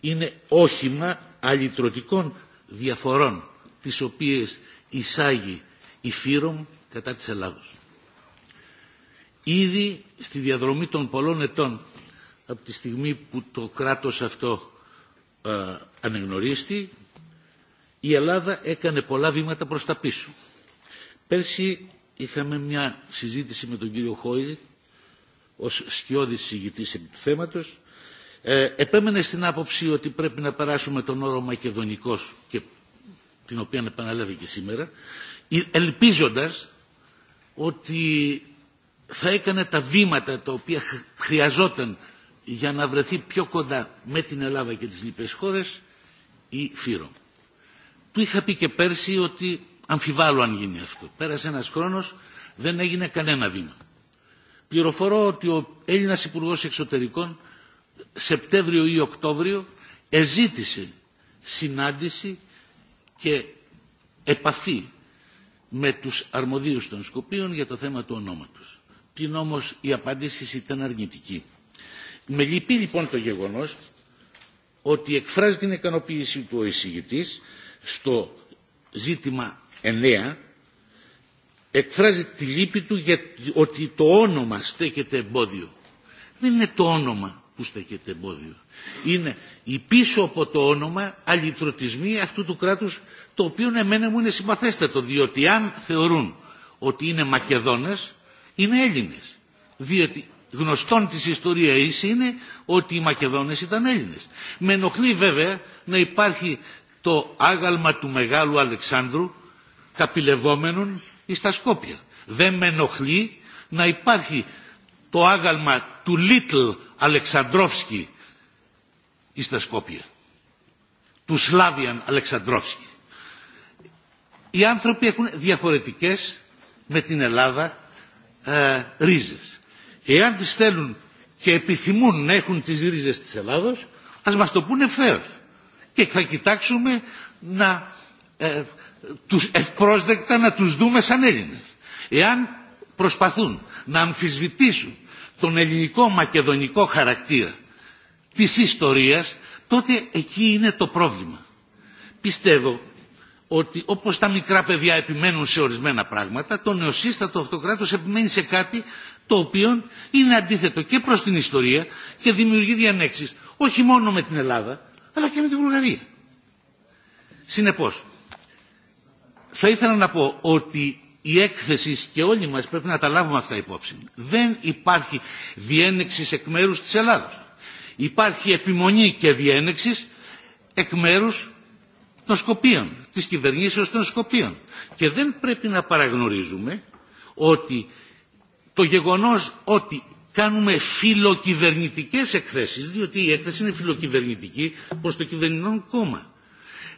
είναι όχημα αλλητρωτικών διαφορών τις οποίες εισάγει η Φύρομ κατά της Ελλάδος. Ήδη στη διαδρομή των πολλών ετών από τη στιγμή που το κράτος αυτό ε, ανεγνωρίστη η Ελλάδα έκανε πολλά βήματα προς τα πίσω. Πέρσι είχαμε μια συζήτηση με τον κύριο Χόιρη ως σκιώδης συγητής επί του θέματος. Ε, επέμενε στην άποψη ότι πρέπει να περάσουμε τον όρο Μακεδονικός και την οποία επαναλάβει και σήμερα ε, ελπίζοντας ότι θα έκανε τα βήματα τα οποία χρειαζόταν για να βρεθεί πιο κοντά με την Ελλάδα και τις λοιπές χώρες η Φύρο. Του είχα πει και πέρσι ότι αμφιβάλλω αν γίνει αυτό. Πέρασε ένας χρόνος, δεν έγινε κανένα βήμα. Πληροφορώ ότι ο Έλληνας Υπουργός Εξωτερικών Σεπτέμβριο ή Οκτώβριο εζήτησε συνάντηση και επαφή με τους αρμοδίους των Σκοπίων για το θέμα του ονόματος. Την όμως η απάντηση ήταν αρνητική. Με λυπεί λοιπόν το γεγονός ότι εκφράζει την ικανοποίηση του ο εισηγητής στο ζήτημα 9 εκφράζει τη λύπη του για, ότι το όνομα στέκεται εμπόδιο. Δεν είναι το όνομα που στέκεται εμπόδιο. Είναι η πίσω από το όνομα αλυτρωτισμή αυτού του κράτους το οποίο εμένα μου είναι συμπαθέστατο διότι αν θεωρούν ότι είναι Μακεδόνες είναι Έλληνες. Διότι γνωστόν της ιστορίας είναι ότι οι Μακεδόνες ήταν Έλληνες. Με ενοχλεί βέβαια να υπάρχει το άγαλμα του Μεγάλου Αλεξάνδρου καπηλευόμενων εις τα Σκόπια. Δεν με ενοχλεί να υπάρχει το άγαλμα του Λίτλ Αλεξανδρόφσκι εις τα Σκόπια. Του Σλάβιαν Αλεξανδρόφσκι. Οι άνθρωποι έχουν διαφορετικές με την Ελλάδα ε, ρίζες. Εάν τις θέλουν και επιθυμούν να έχουν τις ρίζες της Ελλάδος, ας μας το πούνε ευθέως και θα κοιτάξουμε να ε, ευπρόσδεκτα να τους δούμε σαν Έλληνες. Εάν προσπαθούν να αμφισβητήσουν τον ελληνικό μακεδονικό χαρακτήρα της ιστορίας, τότε εκεί είναι το πρόβλημα. Πιστεύω ότι όπως τα μικρά παιδιά επιμένουν σε ορισμένα πράγματα, το νεοσύστατο αυτοκράτος επιμένει σε κάτι το οποίο είναι αντίθετο και προς την ιστορία και δημιουργεί διανέξεις όχι μόνο με την Ελλάδα, αλλά και με τη Βουλγαρία. Συνεπώς, θα ήθελα να πω ότι η έκθεση και όλοι μας πρέπει να τα λάβουμε αυτά υπόψη. Δεν υπάρχει διένεξη εκ μέρους της Ελλάδος. Υπάρχει επιμονή και διένεξη εκ μέρους των Σκοπίων, της κυβερνήσεως των Σκοπίων. Και δεν πρέπει να παραγνωρίζουμε ότι το γεγονός ότι κάνουμε φιλοκυβερνητικές εκθέσεις, διότι η έκθεση είναι φιλοκυβερνητική προς το κυβερνητικό κόμμα.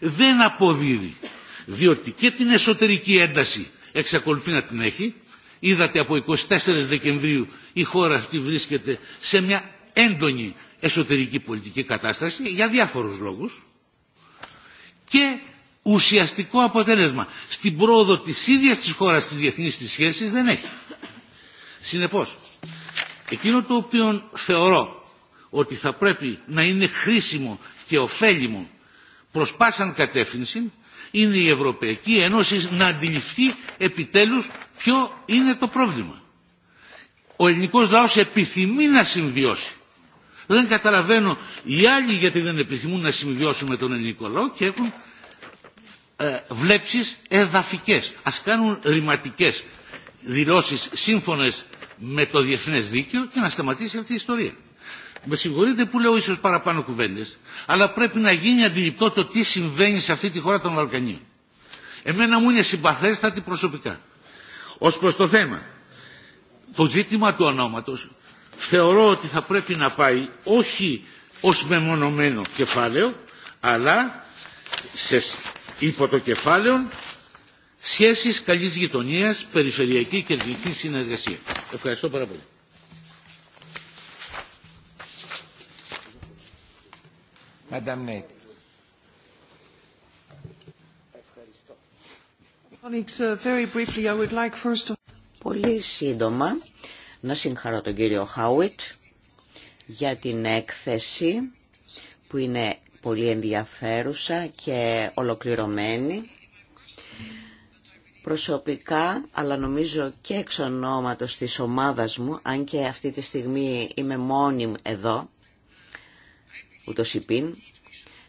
Δεν αποδίδει, διότι και την εσωτερική ένταση εξακολουθεί να την έχει. Είδατε από 24 Δεκεμβρίου η χώρα αυτή βρίσκεται σε μια έντονη εσωτερική πολιτική κατάσταση για διάφορους λόγους και ουσιαστικό αποτέλεσμα στην πρόοδο της ίδιας της χώρας της διεθνής της σχέσης δεν έχει. Συνεπώς, Εκείνο το οποίο θεωρώ ότι θα πρέπει να είναι χρήσιμο και ωφέλιμο προς πάσαν κατεύθυνση είναι η Ευρωπαϊκή Ένωση να αντιληφθεί επιτέλους ποιο είναι το πρόβλημα. Ο ελληνικός λαός επιθυμεί να συμβιώσει. Δεν καταλαβαίνω οι άλλοι γιατί δεν επιθυμούν να συμβιώσουν με τον ελληνικό λαό και έχουν ε, βλέψεις εδαφικές. Ας κάνουν ρηματικές δηλώσεις σύμφωνες με το διεθνέ δίκαιο και να σταματήσει αυτή η ιστορία. Με συγχωρείτε που λέω ίσως παραπάνω κουβέντε, αλλά πρέπει να γίνει αντιληπτό το τι συμβαίνει σε αυτή τη χώρα των Βαλκανίων. Εμένα μου είναι συμπαθέστατη προσωπικά. Ω προ το θέμα, το ζήτημα του ονόματο θεωρώ ότι θα πρέπει να πάει όχι ως μεμονωμένο κεφάλαιο, αλλά σε υπό το κεφάλαιο σχέσεις καλής γειτονίας, περιφερειακή και ελληνική συνεργασία. Ευχαριστώ πάρα πολύ. Uh, πολύ σύντομα να συγχαρώ τον κύριο Χάουιτ για την έκθεση που είναι πολύ ενδιαφέρουσα και ολοκληρωμένη Προσωπικά, αλλά νομίζω και εξ ονόματος της ομάδας μου, αν και αυτή τη στιγμή είμαι μόνη εδώ, ούτως υπήν,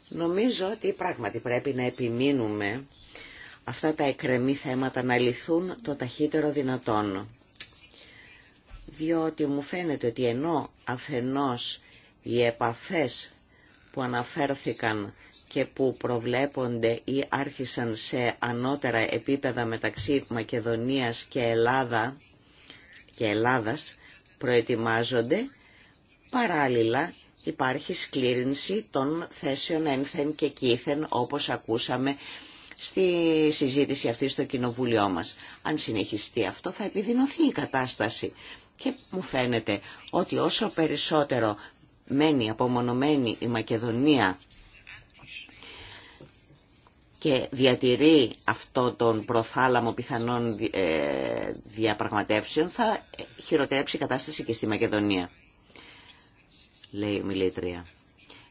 νομίζω ότι πράγματι πρέπει να επιμείνουμε αυτά τα εκρεμή θέματα να λυθούν το ταχύτερο δυνατόν. Διότι μου φαίνεται ότι ενώ αφενός οι επαφές που αναφέρθηκαν και που προβλέπονται ή άρχισαν σε ανώτερα επίπεδα μεταξύ Μακεδονίας και, Ελλάδα, και Ελλάδας προετοιμάζονται, παράλληλα υπάρχει σκλήρινση των θέσεων ένθεν και κήθεν όπως ακούσαμε στη συζήτηση αυτή στο κοινοβούλιο μας. Αν συνεχιστεί αυτό θα επιδεινωθεί η κατάσταση. Και μου φαίνεται ότι όσο περισσότερο μένει απομονωμένη η Μακεδονία και διατηρεί αυτό τον προθάλαμο πιθανών ε, διαπραγματεύσεων, θα χειροτερέψει η κατάσταση και στη Μακεδονία, λέει η Μιλήτρια.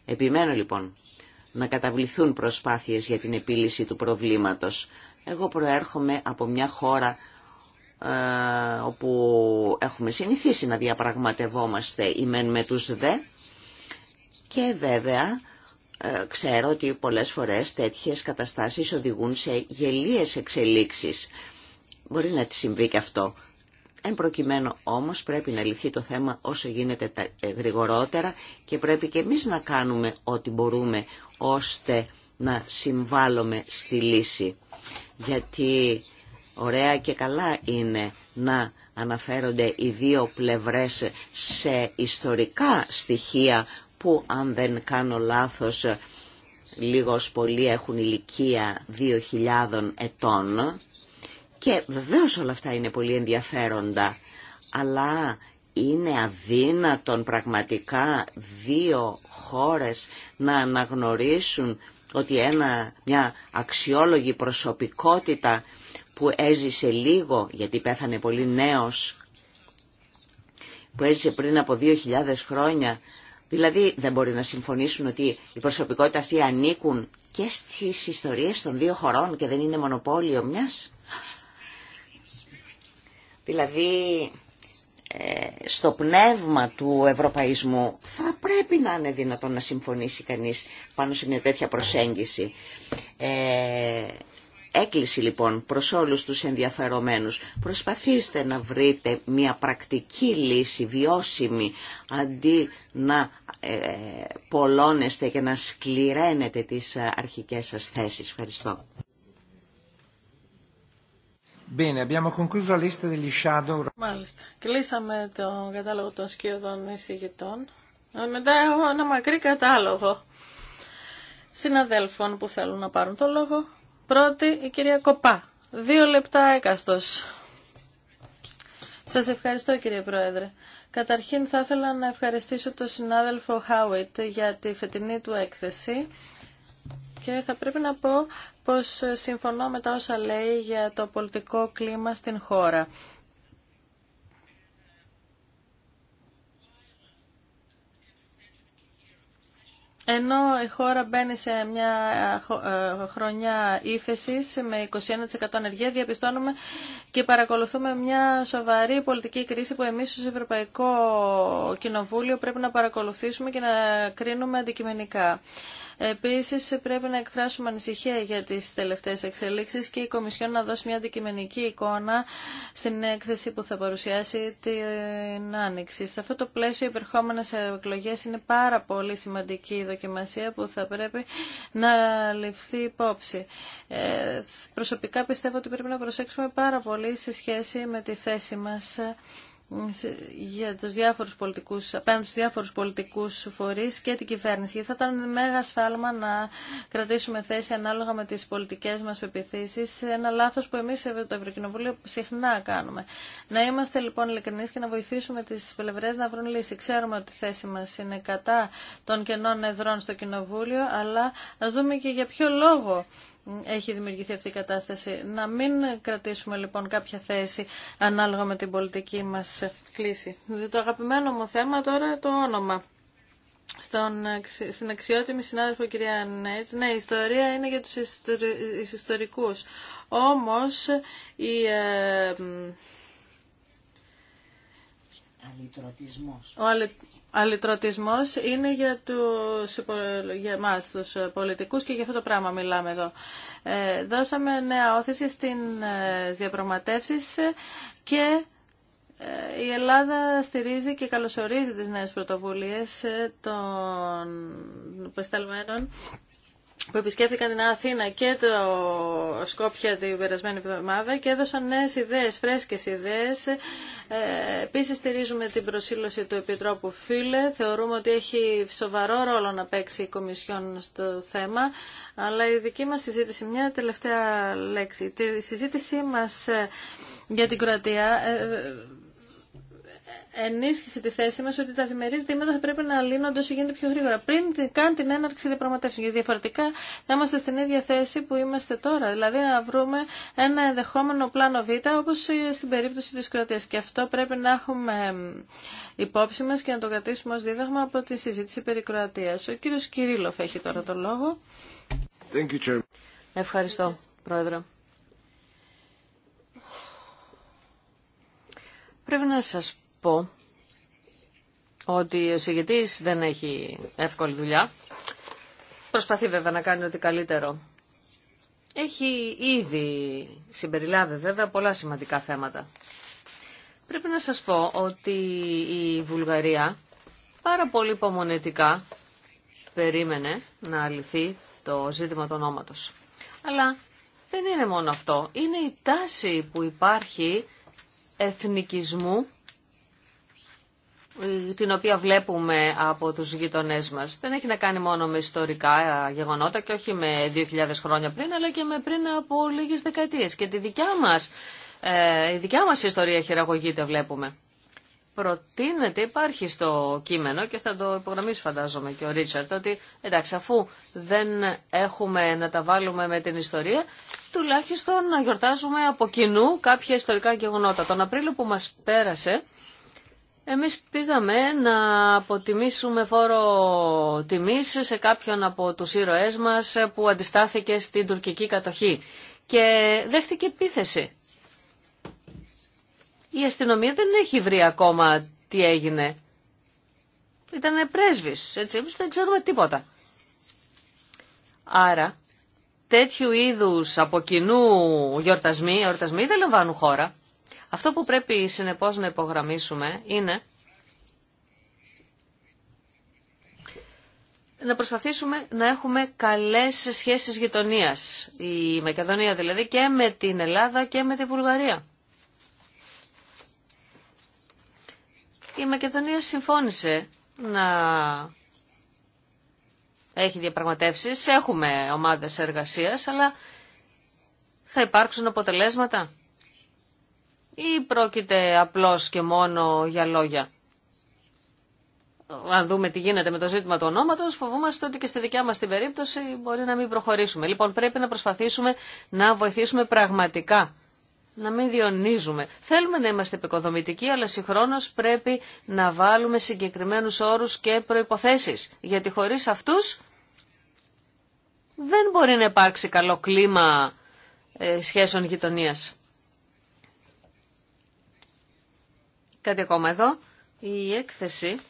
Επιμένω λοιπόν να καταβληθούν προσπάθειες για την επίλυση του προβλήματος. Εγώ προέρχομαι από μια χώρα ε, όπου έχουμε συνηθίσει να διαπραγματευόμαστε ημέν με τους δε και βέβαια ε, ξέρω ότι πολλές φορές τέτοιες καταστάσεις οδηγούν σε γελίες εξελίξεις. Μπορεί να τη συμβεί και αυτό. Εν προκειμένου όμως πρέπει να λυθεί το θέμα όσο γίνεται ε, γρηγορότερα και πρέπει και εμείς να κάνουμε ό,τι μπορούμε ώστε να συμβάλλουμε στη λύση. Γιατί ωραία και καλά είναι να αναφέρονται οι δύο πλευρές σε ιστορικά στοιχεία που αν δεν κάνω λάθος λίγος πολύ έχουν ηλικία 2.000 ετών και βεβαίως όλα αυτά είναι πολύ ενδιαφέροντα αλλά είναι αδύνατον πραγματικά δύο χώρες να αναγνωρίσουν ότι ένα, μια αξιόλογη προσωπικότητα που έζησε λίγο, γιατί πέθανε πολύ νέος, που έζησε πριν από 2.000 χρόνια, Δηλαδή δεν μπορεί να συμφωνήσουν ότι η προσωπικότητα αυτή ανήκουν και στις ιστορίες των δύο χωρών και δεν είναι μονοπόλιο μιας. Δηλαδή ε, στο πνεύμα του ευρωπαϊσμού θα πρέπει να είναι δυνατόν να συμφωνήσει κανείς πάνω σε μια τέτοια προσέγγιση. Ε, έκκληση λοιπόν προς όλους τους ενδιαφερομένους. Προσπαθήστε να βρείτε μια πρακτική λύση βιώσιμη αντί να πολλώνεστε και να σκληραίνετε τις αρχικές σας θέσεις. Ευχαριστώ. Bene, abbiamo concluso la lista degli shadow. Μάλιστα. Κλείσαμε τον κατάλογο των σκιωδών εισηγητών. Ε, μετά έχω ένα μακρύ κατάλογο συναδέλφων που θέλουν να πάρουν το λόγο. Πρώτη η κυρία Κοπά. Δύο λεπτά έκαστος. Σας ευχαριστώ κύριε Πρόεδρε. Καταρχήν θα ήθελα να ευχαριστήσω τον συνάδελφο Χάουιτ για τη φετινή του έκθεση και θα πρέπει να πω πως συμφωνώ με τα όσα λέει για το πολιτικό κλίμα στην χώρα. ενώ η χώρα μπαίνει σε μια ε, χρονιά ύφεση με 21% ανεργία, διαπιστώνουμε και παρακολουθούμε μια σοβαρή πολιτική κρίση που εμείς ως Ευρωπαϊκό Κοινοβούλιο πρέπει να παρακολουθήσουμε και να κρίνουμε αντικειμενικά. Επίσης πρέπει να εκφράσουμε ανησυχία για τις τελευταίες εξελίξεις και η Κομισιόν να δώσει μια αντικειμενική εικόνα στην έκθεση που θα παρουσιάσει την Άνοιξη. Σε αυτό το πλαίσιο οι υπερχόμενε εκλογέ είναι πάρα πολύ σημαντική δοκιμασία που θα πρέπει να ληφθεί υπόψη. Ε, προσωπικά πιστεύω ότι πρέπει να προσέξουμε πάρα πολύ σε σχέση με τη θέση μας για τους διάφορους πολιτικούς, απέναντι στους διάφορους πολιτικούς φορείς και την κυβέρνηση. Γιατί θα ήταν μεγάλο σφάλμα να κρατήσουμε θέση ανάλογα με τις πολιτικές μας πεπιθήσεις, ένα λάθος που εμείς το Ευρωκοινοβούλιο συχνά κάνουμε. Να είμαστε λοιπόν ειλικρινείς και να βοηθήσουμε τις πλευρές να βρουν λύση. Ξέρουμε ότι η θέση μας είναι κατά των κενών εδρών στο Κοινοβούλιο, αλλά ας δούμε και για ποιο λόγο έχει δημιουργηθεί αυτή η κατάσταση. Να μην κρατήσουμε λοιπόν κάποια θέση ανάλογα με την πολιτική μας κλίση. Δηλαδή, το αγαπημένο μου θέμα τώρα το όνομα. Στον, στην αξιότιμη συνάδελφο κυρία Νέτς, ναι, η ιστορία είναι για τους ιστορικούς. Όμως η, ε, ο Αλυτρωτισμός είναι για, τους, για εμάς, τους πολιτικούς και για αυτό το πράγμα μιλάμε εδώ. Ε, δώσαμε νέα όθηση στην ε, διαπραγματεύσεις και ε, η Ελλάδα στηρίζει και καλωσορίζει τις νέες πρωτοβουλίες ε, των πεσταλμένων που επισκέφθηκαν την Αθήνα και το Σκόπια την περασμένη εβδομάδα και έδωσαν νέες ιδέες, φρέσκες ιδέες. Ε, επίσης στηρίζουμε την προσήλωση του Επιτρόπου Φίλε. Θεωρούμε ότι έχει σοβαρό ρόλο να παίξει η Κομισιόν στο θέμα. Αλλά η δική μας συζήτηση, μια τελευταία λέξη. Η συζήτησή μας ε, για την Κροατία ε, ενίσχυσε τη θέση μα ότι τα διμερεί δήματα θα πρέπει να λύνονται όσο γίνεται πιο γρήγορα. Πριν καν την έναρξη διαπραγματεύσεων. Γιατί διαφορετικά θα είμαστε στην ίδια θέση που είμαστε τώρα. Δηλαδή να βρούμε ένα ενδεχόμενο πλάνο Β, όπω στην περίπτωση τη Κροατία. Και αυτό πρέπει να έχουμε υπόψη μα και να το κρατήσουμε ω δίδαγμα από τη συζήτηση περί Κροατία. Ο κύριο Κυρίλοφ έχει τώρα το λόγο. Ευχαριστώ, Πρόεδρε. Πρέπει να σας ότι ο συγγετής δεν έχει εύκολη δουλειά. Προσπαθεί βέβαια να κάνει ό,τι καλύτερο. Έχει ήδη συμπεριλάβει βέβαια πολλά σημαντικά θέματα. Πρέπει να σας πω ότι η Βουλγαρία πάρα πολύ υπομονετικά περίμενε να λυθεί το ζήτημα του ονόματος. Αλλά δεν είναι μόνο αυτό. Είναι η τάση που υπάρχει εθνικισμού ε, την οποία βλέπουμε από τους γειτονές μας. Δεν έχει να κάνει μόνο με ιστορικά γεγονότα και όχι με 2.000 χρόνια πριν, αλλά και με πριν από λίγες δεκαετίες. Και τη δικιά μας, ε, η δικιά μας ιστορία χειραγωγείται, βλέπουμε. Προτείνεται, υπάρχει στο κείμενο και θα το υπογραμμίσει φαντάζομαι και ο Ρίτσαρτ, ότι εντάξει αφού δεν έχουμε να τα βάλουμε με την ιστορία, τουλάχιστον να γιορτάζουμε από κοινού κάποια ιστορικά γεγονότα. Τον Απρίλιο που μας πέρασε, εμείς πήγαμε να αποτιμήσουμε φόρο τιμής σε κάποιον από τους ήρωές μας που αντιστάθηκε στην τουρκική κατοχή και δέχτηκε επίθεση. Η αστυνομία δεν έχει βρει ακόμα τι έγινε. Ήταν πρέσβης, έτσι, εμείς δεν ξέρουμε τίποτα. Άρα, τέτοιου είδους από κοινού γιορτασμοί, γιορτασμοί δεν λαμβάνουν χώρα. Αυτό που πρέπει συνεπώς να υπογραμμίσουμε είναι να προσπαθήσουμε να έχουμε καλές σχέσεις γειτονίας, η Μακεδονία δηλαδή, και με την Ελλάδα και με τη Βουλγαρία. Η Μακεδονία συμφώνησε να έχει διαπραγματεύσεις, έχουμε ομάδες εργασίας, αλλά θα υπάρξουν αποτελέσματα ή πρόκειται απλώς και μόνο για λόγια. Αν δούμε τι γίνεται με το ζήτημα του ονόματος, φοβούμαστε ότι και στη δικιά μα την περίπτωση μπορεί να μην προχωρήσουμε. Λοιπόν, πρέπει να προσπαθήσουμε να βοηθήσουμε πραγματικά, να μην διονίζουμε. Θέλουμε να είμαστε επικοδομητικοί, αλλά συγχρόνως πρέπει να βάλουμε συγκεκριμένου όρου και προποθέσει. γιατί χωρί αυτού δεν μπορεί να υπάρξει καλό κλίμα ε, σχέσεων γειτονίας. Κάτι ακόμα εδώ. Η έκθεση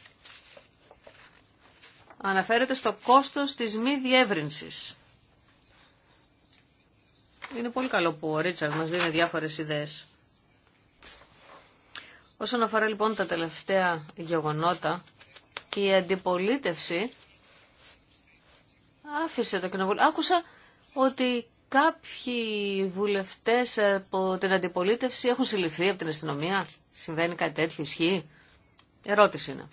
αναφέρεται στο κόστος της μη διεύρυνσης. Είναι πολύ καλό που ο Ρίτσαρντ μας δίνει διάφορες ιδέες. Όσον αφορά λοιπόν τα τελευταία γεγονότα, η αντιπολίτευση άφησε το κοινοβούλιο. Άκουσα ότι Κάποιοι βουλευτές από την αντιπολίτευση έχουν συλληφθεί από την αστυνομία. Συμβαίνει κάτι τέτοιο, ισχύει. Ερώτηση είναι.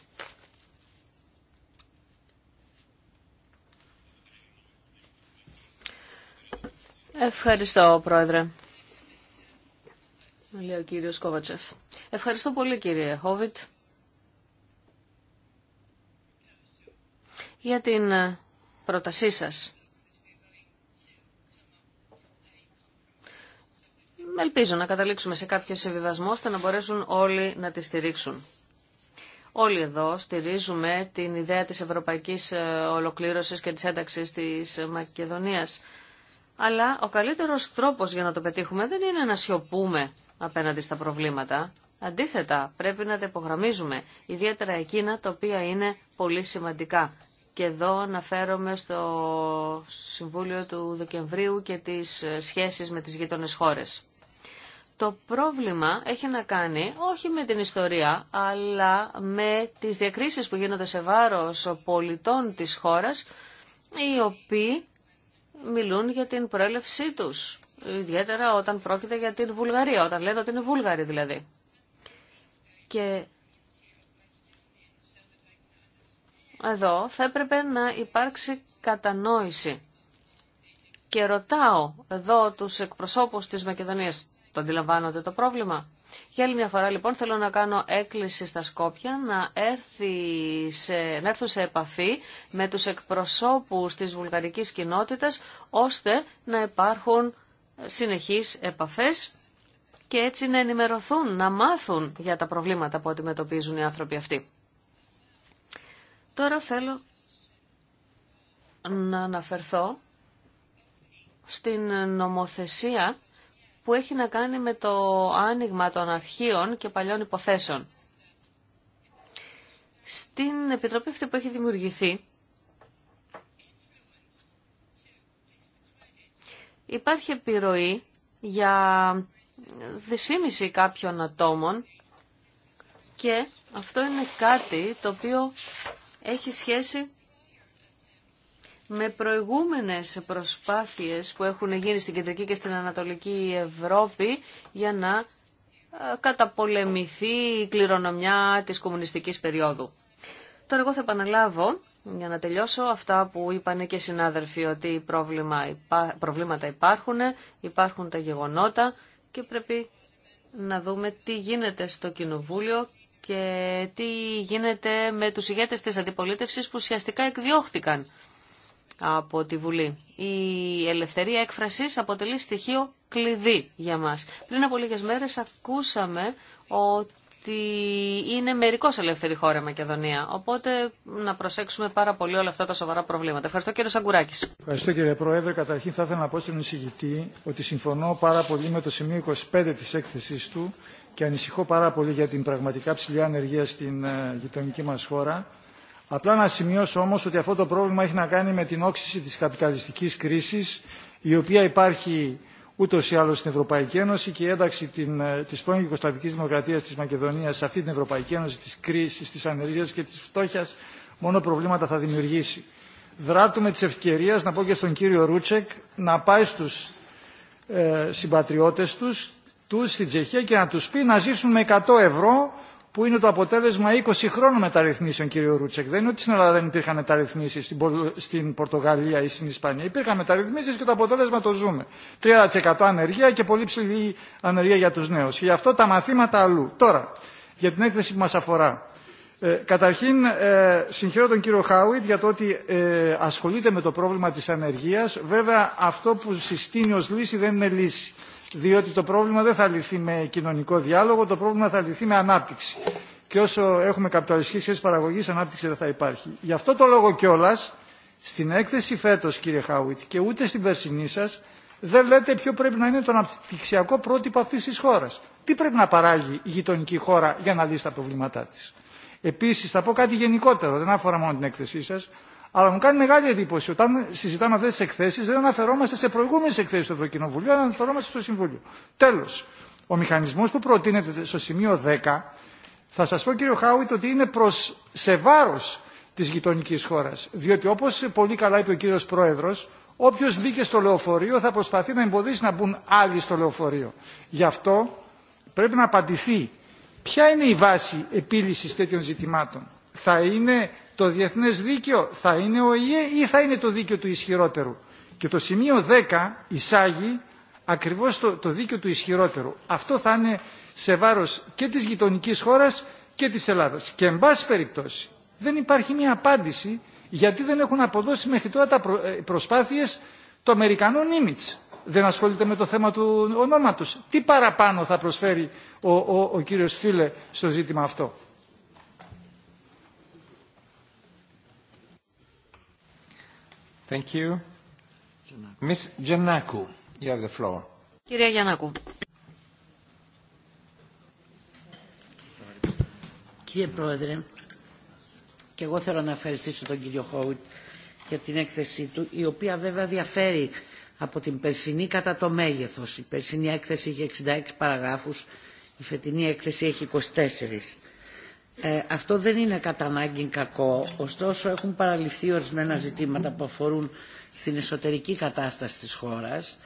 Ευχαριστώ, Πρόεδρε. Λέει ο κύριος Κόβατσεφ. Ευχαριστώ πολύ, κύριε Χόβιτ, για την πρότασή σας. Ελπίζω να καταλήξουμε σε κάποιο συμβιβασμό ώστε να μπορέσουν όλοι να τη στηρίξουν. Όλοι εδώ στηρίζουμε την ιδέα της ευρωπαϊκής ε, ολοκλήρωσης και της ένταξης της Μακεδονίας. Αλλά ο καλύτερος τρόπος για να το πετύχουμε δεν είναι να σιωπούμε απέναντι στα προβλήματα. Αντίθετα, πρέπει να τα υπογραμμίζουμε, ιδιαίτερα εκείνα τα οποία είναι πολύ σημαντικά. Και εδώ αναφέρομαι στο Συμβούλιο του Δεκεμβρίου και τις ε, σχέσεις με τις γείτονες χώρες. Το πρόβλημα έχει να κάνει όχι με την ιστορία, αλλά με τις διακρίσεις που γίνονται σε βάρος πολιτών της χώρας, οι οποίοι μιλούν για την προέλευσή τους, ιδιαίτερα όταν πρόκειται για την Βουλγαρία, όταν λένε ότι είναι Βούλγαροι δηλαδή. Και εδώ θα έπρεπε να υπάρξει κατανόηση. Και ρωτάω εδώ τους εκπροσώπους της Μακεδονίας, το αντιλαμβάνονται το πρόβλημα. Για άλλη μια φορά λοιπόν θέλω να κάνω έκκληση στα Σκόπια να, έρθει σε, να έρθουν σε επαφή με τους εκπροσώπους της βουλγαρικής κοινότητας ώστε να υπάρχουν συνεχείς επαφές και έτσι να ενημερωθούν, να μάθουν για τα προβλήματα που αντιμετωπίζουν οι άνθρωποι αυτοί. Τώρα θέλω να αναφερθώ στην νομοθεσία που έχει να κάνει με το άνοιγμα των αρχείων και παλιών υποθέσεων. Στην Επιτροπή αυτή που έχει δημιουργηθεί, υπάρχει επιρροή για δυσφήμιση κάποιων ατόμων και αυτό είναι κάτι το οποίο έχει σχέση με προηγούμενες προσπάθειες που έχουν γίνει στην Κεντρική και στην Ανατολική Ευρώπη για να ε, καταπολεμηθεί η κληρονομιά της κομμουνιστικής περίοδου. Τώρα εγώ θα επαναλάβω, για να τελειώσω, αυτά που είπαν και οι συνάδελφοι ότι προβλήματα υπάρχουν, υπάρχουν τα γεγονότα και πρέπει να δούμε τι γίνεται στο Κοινοβούλιο και τι γίνεται με τους ηγέτες της αντιπολίτευσης που ουσιαστικά εκδιώχθηκαν από τη Βουλή. Η ελευθερία έκφρασης αποτελεί στοιχείο κλειδί για μας. Πριν από λίγες μέρες ακούσαμε ότι είναι μερικό ελεύθερη χώρα η Μακεδονία. Οπότε να προσέξουμε πάρα πολύ όλα αυτά τα σοβαρά προβλήματα. Ευχαριστώ κύριε Σαγκουράκη. Ευχαριστώ κύριε Πρόεδρε. Καταρχήν θα ήθελα να πω στον εισηγητή ότι συμφωνώ πάρα πολύ με το σημείο 25 τη έκθεσή του και ανησυχώ πάρα πολύ για την πραγματικά ψηλή ανεργία στην ε, γειτονική μα χώρα Απλά να σημειώσω όμως ότι αυτό το πρόβλημα έχει να κάνει με την όξυση της καπιταλιστικής κρίσης η οποία υπάρχει ούτως ή άλλως στην Ευρωπαϊκή Ένωση και η ένταξη τη ε, της πρώην Ιουγκοσλαβικής Δημοκρατίας της Μακεδονίας σε αυτή την Ευρωπαϊκή Ένωση της κρίσης, της ανεργίας και της φτώχειας μόνο προβλήματα θα δημιουργήσει. Δράτουμε τις ευκαιρία, να πω και στον κύριο Ρούτσεκ να πάει στους ε, συμπατριώτες τους, τους στην Τσεχία και να τους πει να ζήσουν με 100 ευρώ που είναι το αποτέλεσμα 20 χρόνων μεταρρυθμίσεων, κύριο Ρούτσεκ. Δεν είναι ότι στην Ελλάδα δεν υπήρχαν μεταρρυθμίσει, στην, στην Πορτογαλία ή στην Ισπανία. Υπήρχαν μεταρρυθμίσει και το αποτέλεσμα το ζούμε. 30% ανεργία και πολύ ψηλή ανεργία για του νέου. Γι' αυτό τα μαθήματα αλλού. Τώρα, για την έκθεση που μα αφορά. Ε, καταρχήν, ε, συγχαίρω τον κύριο Χάουιτ για το ότι ε, ασχολείται με το πρόβλημα της ανεργία. Βέβαια, αυτό που συστήνει ω λύση δεν είναι λύση διότι το πρόβλημα δεν θα λυθεί με κοινωνικό διάλογο, το πρόβλημα θα λυθεί με ανάπτυξη. Και όσο έχουμε καπιταλιστική σχέσει παραγωγή, ανάπτυξη δεν θα υπάρχει. Γι' αυτό το λόγο κιόλα, στην έκθεση φέτο, κύριε Χάουιτ και ούτε στην περσινή σα, δεν λέτε ποιο πρέπει να είναι το αναπτυξιακό πρότυπο αυτή τη χώρα. Τι πρέπει να παράγει η γειτονική χώρα για να λύσει τα προβλήματά τη. Επίση, θα πω κάτι γενικότερο, δεν αφορά μόνο την έκθεσή σα. Αλλά μου κάνει μεγάλη εντύπωση όταν συζητάμε αυτέ τι εκθέσει δεν αναφερόμαστε σε προηγούμενε εκθέσει του Ευρωκοινοβουλίου, αλλά αναφερόμαστε στο Συμβούλιο. Τέλο, ο μηχανισμό που προτείνεται στο σημείο 10, θα σα πω κύριο Χάουιτ ότι είναι προ σε βάρο τη γειτονική χώρα. Διότι όπω πολύ καλά είπε ο κύριο Πρόεδρο, όποιο μπήκε στο λεωφορείο θα προσπαθεί να εμποδίσει να μπουν άλλοι στο λεωφορείο. Γι' αυτό πρέπει να απαντηθεί ποια είναι η βάση επίλυση τέτοιων ζητημάτων. Θα είναι το διεθνές δίκαιο θα είναι ο ΙΕ ή θα είναι το δίκαιο του ισχυρότερου. Και το σημείο 10 εισάγει ακριβώς το, το δίκαιο του ισχυρότερου. Αυτό θα είναι σε βάρος και της γειτονικής χώρας και της Ελλάδας. Και εν πάση περιπτώσει δεν υπάρχει μια απάντηση γιατί δεν έχουν αποδώσει μέχρι τώρα τα ε, προσπάθειες το Αμερικανών Νίμιτς. Δεν ασχολείται με το θέμα του ονόματος. Τι παραπάνω θα προσφέρει ο, ο, ο κύριος Φίλε στο ζήτημα αυτό. Κυρία Γιαννάκου. Κύριε Πρόεδρε, και εγώ θέλω να ευχαριστήσω τον κύριο Χόουτ για την έκθεσή του, η οποία βέβαια διαφέρει από την περσινή κατά το μέγεθος. Η περσινή έκθεση είχε 66 παραγράφους, η φετινή έκθεση έχει 24. Ε, αυτό δεν είναι κατά ανάγκη κακό, ωστόσο έχουν παραλυφθεί ορισμένα ζητήματα που αφορούν στην εσωτερική κατάσταση της χώρας.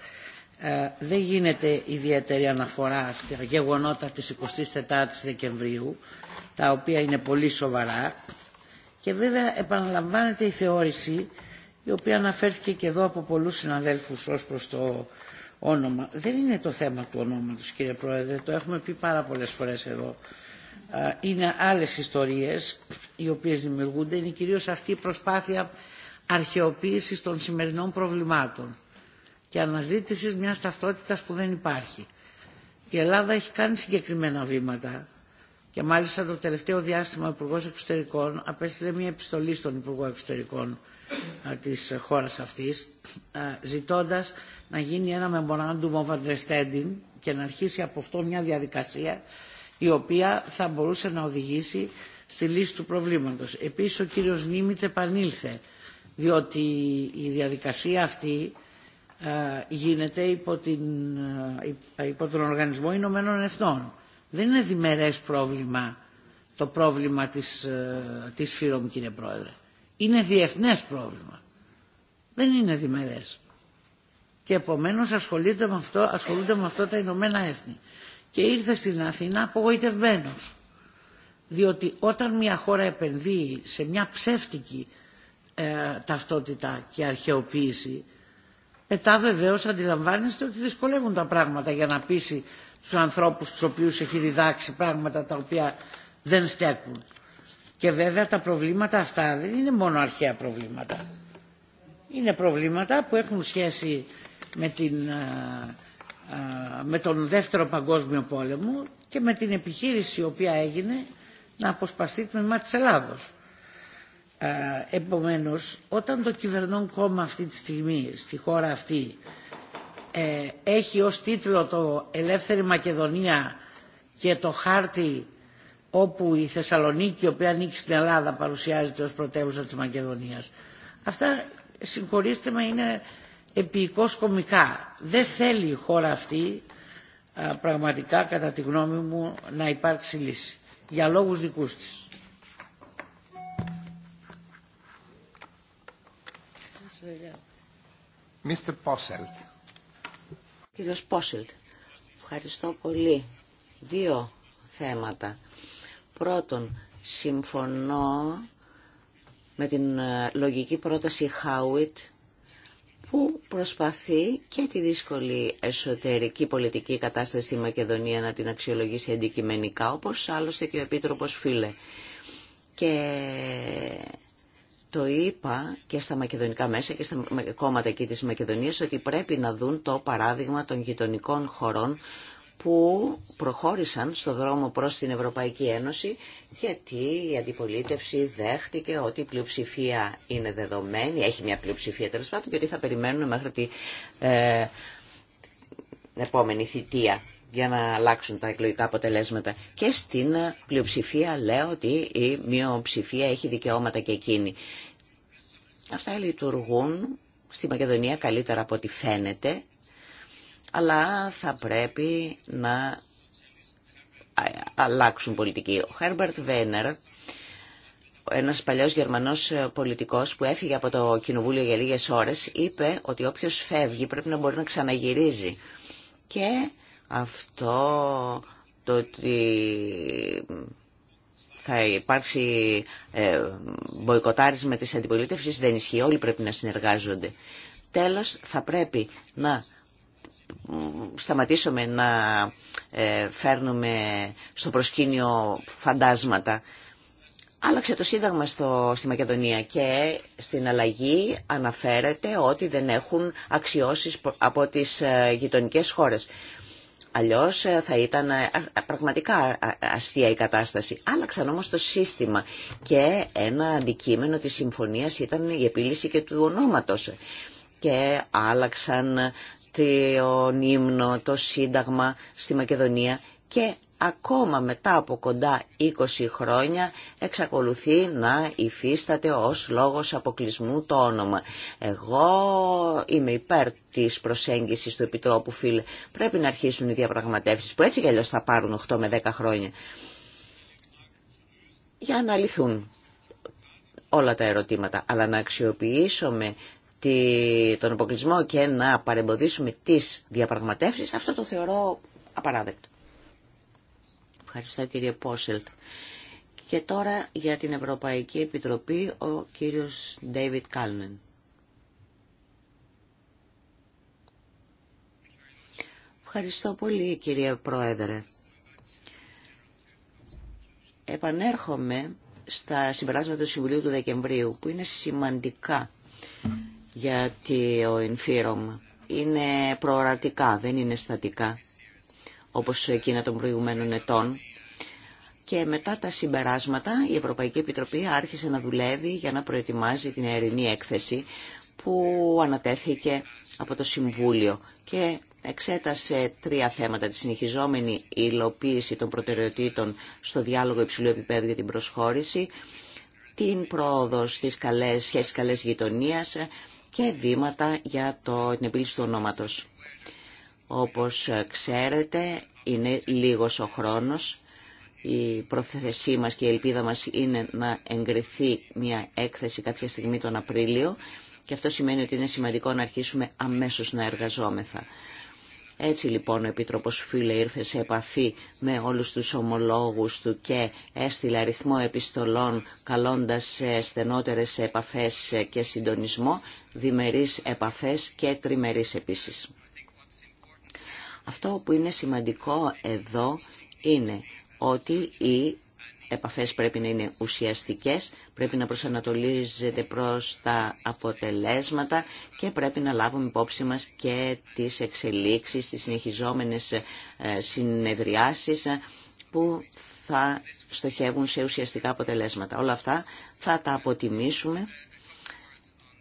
Ε, δεν γίνεται ιδιαίτερη αναφορά στα γεγονότα της 24ης Δεκεμβρίου, τα οποία είναι πολύ σοβαρά. Και βέβαια επαναλαμβάνεται η θεώρηση, η οποία αναφέρθηκε και εδώ από πολλούς συναδέλφους ως προς το όνομα. Δεν είναι το θέμα του ονόματος, κύριε Πρόεδρε, το έχουμε πει πάρα πολλές φορές εδώ ε, είναι άλλες ιστορίες οι οποίες δημιουργούνται. Είναι κυρίως αυτή η προσπάθεια αρχαιοποίησης των σημερινών προβλημάτων και αναζήτησης μιας ταυτότητας που δεν υπάρχει. Η Ελλάδα έχει κάνει συγκεκριμένα βήματα και μάλιστα το τελευταίο διάστημα ο Υπουργός Εξωτερικών απέστειλε μια επιστολή στον Υπουργό Εξωτερικών ε, της χώρας αυτής ε, ζητώντας να γίνει ένα memorandum of understanding και να αρχίσει από αυτό μια διαδικασία η οποία θα μπορούσε να οδηγήσει στη λύση του προβλήματος. Επίσης ο κύριος Νίμιτς επανήλθε, διότι η διαδικασία αυτή ε, γίνεται υπό, την, ε, υπό τον Οργανισμό Ηνωμένων Εθνών. Δεν είναι διμερές πρόβλημα το πρόβλημα της, ε, της ΦΥΡΟΜ, κύριε Πρόεδρε. Είναι διεθνές πρόβλημα. Δεν είναι διμερές. Και επομένως ασχολούνται με, ασχολούνται με αυτό τα Ηνωμένα Έθνη και ήρθε στην Αθήνα απογοητευμένο. Διότι όταν μια χώρα επενδύει σε μια ψεύτικη ε, ταυτότητα και αρχαιοποίηση, μετά βεβαίω αντιλαμβάνεστε ότι δυσκολεύουν τα πράγματα για να πείσει του ανθρώπους του οποίους έχει διδάξει πράγματα τα οποία δεν στέκουν. Και βέβαια τα προβλήματα αυτά δεν είναι μόνο αρχαία προβλήματα. Είναι προβλήματα που έχουν σχέση με την ε, με τον δεύτερο παγκόσμιο πόλεμο και με την επιχείρηση η οποία έγινε να αποσπαστεί τμήμα της Ελλάδος. Επομένως, όταν το κυβερνόν κόμμα αυτή τη στιγμή στη χώρα αυτή ε, έχει ως τίτλο το «Ελεύθερη Μακεδονία» και το χάρτη όπου η Θεσσαλονίκη, η οποία ανήκει στην Ελλάδα, παρουσιάζεται ως πρωτεύουσα της Μακεδονίας. Αυτά, συγχωρήστε με, είναι επίοικος κομικά. Δεν θέλει η χώρα αυτή πραγματικά κατά τη γνώμη μου να υπάρξει λύση για λόγους δικούς της. Mr. Posselt. Κύριος Πόσελτ, ευχαριστώ πολύ. Δύο θέματα. Πρώτον, συμφωνώ με την ε, λογική πρόταση Howitt που προσπαθεί και τη δύσκολη εσωτερική πολιτική κατάσταση στη Μακεδονία να την αξιολογήσει αντικειμενικά, όπως άλλωστε και ο Επίτροπος Φίλε. Και το είπα και στα μακεδονικά μέσα και στα κόμματα εκεί της Μακεδονίας ότι πρέπει να δουν το παράδειγμα των γειτονικών χωρών που προχώρησαν στο δρόμο προς την Ευρωπαϊκή Ένωση γιατί η αντιπολίτευση δέχτηκε ότι η πλειοψηφία είναι δεδομένη, έχει μια πλειοψηφία τέλο πάντων και ότι θα περιμένουν μέχρι την ε, επόμενη θητεία για να αλλάξουν τα εκλογικά αποτελέσματα. Και στην πλειοψηφία λέω ότι η μειοψηφία έχει δικαιώματα και εκείνη. Αυτά λειτουργούν στη Μακεδονία καλύτερα από ό,τι φαίνεται αλλά θα πρέπει να αλλάξουν πολιτική. Ο Χέρμπερτ Βένερ, ένας παλιός Γερμανός πολιτικός που έφυγε από το κοινοβούλιο για λίγες ώρες, είπε ότι όποιος φεύγει πρέπει να μπορεί να ξαναγυρίζει. Και αυτό το ότι θα υπάρξει ε, μποϊκοτάρισμα της αντιπολίτευσης δεν ισχύει, όλοι πρέπει να συνεργάζονται. Τέλος, θα πρέπει να σταματήσουμε να ε, φέρνουμε στο προσκήνιο φαντάσματα. Άλλαξε το Σύνταγμα στο, στη Μακεδονία και στην αλλαγή αναφέρεται ότι δεν έχουν αξιώσεις από τις ε, γειτονικέ χώρες. Αλλιώς ε, θα ήταν πραγματικά αστεία η κατάσταση. Άλλαξαν όμως το σύστημα και ένα αντικείμενο της συμφωνίας ήταν η επίλυση και του ονόματος και άλλαξαν το ύμνο, το Σύνταγμα στη Μακεδονία και ακόμα μετά από κοντά 20 χρόνια εξακολουθεί να υφίσταται ως λόγος αποκλεισμού το όνομα. Εγώ είμαι υπέρ της προσέγγισης του Επιτρόπου Φίλ. Πρέπει να αρχίσουν οι διαπραγματεύσεις που έτσι κι θα πάρουν 8 με 10 χρόνια για να λυθούν όλα τα ερωτήματα, αλλά να αξιοποιήσουμε τον αποκλεισμό και να παρεμποδίσουμε τις διαπραγματεύσεις, αυτό το θεωρώ απαράδεκτο. Ευχαριστώ κύριε Πόσελτ. Και τώρα για την Ευρωπαϊκή Επιτροπή ο κύριος Ντέιβιτ Κάλνεν. Ευχαριστώ πολύ κύριε Πρόεδρε. Επανέρχομαι στα συμπεράσματα του Συμβουλίου του Δεκεμβρίου που είναι σημαντικά γιατί ο εμφύρωμα είναι προορατικά, δεν είναι στατικά, όπως εκείνα των προηγουμένων ετών. Και μετά τα συμπεράσματα η Ευρωπαϊκή Επιτροπή άρχισε να δουλεύει για να προετοιμάζει την ερηνή έκθεση που ανατέθηκε από το Συμβούλιο και εξέτασε τρία θέματα. Τη συνεχιζόμενη υλοποίηση των προτεραιοτήτων στο διάλογο υψηλού επίπεδου για την προσχώρηση, την πρόοδο στις καλές, σχέσεις καλές γειτονίας, και βήματα για το, την επίλυση του ονόματος. Όπως ξέρετε, είναι λίγος ο χρόνος. Η προθεσή μας και η ελπίδα μας είναι να εγκριθεί μια έκθεση κάποια στιγμή τον Απρίλιο και αυτό σημαίνει ότι είναι σημαντικό να αρχίσουμε αμέσως να εργαζόμεθα. Έτσι λοιπόν ο Επίτροπος Φίλε ήρθε σε επαφή με όλους τους ομολόγους του και έστειλε αριθμό επιστολών καλώντας σε στενότερες επαφές και συντονισμό, διμερείς επαφές και τριμερείς επίσης. Αυτό που είναι σημαντικό εδώ είναι ότι η επαφές πρέπει να είναι ουσιαστικές, πρέπει να προσανατολίζεται προς τα αποτελέσματα και πρέπει να λάβουμε υπόψη μας και τις εξελίξεις, τις συνεχιζόμενες ε, συνεδριάσεις ε, που θα στοχεύουν σε ουσιαστικά αποτελέσματα. Όλα αυτά θα τα αποτιμήσουμε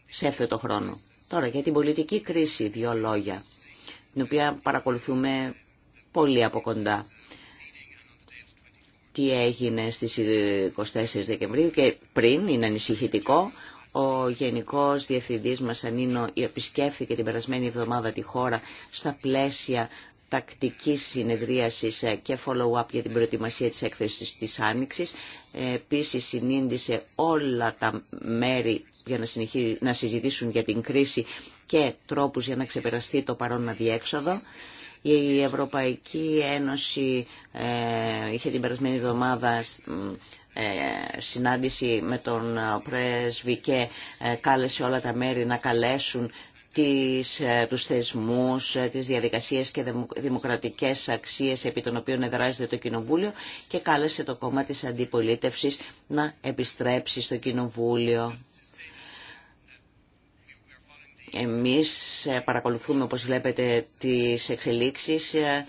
σε το χρόνο. Τώρα για την πολιτική κρίση δύο λόγια, την οποία παρακολουθούμε πολύ από κοντά τι έγινε στις 24 Δεκεμβρίου και πριν είναι ανησυχητικό. Ο Γενικός Διευθυντής μας Ανίνο επισκέφθηκε την περασμένη εβδομάδα τη χώρα στα πλαίσια τακτικής συνεδρίασης και follow-up για την προετοιμασία της έκθεσης της Άνοιξης. Επίσης συνήντησε όλα τα μέρη για να, να συζητήσουν για την κρίση και τρόπους για να ξεπεραστεί το παρόν αδιέξοδο. Η Ευρωπαϊκή Ένωση ε, είχε την περασμένη εβδομάδα ε, συνάντηση με τον πρέσβη και ε, κάλεσε όλα τα μέρη να καλέσουν τις, τους θεσμούς, τις διαδικασίες και δημοκρατικές αξίες επί των οποίων εδράζεται το Κοινοβούλιο και κάλεσε το κόμμα της αντιπολίτευσης να επιστρέψει στο Κοινοβούλιο. Εμείς ε, παρακολουθούμε, όπως βλέπετε, τις εξελίξεις ε,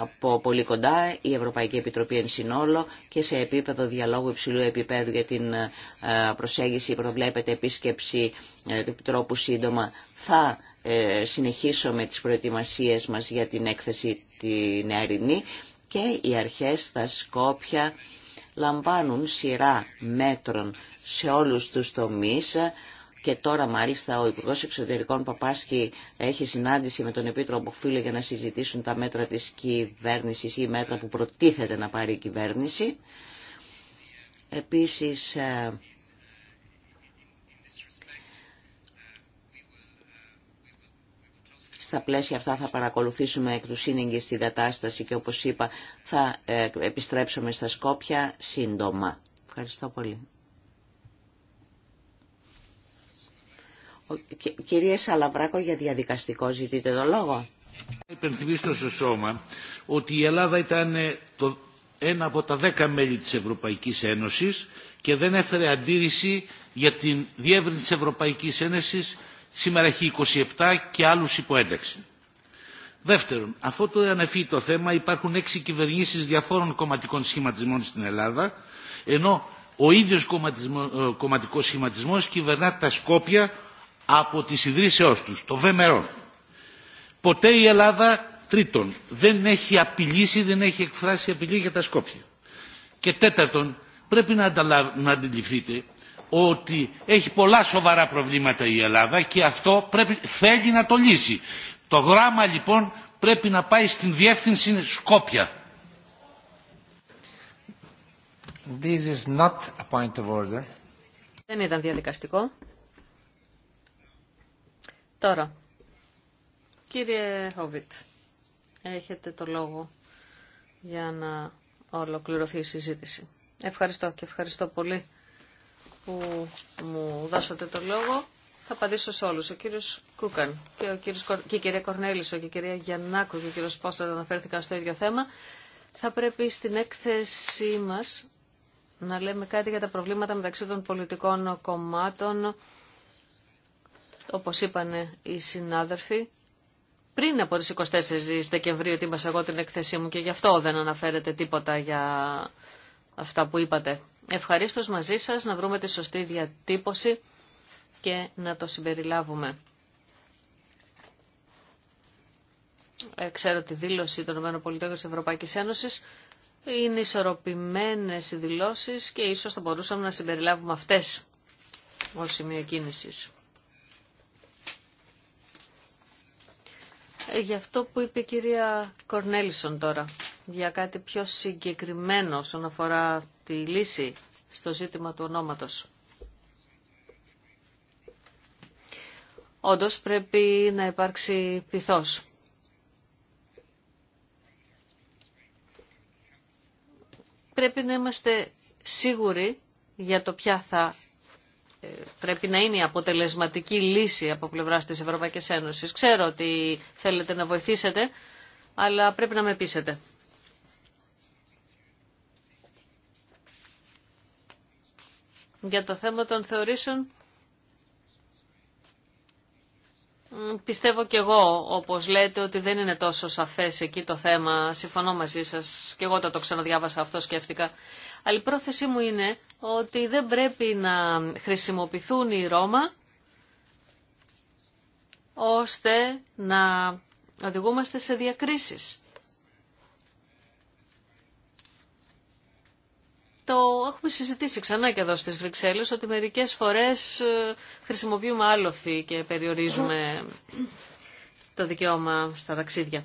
από πολύ κοντά, η Ευρωπαϊκή Επιτροπή εν συνόλο και σε επίπεδο διαλόγου υψηλού επίπεδου για την ε, προσέγγιση προβλέπεται επίσκεψη του Επιτρόπου σύντομα. Θα συνεχίσουμε τις προετοιμασίες μας για την έκθεση την Ερηνή και οι αρχές στα Σκόπια λαμβάνουν σειρά μέτρων σε όλους τους τομείς και τώρα μάλιστα ο Υπουργό Εξωτερικών Παπάσχη έχει συνάντηση με τον Επίτροπο Φίλε για να συζητήσουν τα μέτρα της κυβέρνησης ή μέτρα που προτίθεται να πάρει η κυβέρνηση. Επίσης, ε, στα πλαίσια αυτά θα παρακολουθήσουμε εκ του σύνεγγυ στη κατάσταση και όπως είπα θα ε, επιστρέψουμε στα Σκόπια σύντομα. Ευχαριστώ πολύ. Κυρία Σαλαβράκο, για διαδικαστικό ζητείτε το λόγο. Υπενθυμίσω στο σώμα ότι η Ελλάδα ήταν ε, το ένα από τα δέκα μέλη της Ευρωπαϊκής Ένωσης και δεν έφερε αντίρρηση για την διεύρυνση της Ευρωπαϊκής Ένωσης σήμερα έχει 27 και άλλους υπό ένταξη. Δεύτερον, αφού το ανεφεί το θέμα υπάρχουν έξι κυβερνήσεις διαφόρων κομματικών σχηματισμών στην Ελλάδα ενώ ο ίδιος ε, κομματικός σχηματισμός κυβερνά τα Σκόπια από τις ιδρύσεώς τους, το ΒΜΡΟ. Ποτέ η Ελλάδα, τρίτον, δεν έχει απειλήσει, δεν έχει εκφράσει απειλή για τα Σκόπια. Και τέταρτον, πρέπει να, αντιληφθείτε ότι έχει πολλά σοβαρά προβλήματα η Ελλάδα και αυτό πρέπει, θέλει να το λύσει. Το γράμμα λοιπόν πρέπει να πάει στην διεύθυνση Σκόπια. This is not a point of order. Δεν ήταν διαδικαστικό. Τώρα, κύριε Χόβιτ, έχετε το λόγο για να ολοκληρωθεί η συζήτηση. Ευχαριστώ και ευχαριστώ πολύ που μου δώσατε το λόγο. Θα απαντήσω σε όλους. Ο κύριος Κούκαν και, ο κύριος, και η κυρία Κορνέλησο και η κυρία Γιαννάκου και ο κύριος Πόστο αναφέρθηκαν στο ίδιο θέμα. Θα πρέπει στην έκθεσή μας να λέμε κάτι για τα προβλήματα μεταξύ των πολιτικών κομμάτων όπως είπαν οι συνάδελφοι, πριν από τις 24 Δεκεμβρίου τίμασα εγώ την εκθεσή μου και γι' αυτό δεν αναφέρεται τίποτα για αυτά που είπατε. Ευχαρίστως μαζί σας να βρούμε τη σωστή διατύπωση και να το συμπεριλάβουμε. Ε, ξέρω τη δήλωση των ΗΠΑ της Ευρωπαϊκής Ένωσης είναι ισορροπημένες οι δηλώσεις και ίσως θα μπορούσαμε να συμπεριλάβουμε αυτές ως σημείο κίνησης. Ε, για αυτό που είπε η κυρία Κορνέλισον τώρα, για κάτι πιο συγκεκριμένο όσον αφορά τη λύση στο ζήτημα του ονόματος. Όντως πρέπει να υπάρξει πυθός. Πρέπει να είμαστε σίγουροι για το ποια θα πρέπει να είναι η αποτελεσματική λύση από πλευρά τη Ευρωπαϊκή Ένωση. Ξέρω ότι θέλετε να βοηθήσετε, αλλά πρέπει να με πείσετε. Για το θέμα των θεωρήσεων, πιστεύω κι εγώ, όπως λέτε, ότι δεν είναι τόσο σαφές εκεί το θέμα. Συμφωνώ μαζί σας και εγώ όταν το ξαναδιάβασα αυτό σκέφτηκα. Αλλά η πρόθεσή μου είναι ότι δεν πρέπει να χρησιμοποιηθούν οι Ρώμα ώστε να οδηγούμαστε σε διακρίσεις. το έχουμε συζητήσει ξανά και εδώ στις Βρυξέλλες ότι μερικές φορές ε, χρησιμοποιούμε άλοθη και περιορίζουμε το δικαίωμα στα ταξίδια.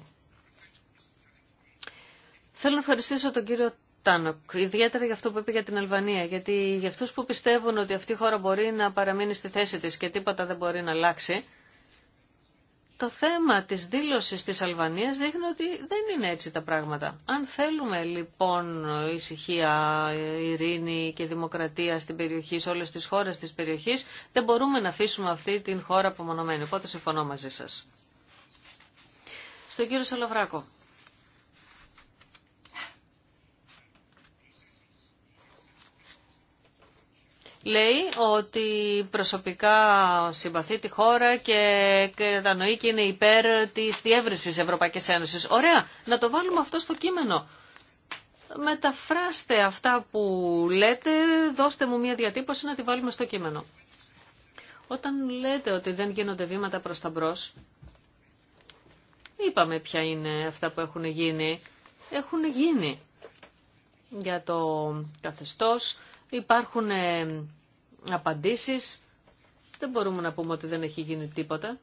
Θέλω να ευχαριστήσω τον κύριο Τάνοκ, ιδιαίτερα για αυτό που είπε για την Αλβανία, γιατί για αυτούς που πιστεύουν ότι αυτή η χώρα μπορεί να παραμείνει στη θέση της και τίποτα δεν μπορεί να αλλάξει, το θέμα της δήλωσης της Αλβανίας δείχνει ότι δεν είναι έτσι τα πράγματα. Αν θέλουμε λοιπόν ησυχία, ειρήνη και δημοκρατία στην περιοχή, σε όλες τις χώρες της περιοχής, δεν μπορούμε να αφήσουμε αυτή την χώρα απομονωμένη. Οπότε συμφωνώ μαζί σας. Στον κύριο Σαλαβράκο. λέει ότι προσωπικά συμπαθεί τη χώρα και κατανοεί και είναι υπέρ της διεύρυνσης Ευρωπαϊκής Ένωσης. Ωραία, να το βάλουμε αυτό στο κείμενο. Μεταφράστε αυτά που λέτε, δώστε μου μια διατύπωση να τη βάλουμε στο κείμενο. Όταν λέτε ότι δεν γίνονται βήματα προς τα μπρος, είπαμε ποια είναι αυτά που έχουν γίνει. Έχουν γίνει για το καθεστώς, Υπάρχουν ε, απαντήσεις. Δεν μπορούμε να πούμε ότι δεν έχει γίνει τίποτα.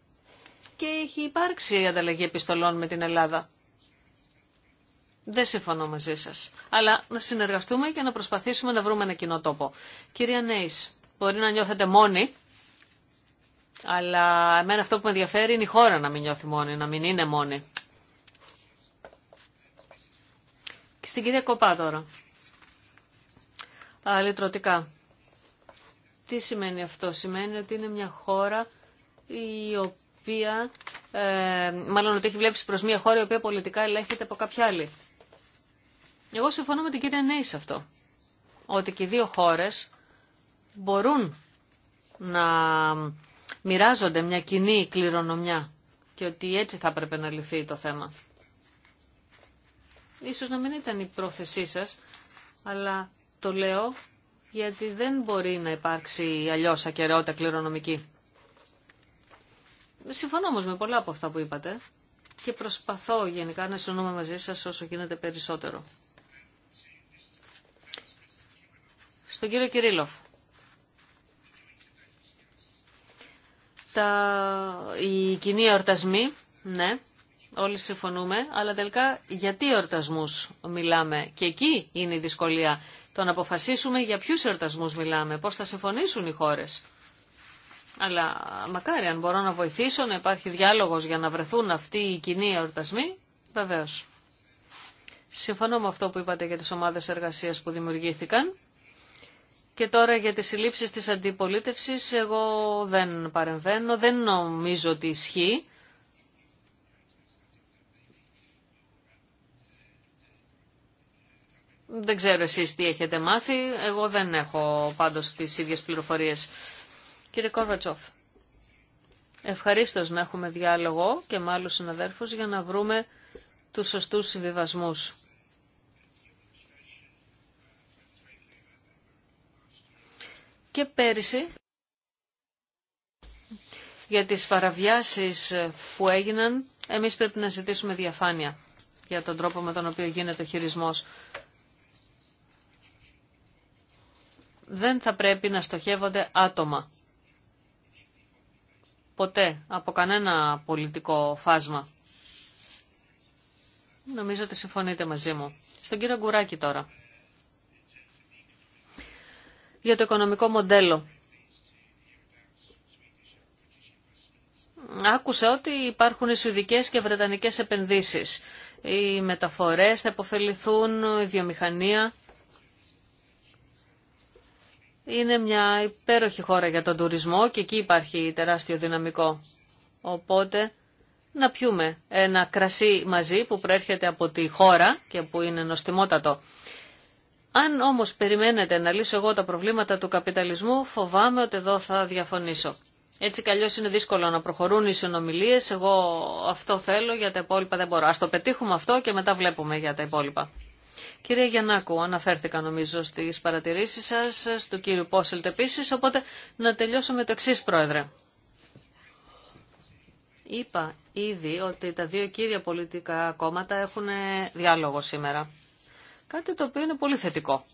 Και έχει υπάρξει η ανταλλαγή επιστολών με την Ελλάδα. Δεν συμφωνώ μαζί σας. Αλλά να συνεργαστούμε και να προσπαθήσουμε να βρούμε ένα κοινό τόπο. Κυρία Νέης, μπορεί να νιώθετε μόνη, αλλά εμένα αυτό που με ενδιαφέρει είναι η χώρα να μην νιώθει μόνη, να μην είναι μόνη. Και στην κυρία Κοπά τώρα αλυτρωτικά. Τι σημαίνει αυτό. Σημαίνει ότι είναι μια χώρα η οποία, ε, μάλλον ότι έχει βλέψει προς μια χώρα η οποία πολιτικά ελέγχεται από κάποια άλλη. Εγώ συμφωνώ με την κυρία Νέη σε αυτό. Ότι και οι δύο χώρες μπορούν να μοιράζονται μια κοινή κληρονομιά και ότι έτσι θα έπρεπε να λυθεί το θέμα. Ίσως να μην ήταν η πρόθεσή σας, αλλά το λέω γιατί δεν μπορεί να υπάρξει αλλιώς ακαιρεότητα κληρονομική. Συμφωνώ όμως με πολλά από αυτά που είπατε και προσπαθώ γενικά να συνομώ μαζί σας όσο γίνεται περισσότερο. Στον κύριο Κυρίλοφ. Τα... Οι κοινοί εορτασμοί, ναι, όλοι συμφωνούμε, αλλά τελικά γιατί ορτασμούς μιλάμε. Και εκεί είναι η δυσκολία το να αποφασίσουμε για ποιου εορτασμού μιλάμε, πώς θα συμφωνήσουν οι χώρες. Αλλά μακάρι αν μπορώ να βοηθήσω να υπάρχει διάλογος για να βρεθούν αυτοί οι κοινοί εορτασμοί, βεβαίω. Συμφωνώ με αυτό που είπατε για τις ομάδες εργασίας που δημιουργήθηκαν. Και τώρα για τις συλλήψεις της αντιπολίτευσης εγώ δεν παρεμβαίνω, δεν νομίζω ότι ισχύει. Δεν ξέρω εσείς τι έχετε μάθει, εγώ δεν έχω πάντως τις ίδιες πληροφορίες. Κύριε Κόρβατσοφ, ευχαρίστως να έχουμε διάλογο και με άλλους συναδέρφους για να βρούμε τους σωστούς συμβιβασμούς. Και πέρυσι, για τις παραβιάσεις που έγιναν, εμείς πρέπει να ζητήσουμε διαφάνεια για τον τρόπο με τον οποίο γίνεται ο χειρισμός δεν θα πρέπει να στοχεύονται άτομα. Ποτέ, από κανένα πολιτικό φάσμα. Νομίζω ότι συμφωνείτε μαζί μου. Στον κύριο Γκουράκη τώρα. Για το οικονομικό μοντέλο. Άκουσα ότι υπάρχουν σουηδικές και βρετανικές επενδύσεις. Οι μεταφορές θα υποφεληθούν, η βιομηχανία είναι μια υπέροχη χώρα για τον τουρισμό και εκεί υπάρχει τεράστιο δυναμικό. Οπότε να πιούμε ένα κρασί μαζί που προέρχεται από τη χώρα και που είναι νοστιμότατο. Αν όμως περιμένετε να λύσω εγώ τα προβλήματα του καπιταλισμού, φοβάμαι ότι εδώ θα διαφωνήσω. Έτσι κι είναι δύσκολο να προχωρούν οι συνομιλίε. Εγώ αυτό θέλω, για τα υπόλοιπα δεν μπορώ. Α το πετύχουμε αυτό και μετά βλέπουμε για τα υπόλοιπα. Κύριε Γιαννάκου, αναφέρθηκα νομίζω στι παρατηρήσει σας, ε, του κύριο Πόσελτ επίση, οπότε να τελειώσω με το εξή πρόεδρε. Είπα ήδη ότι τα δύο κύρια πολιτικά κόμματα έχουν ε, διάλογο σήμερα. Κάτι το οποίο είναι πολύ θετικό.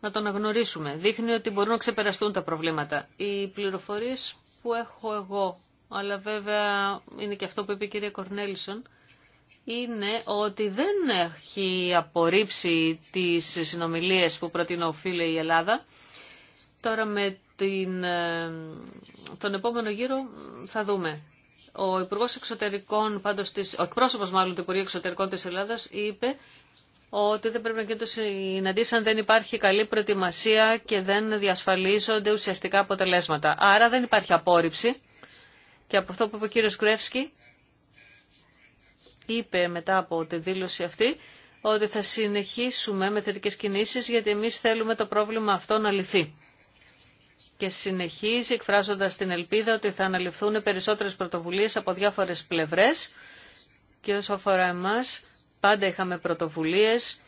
Να τον αγνωρίσουμε. Δείχνει ότι μπορούν να ξεπεραστούν τα προβλήματα. Οι πληροφορίε που έχω εγώ, αλλά βέβαια είναι και αυτό που είπε η κυρία Κορνέλισον, είναι ότι δεν έχει απορρίψει τις συνομιλίες που προτείνω φίλε η Ελλάδα. Τώρα με την, ε, τον επόμενο γύρο θα δούμε. Ο Υπουργός Εξωτερικών, πάντως της, ο εκπρόσωπος μάλλον του Υπουργείου Εξωτερικών της Ελλάδας είπε ότι δεν πρέπει να γίνονται συναντήσει αν δεν υπάρχει καλή προετοιμασία και δεν διασφαλίζονται ουσιαστικά αποτελέσματα. Άρα δεν υπάρχει απόρριψη. Και από αυτό που είπε ο κύριος Κρεύσκη, είπε μετά από τη δήλωση αυτή ότι θα συνεχίσουμε με θετικές κινήσεις γιατί εμείς θέλουμε το πρόβλημα αυτό να λυθεί. Και συνεχίζει εκφράζοντας την ελπίδα ότι θα αναλυφθούν περισσότερες πρωτοβουλίες από διάφορες πλευρές και όσο αφορά εμάς πάντα είχαμε πρωτοβουλίες,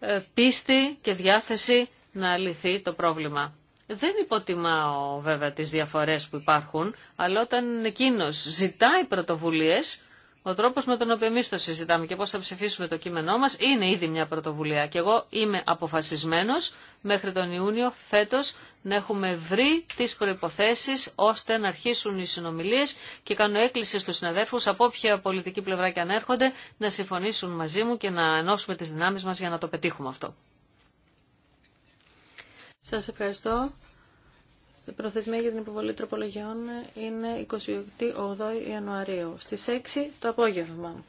ε, πίστη και διάθεση να λυθεί το πρόβλημα. Δεν υποτιμάω βέβαια τις διαφορές που υπάρχουν, αλλά όταν εκείνος ζητάει πρωτοβουλίες, ο τρόπος με τον οποίο εμεί το συζητάμε και πώς θα ψηφίσουμε το κείμενό μας είναι ήδη μια πρωτοβουλία. Και εγώ είμαι αποφασισμένος μέχρι τον Ιούνιο φέτος να έχουμε βρει τις προϋποθέσεις ώστε να αρχίσουν οι συνομιλίες και κάνω έκκληση στους συναδέρφους από όποια πολιτική πλευρά και αν έρχονται να συμφωνήσουν μαζί μου και να ενώσουμε τις δυνάμεις μας για να το πετύχουμε αυτό. Σας ευχαριστώ. Η προθεσμία για την υποβολή τροπολογιών είναι 28 Ιανουαρίου, στις 6 το απόγευμα.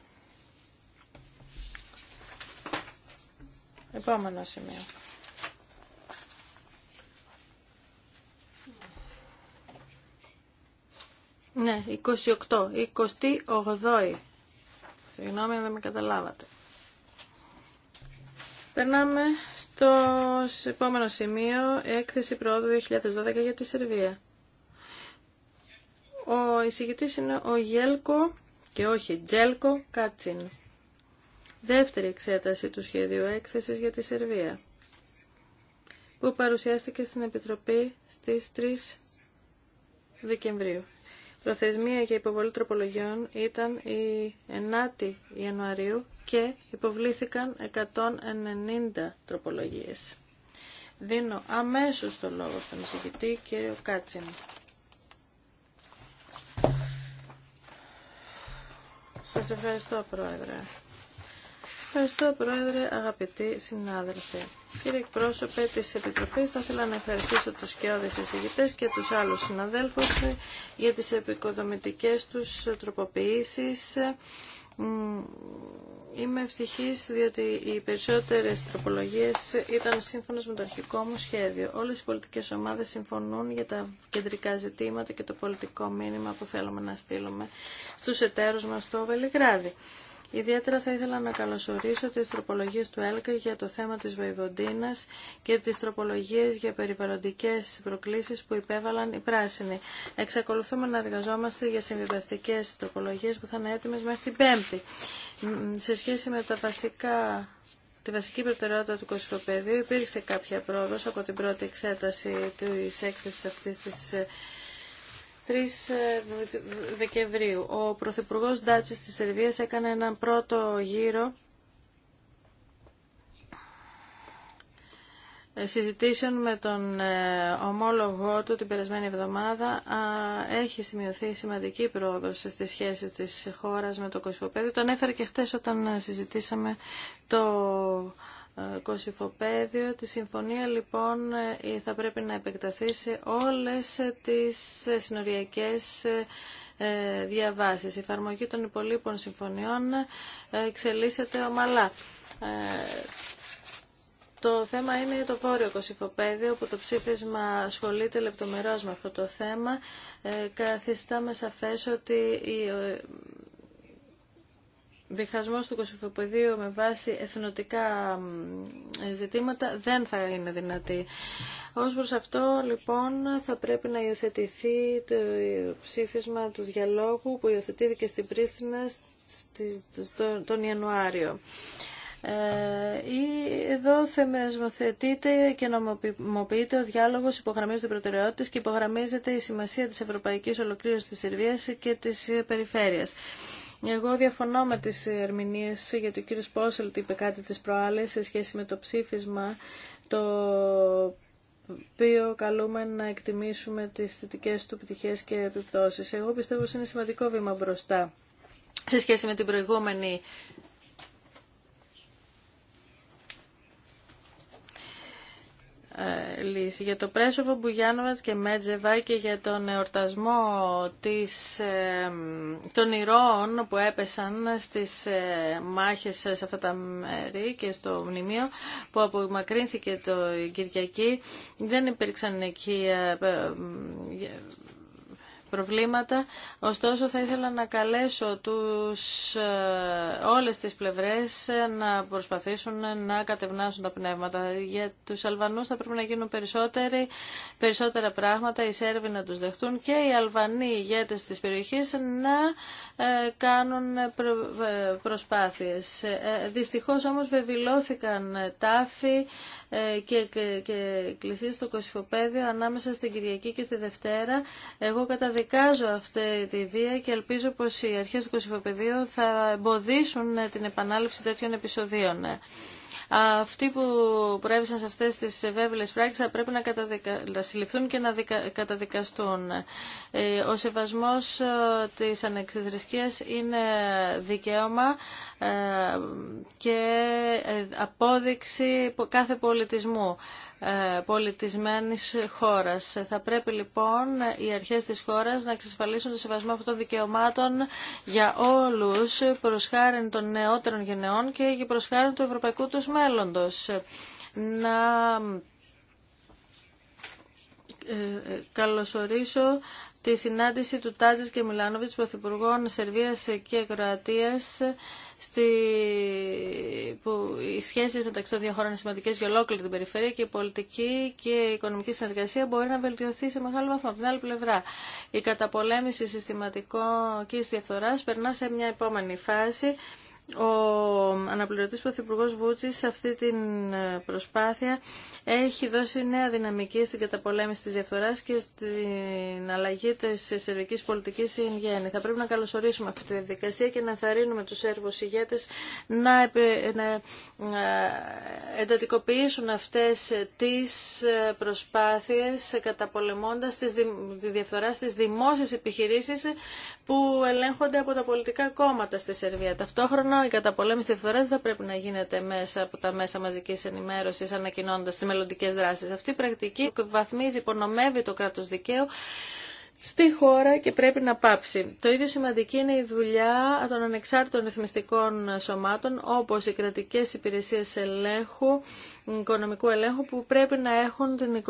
Επόμενο σημείο. Ναι, 28, 28, συγγνώμη αν δεν με καταλάβατε. Περνάμε στο επόμενο σημείο, έκθεση πρόοδου 2012 για τη Σερβία. Ο εισηγητής είναι ο Γέλκο και όχι Τζέλκο Κάτσιν. Δεύτερη εξέταση του σχεδίου έκθεσης για τη Σερβία, που παρουσιάστηκε στην Επιτροπή στις 3 Δεκεμβρίου. Προθεσμία για υποβολή τροπολογιών ήταν η 9η Ιανουαρίου και υποβλήθηκαν 190 τροπολογίες. Δίνω αμέσως το λόγο στον εισηγητή κύριο Κάτσιν. Σας ευχαριστώ Πρόεδρε. Ευχαριστώ Πρόεδρε, αγαπητοί συνάδελφοι. Κύριε εκπρόσωπε της Επιτροπής, θα ήθελα να ευχαριστήσω τους σκιώδες εισηγητές και τους άλλους συναδέλφους για τις επικοδομητικές τους τροποποιήσεις. Είμαι ευτυχής διότι οι περισσότερες τροπολογίες ήταν σύμφωνες με το αρχικό μου σχέδιο. Όλες οι πολιτικές ομάδες συμφωνούν για τα κεντρικά ζητήματα και το πολιτικό μήνυμα που θέλουμε να στείλουμε στους εταίρους μας στο Βελιγράδι. Ιδιαίτερα θα ήθελα να καλωσορίσω τις τροπολογίες του ΕΛΚΑ για το θέμα της Βοηβοντίνας και τις τροπολογίες για περιβαλλοντικές προκλήσεις που υπέβαλαν οι πράσινοι. Εξακολουθούμε να εργαζόμαστε για συμβιβαστικές τροπολογίες που θα είναι έτοιμες μέχρι την Πέμπτη. Σε σχέση με τα βασικά τη βασική προτεραιότητα του κοσμοπεδίου υπήρξε κάποια πρόοδος από την πρώτη εξέταση της έκθεσης αυτής της ε, 3 ε, Δεκεμβρίου. Ο Πρωθυπουργό Ντάτσης της Σερβίας έκανε έναν πρώτο γύρο ε, συζητήσεων με τον ε, ομόλογό του την περασμένη εβδομάδα έχει σημειωθεί σημαντική πρόοδος στις σχέσεις της χώρας με το κοσμοπέδιο. Τον έφερε και χτες όταν συζητήσαμε το ε, Κωσυφοπαίδιο. Τη συμφωνία λοιπόν ε, θα πρέπει να επεκταθεί σε όλες ε, τις συνοριακές διαβάσεις. Η εφαρμογή των υπολείπων συμφωνιών εξελίσσεται ομαλά. Το θέμα είναι το Βόρειο Κωσυφοπαίδιο, που το ψήφισμα ασχολείται λεπτομερώς με αυτό το θέμα. Καθιστάμε σαφές ότι διχασμός του κοσυφοπεδίου με βάση εθνοτικά ζητήματα δεν θα είναι δυνατή. Ως προς αυτό, λοιπόν, θα πρέπει να υιοθετηθεί το ψήφισμα του διαλόγου που υιοθετήθηκε στην Πρίστινα τον Ιανουάριο. Ε, εδώ θεμεσμοθετείται και νομοποιείται ο διάλογο, υπογραμμίζονται οι προτεραιότητε και υπογραμμίζεται η σημασία τη ευρωπαϊκή ολοκλήρωση τη Σερβία και τη περιφέρεια. Εγώ διαφωνώ με τις ερμηνείες γιατί ο κύριος Πόσελτ είπε κάτι της προάλλες σε σχέση με το ψήφισμα το οποίο καλούμε να εκτιμήσουμε τις θετικέ του πτυχέ και επιπτώσεις. Εγώ πιστεύω ότι είναι σημαντικό βήμα μπροστά σε σχέση με την προηγούμενη Ε, λύση. Για το Πρέσοβο, Μπουγιάνοβας και Μέτζεβα και για τον εορτασμό της, ε, των ηρώων που έπεσαν στις ε, μάχες σε αυτά τα μέρη και στο μνημείο που απομακρύνθηκε το Κυριακή δεν υπήρξαν εκεί προβλήματα. Ωστόσο θα ήθελα να καλέσω τους, ε, όλες τις πλευρές ε, να προσπαθήσουν ε, να κατευνάσουν τα πνεύματα. Για τους Αλβανούς θα πρέπει να γίνουν περισσότεροι, περισσότερα πράγματα, οι Σέρβοι να τους δεχτούν και οι Αλβανοί ηγέτες της περιοχής να κάνουν προσπάθειες. Δυστυχώς όμως βεβηλώθηκαν τάφοι και, και, και κλεισίες στο Κωσυφοπαίδιο ανάμεσα στην Κυριακή και στη Δευτέρα. Εγώ Καταδικάζω αυτή τη βία και ελπίζω πως οι αρχές του Κωσυφοπεδίου θα εμποδίσουν ε, την επανάληψη τέτοιων επεισοδίων. Ε. Αυτοί που προέβησαν σε αυτές τις ευέβλε πράξεις θα πρέπει να, καταδικα... να συλληφθούν και να δικα... καταδικαστούν. Ε. ο σεβασμός της ανεξιδρυσκείας είναι δικαίωμα και απόδειξη κάθε πολιτισμού. Ε, πολιτισμένης χώρας. Θα πρέπει λοιπόν οι αρχές της χώρας να εξασφαλίσουν το σεβασμό αυτών των δικαιωμάτων για όλους προς χάρη των νεότερων γενεών και προς χάρη του ευρωπαϊκού τους μέλλοντος. Να ε, ε, καλωσορίσω τη συνάντηση του Τάτζης και Μιλάνοβιτς Πρωθυπουργών Σερβίας και Κροατίας στη... που οι σχέσεις μεταξύ των δύο χωρών είναι σημαντικές για ολόκληρη την περιφέρεια και η πολιτική και η οικονομική συνεργασία μπορεί να βελτιωθεί σε μεγάλο βαθμό. Από την άλλη πλευρά, η καταπολέμηση συστηματικής διαφθοράς περνά σε μια επόμενη φάση ο αναπληρωτής Πρωθυπουργό Βούτση σε αυτή την ε, προσπάθεια έχει δώσει νέα δυναμική στην καταπολέμηση της διαφθοράς και στην αλλαγή της σερβικής πολιτικής εν γέννη. Θα πρέπει να καλωσορίσουμε αυτή τη διαδικασία και να θαρρύνουμε τους Σέρβους ηγέτες να, ε, εντατικοποιήσουν αυτές τις ε, προσπάθειες καταπολεμώντας τη διαφθορά στις δημόσιες επιχειρήσεις που ελέγχονται από τα πολιτικά κόμματα στη Σερβία. Ταυτόχρονα μόνο η καταπολέμηση τη δεν πρέπει να γίνεται μέσα από τα μέσα μαζικής ενημέρωσης ανακοινώντα τι μελλοντικέ δράσεις. Αυτή η πρακτική βαθμίζει, υπονομεύει το κράτος δικαίου στη χώρα και πρέπει να πάψει. Το ίδιο σημαντική είναι η δουλειά των ανεξάρτητων ρυθμιστικών σωμάτων, όπως οι κρατικές υπηρεσίες ελέγχου, οικονομικού ελέγχου, που πρέπει να έχουν την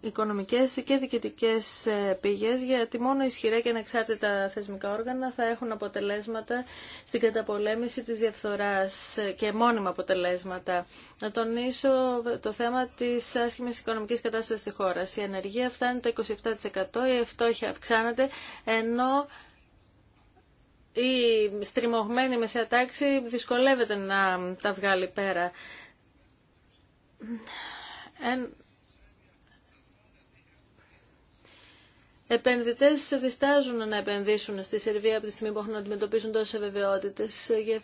οικονομικές και διοικητικές ε, πηγές, γιατί μόνο ισχυρά και ανεξάρτητα θεσμικά όργανα θα έχουν αποτελέσματα στην καταπολέμηση της διαφθοράς ε, και μόνιμα αποτελέσματα. Να τονίσω το θέμα της άσχημης οικονομικής κατάστασης της χώρα. Η ανεργία φτάνει το 27%, η ευτόχεια αυξάνεται, ενώ η στριμωγμένη μεσαία τάξη δυσκολεύεται να τα βγάλει πέρα. Επενδυτές διστάζουν να επενδύσουν στη Σερβία από τη στιγμή που έχουν να αντιμετωπίσουν τόσε αβεβαιότητε. Γι'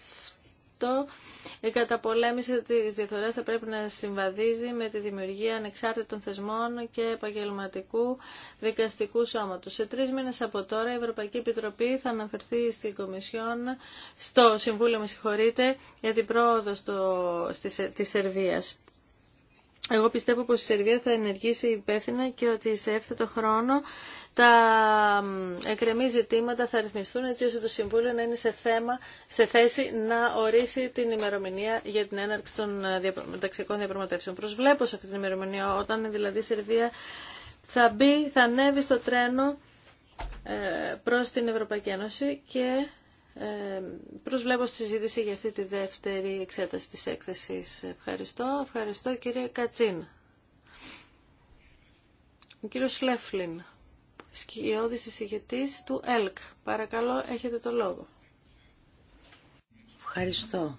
Η καταπολέμηση της διαφθοράς θα πρέπει να συμβαδίζει με τη δημιουργία ανεξάρτητων θεσμών και επαγγελματικού δικαστικού σώματος. Σε τρεις μήνες από τώρα η Ευρωπαϊκή Επιτροπή θα αναφερθεί στην Κομισιόν, στο Συμβούλιο, με για την πρόοδο στο, στη, της Σερβίας. Εγώ πιστεύω πως η Σερβία θα ενεργήσει υπεύθυνα και ότι σε το χρόνο τα εκρεμή ζητήματα θα ρυθμιστούν έτσι ώστε το Συμβούλιο να είναι σε, θέμα, σε θέση να ορίσει την ημερομηνία για την έναρξη των ε, μεταξιακών διαπραγματεύσεων. Προσβλέπω σε αυτή την ημερομηνία όταν δηλαδή η Σερβία θα μπει, θα ανέβει στο τρένο ε, προς την Ευρωπαϊκή Ένωση και ε, προσβλέπω στη συζήτηση για αυτή τη δεύτερη εξέταση της έκθεσης. Ευχαριστώ. Ευχαριστώ κύριε Κατσίν. Ο κύριος Σλέφλιν, σκιώδης εισηγητής του ΕΛΚ. Παρακαλώ, έχετε το λόγο. Ευχαριστώ,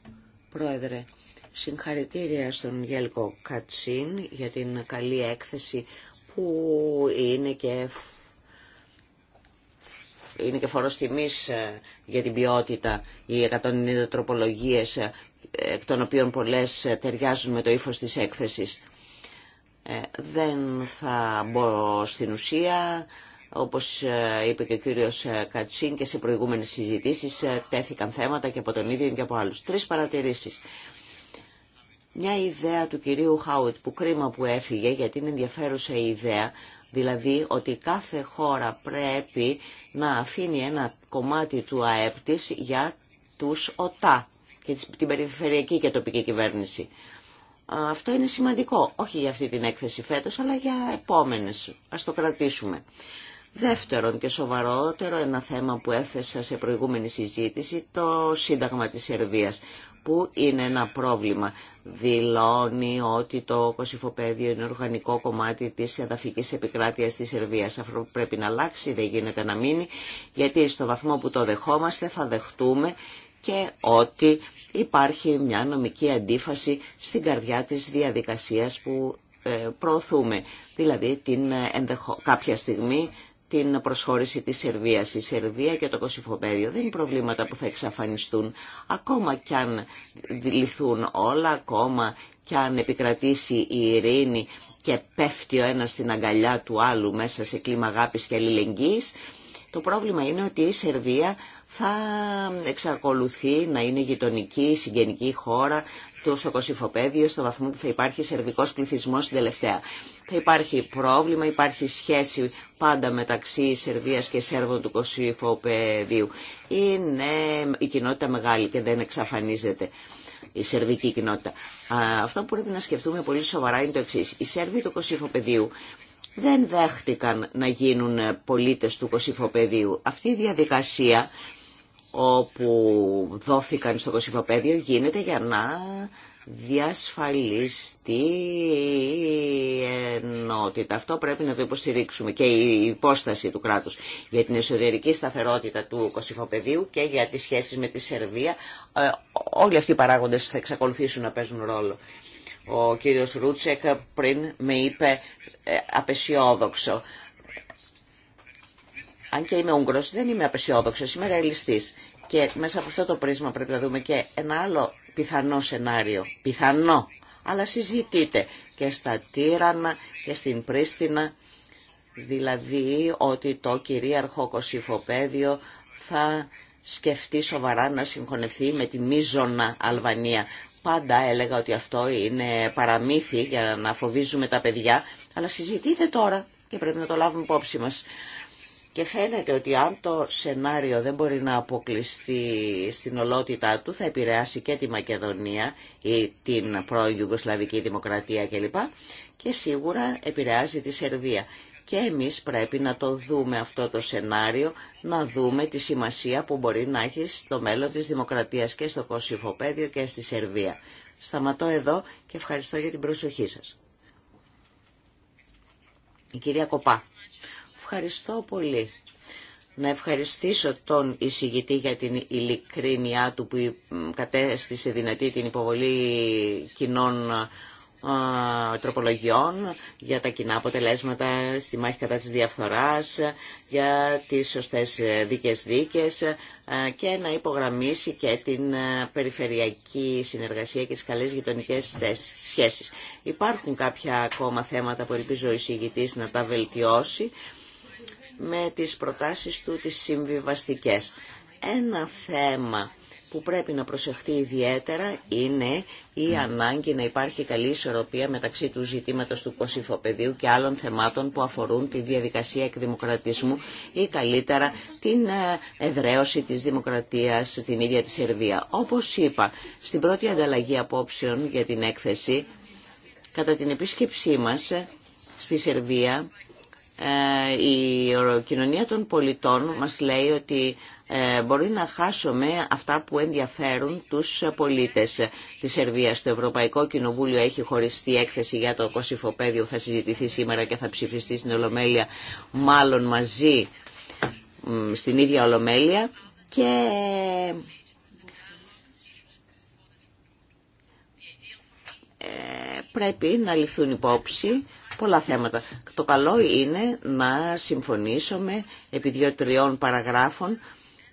Πρόεδρε. Συγχαρητήρια στον Γέλκο Κατσίν για την καλή έκθεση που είναι και είναι και φόρος τιμής ε, για την ποιότητα, οι 190 τροπολογίες, ε, εκ των οποίων πολλές ε, ταιριάζουν με το ύφος της έκθεσης. Δεν θα μπω στην ουσία, όπως είπε και ο κύριος Κατσίν και σε προηγούμενες συζητήσεις τέθηκαν θέματα και από τον ίδιο και από άλλους. Τρεις παρατηρήσεις. Μια ιδέα του κυρίου Χάουτ που κρίμα που έφυγε γιατί είναι ενδιαφέρουσα η ιδέα Δηλαδή ότι κάθε χώρα πρέπει να αφήνει ένα κομμάτι του ΑΕΠ της για τους ΟΤΑ και την περιφερειακή και τοπική κυβέρνηση. Αυτό είναι σημαντικό, όχι για αυτή την έκθεση φέτος, αλλά για επόμενες. Ας το κρατήσουμε. Δεύτερον και σοβαρότερο ένα θέμα που έθεσα σε προηγούμενη συζήτηση, το Σύνταγμα της Σερβίας που είναι ένα πρόβλημα. Δηλώνει ότι το κοσυφοπαίδιο είναι οργανικό κομμάτι της εδαφική επικράτειας της Σερβία. Αυτό πρέπει να αλλάξει, δεν γίνεται να μείνει, γιατί στο βαθμό που το δεχόμαστε θα δεχτούμε και ότι υπάρχει μια νομική αντίφαση στην καρδιά της διαδικασίας που ε, προωθούμε. Δηλαδή την ε, κάποια στιγμή την προσχώρηση της Σερβίας. Η Σερβία και το Κωσυφοπέδιο δεν είναι προβλήματα που θα εξαφανιστούν ακόμα κι αν λυθούν όλα, ακόμα κι αν επικρατήσει η ειρήνη και πέφτει ο ένας στην αγκαλιά του άλλου μέσα σε κλίμα αγάπης και αλληλεγγύης. Το πρόβλημα είναι ότι η Σερβία θα εξακολουθεί να είναι γειτονική, συγγενική χώρα του στο Κωσυφοπέδιο στο βαθμό που θα υπάρχει σερβικός πληθυσμός στην τελευταία θα υπάρχει πρόβλημα, υπάρχει σχέση πάντα μεταξύ Σερβίας και Σέρβων του Παιδίου. Είναι η κοινότητα μεγάλη και δεν εξαφανίζεται η σερβική κοινότητα. Αυτό που πρέπει να σκεφτούμε πολύ σοβαρά είναι το εξή. Οι Σέρβοι του Παιδίου δεν δέχτηκαν να γίνουν πολίτες του Παιδίου. Αυτή η διαδικασία όπου δόθηκαν στο Παιδίου γίνεται για να διασφαλιστή ενότητα. Αυτό πρέπει να το υποστηρίξουμε και η υπόσταση του κράτους για την εσωτερική σταθερότητα του Κωσυφοπεδίου και για τις σχέσεις με τη Σερβία. Ε, όλοι αυτοί οι παράγοντες θα εξακολουθήσουν να παίζουν ρόλο. Ο κύριος Ρούτσεκ πριν με είπε ε, απεσιόδοξο. Αν και είμαι Ούγγρος, δεν είμαι απεσιόδοξος, είμαι ρεαλιστής. Και μέσα από αυτό το πρίσμα πρέπει να δούμε και ένα άλλο πιθανό σενάριο, πιθανό, αλλά συζητείτε και στα Τύρανα και στην Πρίστινα, δηλαδή ότι το κυρίαρχο κοσυφοπέδιο θα σκεφτεί σοβαρά να συγχωνευτεί με τη μίζωνα Αλβανία. Πάντα έλεγα ότι αυτό είναι παραμύθι για να φοβίζουμε τα παιδιά, αλλά συζητείτε τώρα και πρέπει να το λάβουμε υπόψη μας. Και φαίνεται ότι αν το σενάριο δεν μπορεί να αποκλειστεί στην ολότητά του, θα επηρεάσει και τη Μακεδονία ή την πρώην Ιουγκοσλαβική Δημοκρατία κλπ. Και σίγουρα επηρεάζει τη Σερβία. Και εμείς πρέπει να το δούμε αυτό το σενάριο, να δούμε τη σημασία που μπορεί να έχει στο μέλλον της δημοκρατίας και στο Κωσυφοπαίδιο και στη Σερβία. Σταματώ εδώ και ευχαριστώ για την προσοχή σας. Η κυρία Κοπά ευχαριστώ πολύ. Να ευχαριστήσω τον εισηγητή για την ειλικρίνειά του που κατέστησε δυνατή την υποβολή κοινών τροπολογιών για τα κοινά αποτελέσματα στη μάχη κατά της διαφθοράς, για τις σωστές ε, δίκες δίκες και να υπογραμμίσει και την ε, περιφερειακή συνεργασία και τις καλές γειτονικές σχέσεις. Υπάρχουν κάποια ακόμα θέματα που ελπίζω ο να τα βελτιώσει με τις προτάσεις του, τις συμβιβαστικές. Ένα θέμα που πρέπει να προσεχτεί ιδιαίτερα είναι η ανάγκη να υπάρχει καλή ισορροπία μεταξύ του ζητήματος του κοσυφοπεδίου και άλλων θεμάτων που αφορούν τη διαδικασία εκδημοκρατισμού ή καλύτερα την ε, εδραίωση της δημοκρατίας στην ίδια τη Σερβία. Όπως είπα, στην πρώτη ανταλλαγή απόψεων για την έκθεση, κατά την επίσκεψή μας ε, στη Σερβία ε, η κοινωνία των πολιτών μας λέει ότι ε, μπορεί να χάσουμε αυτά που ενδιαφέρουν τους πολίτες της Σερβίας. Το Ευρωπαϊκό Κοινοβούλιο έχει χωριστεί έκθεση για το που θα συζητηθεί σήμερα και θα ψηφιστεί στην Ολομέλεια μάλλον μαζί στην ίδια Ολομέλεια και ε, πρέπει να ληφθούν υπόψη πολλά θέματα. Το καλό είναι να συμφωνήσουμε επί δύο-τριών παραγράφων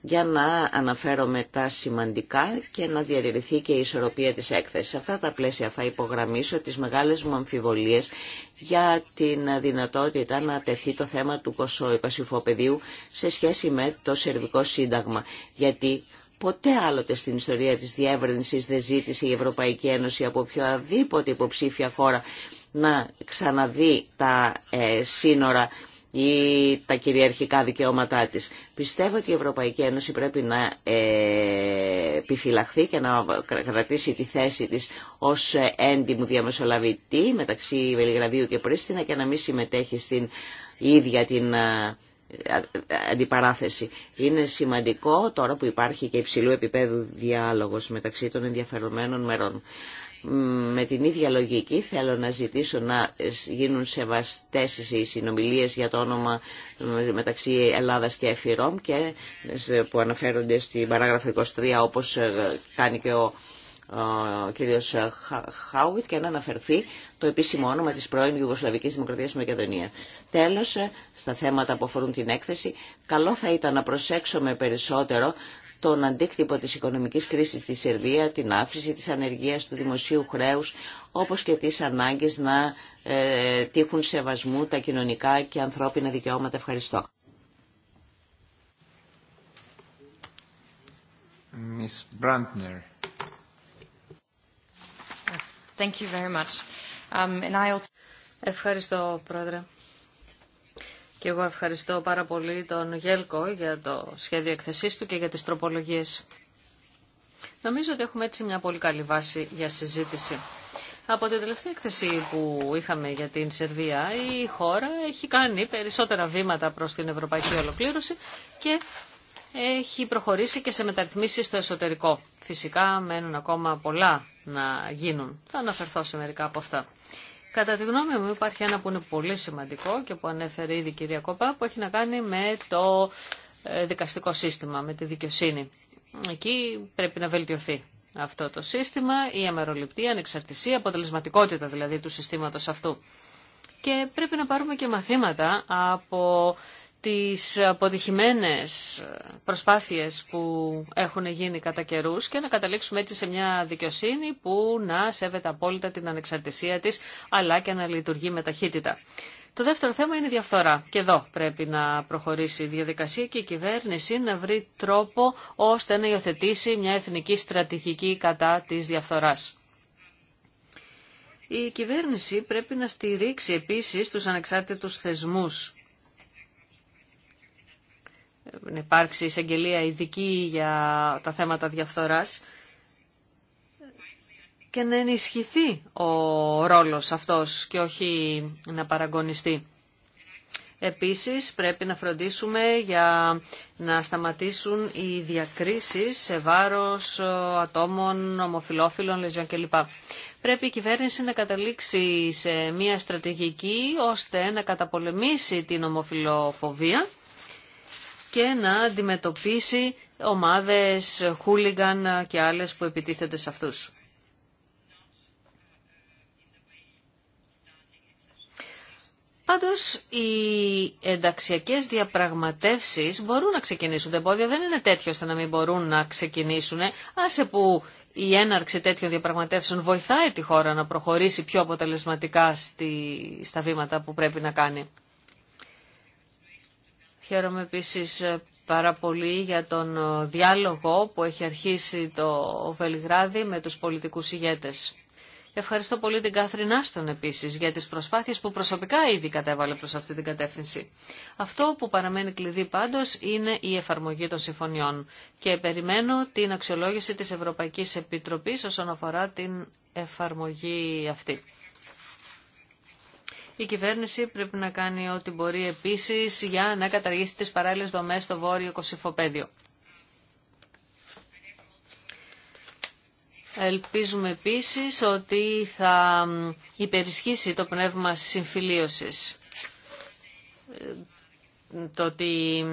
για να αναφέρομαι τα σημαντικά και να διατηρηθεί και η ισορροπία της έκθεσης. Σε αυτά τα πλαίσια θα υπογραμμίσω τις μεγάλες μου αμφιβολίες για την δυνατότητα να τεθεί το θέμα του κοσοϊκοσυφοπεδίου σε σχέση με το Σερβικό Σύνταγμα. Γιατί Ποτέ άλλοτε στην ιστορία της διεύρυνσης δεν ζήτησε η Ευρωπαϊκή Ένωση από οποιαδήποτε υποψήφια χώρα να ξαναδεί τα ε, σύνορα ή τα κυριαρχικά δικαιώματά της. Πιστεύω ότι η Ευρωπαϊκή Ένωση πρέπει να ε, επιφυλαχθεί και να κρατήσει τη θέση της ως έντιμο διαμεσολαβητή μεταξύ Βελιγραδίου και Πρίστινα και να μην συμμετέχει στην ίδια την ε, αντιπαράθεση. Είναι σημαντικό τώρα που υπάρχει και υψηλού επίπεδου διάλογος μεταξύ των ενδιαφερομένων μερών με την ίδια λογική θέλω να ζητήσω να γίνουν σεβαστές οι συνομιλίες για το όνομα μεταξύ Ελλάδας και Εφηρόμ και που αναφέρονται στην παράγραφο 23 όπως ε, κάνει και ο ο κύριος Χάουιτ και να αναφερθεί το επίσημο όνομα της πρώην Ιουγκοσλαβικής Δημοκρατίας της Μακεδονία. Τέλος, ε, στα θέματα που αφορούν την έκθεση, καλό θα ήταν να προσέξουμε περισσότερο τον αντίκτυπο της οικονομικής κρίσης στη Σερβία, την αύξηση της ανεργίας του δημοσίου χρέους, όπως και τις ανάγκες να ε, τύχουν σεβασμού τα κοινωνικά και ανθρώπινα δικαιώματα. Ευχαριστώ. Miss Brandner. Thank you very much. Um, Ευχαριστώ, Πρόεδρε. Και εγώ ευχαριστώ πάρα πολύ τον Γέλκο για το σχέδιο εκθεσής του και για τις τροπολογίες. Νομίζω ότι έχουμε έτσι μια πολύ καλή βάση για συζήτηση. Από την τελευταία εκθεσή που είχαμε για την Σερβία, η χώρα έχει κάνει περισσότερα βήματα προς την ευρωπαϊκή ολοκλήρωση και έχει προχωρήσει και σε μεταρρυθμίσει στο εσωτερικό. Φυσικά μένουν ακόμα πολλά να γίνουν. Θα αναφερθώ σε μερικά από αυτά. Κατά τη γνώμη μου υπάρχει ένα που είναι πολύ σημαντικό και που ανέφερε ήδη η κυρία Κοπά που έχει να κάνει με το ε, δικαστικό σύστημα, με τη δικαιοσύνη. Εκεί πρέπει να βελτιωθεί αυτό το σύστημα, η αμεροληπτή, ανεξαρτησία, αποτελεσματικότητα δηλαδή του συστήματος αυτού. Και πρέπει να πάρουμε και μαθήματα από τις αποτυχημένες προσπάθειες που έχουν γίνει κατά καιρού και να καταλήξουμε έτσι σε μια δικαιοσύνη που να σέβεται απόλυτα την ανεξαρτησία της αλλά και να λειτουργεί με ταχύτητα. Το δεύτερο θέμα είναι η διαφθορά. Και εδώ πρέπει να προχωρήσει η διαδικασία και η κυβέρνηση να βρει τρόπο ώστε να υιοθετήσει μια εθνική στρατηγική κατά της διαφθοράς. Η κυβέρνηση πρέπει να στηρίξει επίσης τους ανεξάρτητους θεσμούς να υπάρξει εισαγγελία ειδική για τα θέματα διαφθοράς και να ενισχυθεί ο ρόλος αυτός και όχι να παραγωνιστεί. Επίσης πρέπει να φροντίσουμε για να σταματήσουν οι διακρίσεις σε βάρος ατόμων, ομοφιλόφιλων, λεζιών κλπ. Πρέπει η κυβέρνηση να καταλήξει σε μια στρατηγική ώστε να καταπολεμήσει την ομοφιλοφοβία και να αντιμετωπίσει ομάδες, χούλιγκαν και άλλες που επιτίθενται σε αυτούς. Πάντως οι ενταξιακές διαπραγματεύσεις μπορούν να ξεκινήσουν. εμπόδια δεν είναι τέτοιο ώστε να μην μπορούν να ξεκινήσουν. Άσε που η έναρξη τέτοιων διαπραγματεύσεων βοηθάει τη χώρα να προχωρήσει πιο αποτελεσματικά στη, στα βήματα που πρέπει να κάνει. Χαίρομαι επίσης ε, πάρα πολύ για τον ε, διάλογο που έχει αρχίσει το Βελιγράδι με τους πολιτικούς ηγέτες. Ευχαριστώ πολύ την Κάθριν Άστον επίσης για τις προσπάθειες που προσωπικά ήδη κατέβαλε προς αυτή την κατεύθυνση. Αυτό που παραμένει κλειδί πάντως είναι η εφαρμογή των συμφωνιών και περιμένω την αξιολόγηση της Ευρωπαϊκής Επιτροπής όσον αφορά την εφαρμογή αυτή. Η κυβέρνηση πρέπει να κάνει ό,τι μπορεί επίσης για να καταργήσει τις παράλληλες δομές στο βόρειο Κωσυφοπέδιο. Ελπίζουμε επίσης ότι θα υπερισχύσει το πνεύμα συμφιλίωσης. Το ότι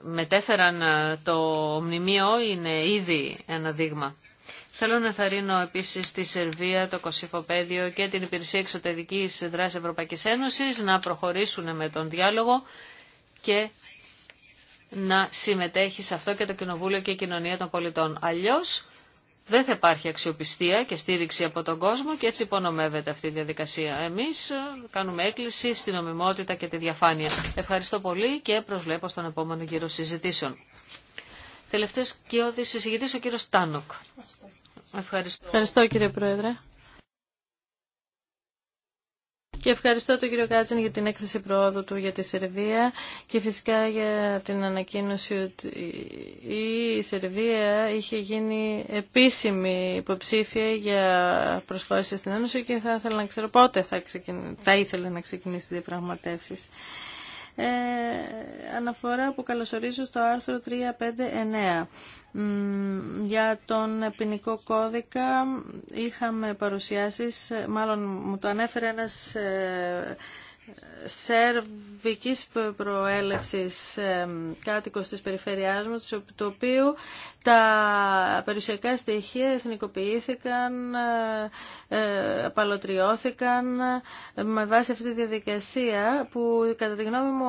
μετέφεραν το μνημείο είναι ήδη ένα δείγμα. Θέλω να θαρρύνω επίση τη Σερβία, το Κωσυφοπαίδιο και την Υπηρεσία Εξωτερική Δράση Ευρωπαϊκή Ένωση να προχωρήσουν με τον διάλογο και να συμμετέχει σε αυτό και το Κοινοβούλιο και η Κοινωνία των Πολιτών. Αλλιώ δεν θα υπάρχει αξιοπιστία και στήριξη από τον κόσμο και έτσι υπονομεύεται αυτή η διαδικασία. Εμεί ε, κάνουμε έκκληση στην ομιμότητα και τη διαφάνεια. Ευχαριστώ πολύ και προσβλέπω στον επόμενο γύρο συζητήσεων. Τελευταίο κοιόδη συζητητή ο κύριο Τάνοκ. Ευχαριστώ. κύριε Πρόεδρε. Και ευχαριστώ τον κύριο Κάτσιν για την έκθεση προόδου του για τη Σερβία και φυσικά για την ανακοίνωση ότι η Σερβία είχε γίνει επίσημη υποψήφια για προσχώρηση στην Ένωση και θα ήθελα να ξέρω πότε θα, ξεκινήσει, θα ήθελε να ξεκινήσει τις διαπραγματεύσεις. Ε, αναφορά που καλωσορίζω στο άρθρο 359. Για τον ποινικό κώδικα είχαμε παρουσιάσεις, μάλλον μου το ανέφερε ένας ε, σερβικής προέλευσης κάτοικος της περιφερειάς μας, του οποίου τα περιουσιακά στοιχεία εθνικοποιήθηκαν, ε, ε, απαλωτριώθηκαν ε, με βάση αυτή τη διαδικασία που κατά τη γνώμη μου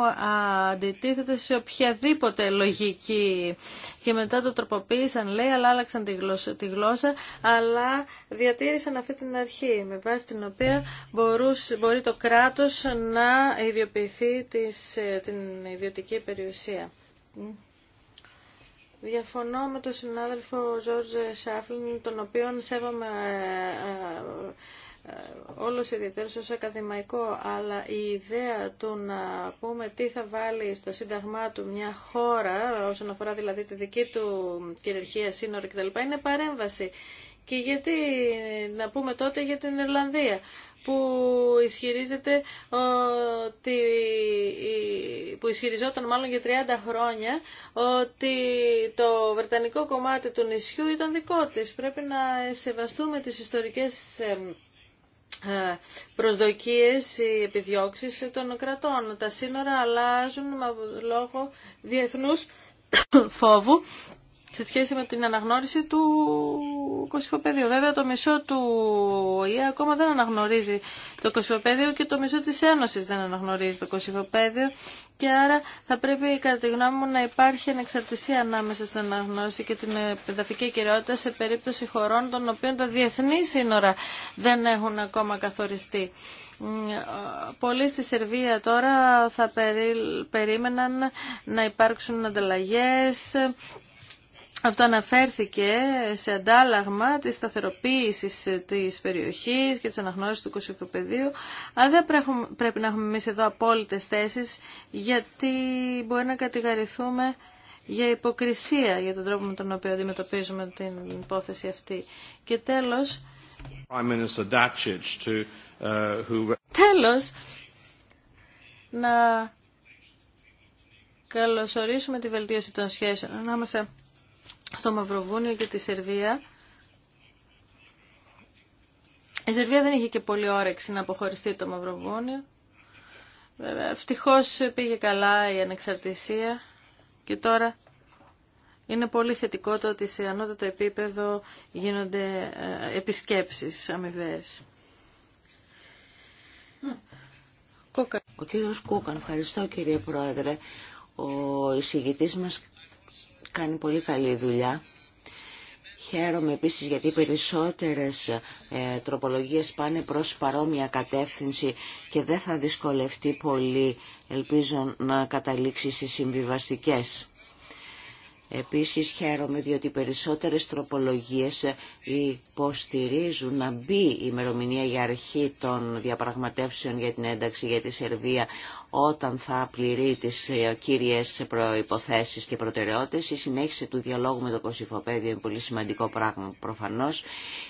αντιτίθεται σε οποιαδήποτε λογική και μετά το τροποποίησαν λέει αλλά άλλαξαν τη γλώσσα, τη γλώσσα αλλά διατήρησαν αυτή την αρχή με βάση την οποία μπορούς μπορεί το κράτος να ιδιοποιηθεί της, ε, την ιδιωτική περιουσία. Διαφωνώ με τον συνάδελφο Ζόρζ Σάφλιν, τον οποίον σέβομαι ε, ε, όλος ιδιαίτερο ω ακαδημαϊκό, αλλά η ιδέα του να πούμε τι θα βάλει στο σύνταγμά του μια χώρα, όσον αφορά δηλαδή τη δική του κυριαρχία, σύνορα κτλ, είναι παρέμβαση. Και γιατί να πούμε τότε για την Ιρλανδία που ισχυρίζεται ότι, που ισχυριζόταν μάλλον για 30 χρόνια ότι το βρετανικό κομμάτι του νησιού ήταν δικό της. Πρέπει να σεβαστούμε τις ιστορικές ε, προσδοκίες, ή επιδιώξεις των κρατών. Τα σύνορα αλλάζουν λόγω διεθνούς [COUGHS] φόβου σε σχέση με την αναγνώριση του κωσυφοπέδιου. Βέβαια το μισό του ΟΗΕ ακόμα δεν αναγνωρίζει το κωσυφοπέδιο και το μισό της Ένωσης δεν αναγνωρίζει το κωσυφοπέδιο και άρα θα πρέπει κατά τη γνώμη μου να υπάρχει ανεξαρτησία ανάμεσα στην αναγνώριση και την παιδαφική κυριότητα σε περίπτωση χωρών των οποίων τα διεθνή σύνορα δεν έχουν ακόμα καθοριστεί. Πολλοί στη Σερβία τώρα θα περίμεναν να υπάρξουν ανταλλαγές, αυτό αναφέρθηκε σε αντάλλαγμα της σταθεροποίησης της περιοχής και της αναγνώρισης του κοσυφοπεδίου. Αλλά δεν πρέπει να έχουμε εμεί εδώ απόλυτες θέσεις, γιατί μπορεί να κατηγορηθούμε για υποκρισία για τον τρόπο με τον οποίο αντιμετωπίζουμε την υπόθεση αυτή. Και τέλος... Uh, τέλος, να καλωσορίσουμε τη βελτίωση των σχέσεων ανάμεσα στο Μαυροβούνιο και τη Σερβία. Η Σερβία δεν είχε και πολύ όρεξη να αποχωριστεί το Μαυροβούνιο. Ευτυχώ πήγε καλά η ανεξαρτησία και τώρα είναι πολύ θετικό το ότι σε ανώτατο επίπεδο γίνονται ε, επισκέψεις αμοιβέ. Ο κύριος Κούκαν, ευχαριστώ κύριε Πρόεδρε. Ο εισηγητής μας κάνει πολύ καλή δουλειά. Χαίρομαι επίσης γιατί περισσότερες ε, τροπολογίες πάνε προς παρόμοια κατεύθυνση και δεν θα δυσκολευτεί πολύ, ελπίζω, να καταλήξει σε συμβιβαστικές. Επίσης χαίρομαι διότι περισσότερες τροπολογίες υποστηρίζουν να μπει η ημερομηνία για αρχή των διαπραγματεύσεων για την ένταξη για τη Σερβία όταν θα πληρεί τις ε, κύριες προϋποθέσεις και προτεραιότητες. Η συνέχιση του διαλόγου με το Κωσυφοπέδιο είναι πολύ σημαντικό πράγμα προφανώς.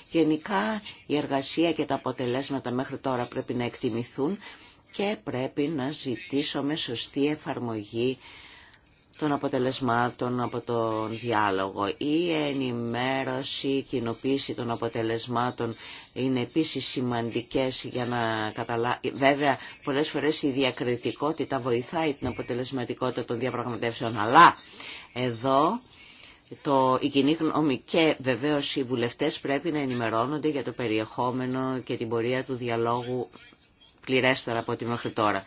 Γενικά η εργασία και τα αποτελέσματα μέχρι τώρα πρέπει να εκτιμηθούν και πρέπει να ζητήσουμε σωστή εφαρμογή των αποτελεσμάτων από τον διάλογο. Η ενημέρωση, η κοινοποίηση των αποτελεσμάτων είναι επίσης σημαντικές για να καταλάβει. Βέβαια, πολλές φορές η διακριτικότητα βοηθάει την αποτελεσματικότητα των διαπραγματεύσεων, αλλά εδώ το, η κοινή γνώμη και βεβαίως οι βουλευτές πρέπει να ενημερώνονται για το περιεχόμενο και την πορεία του διαλόγου πληρέστερα από ό,τι μέχρι τώρα.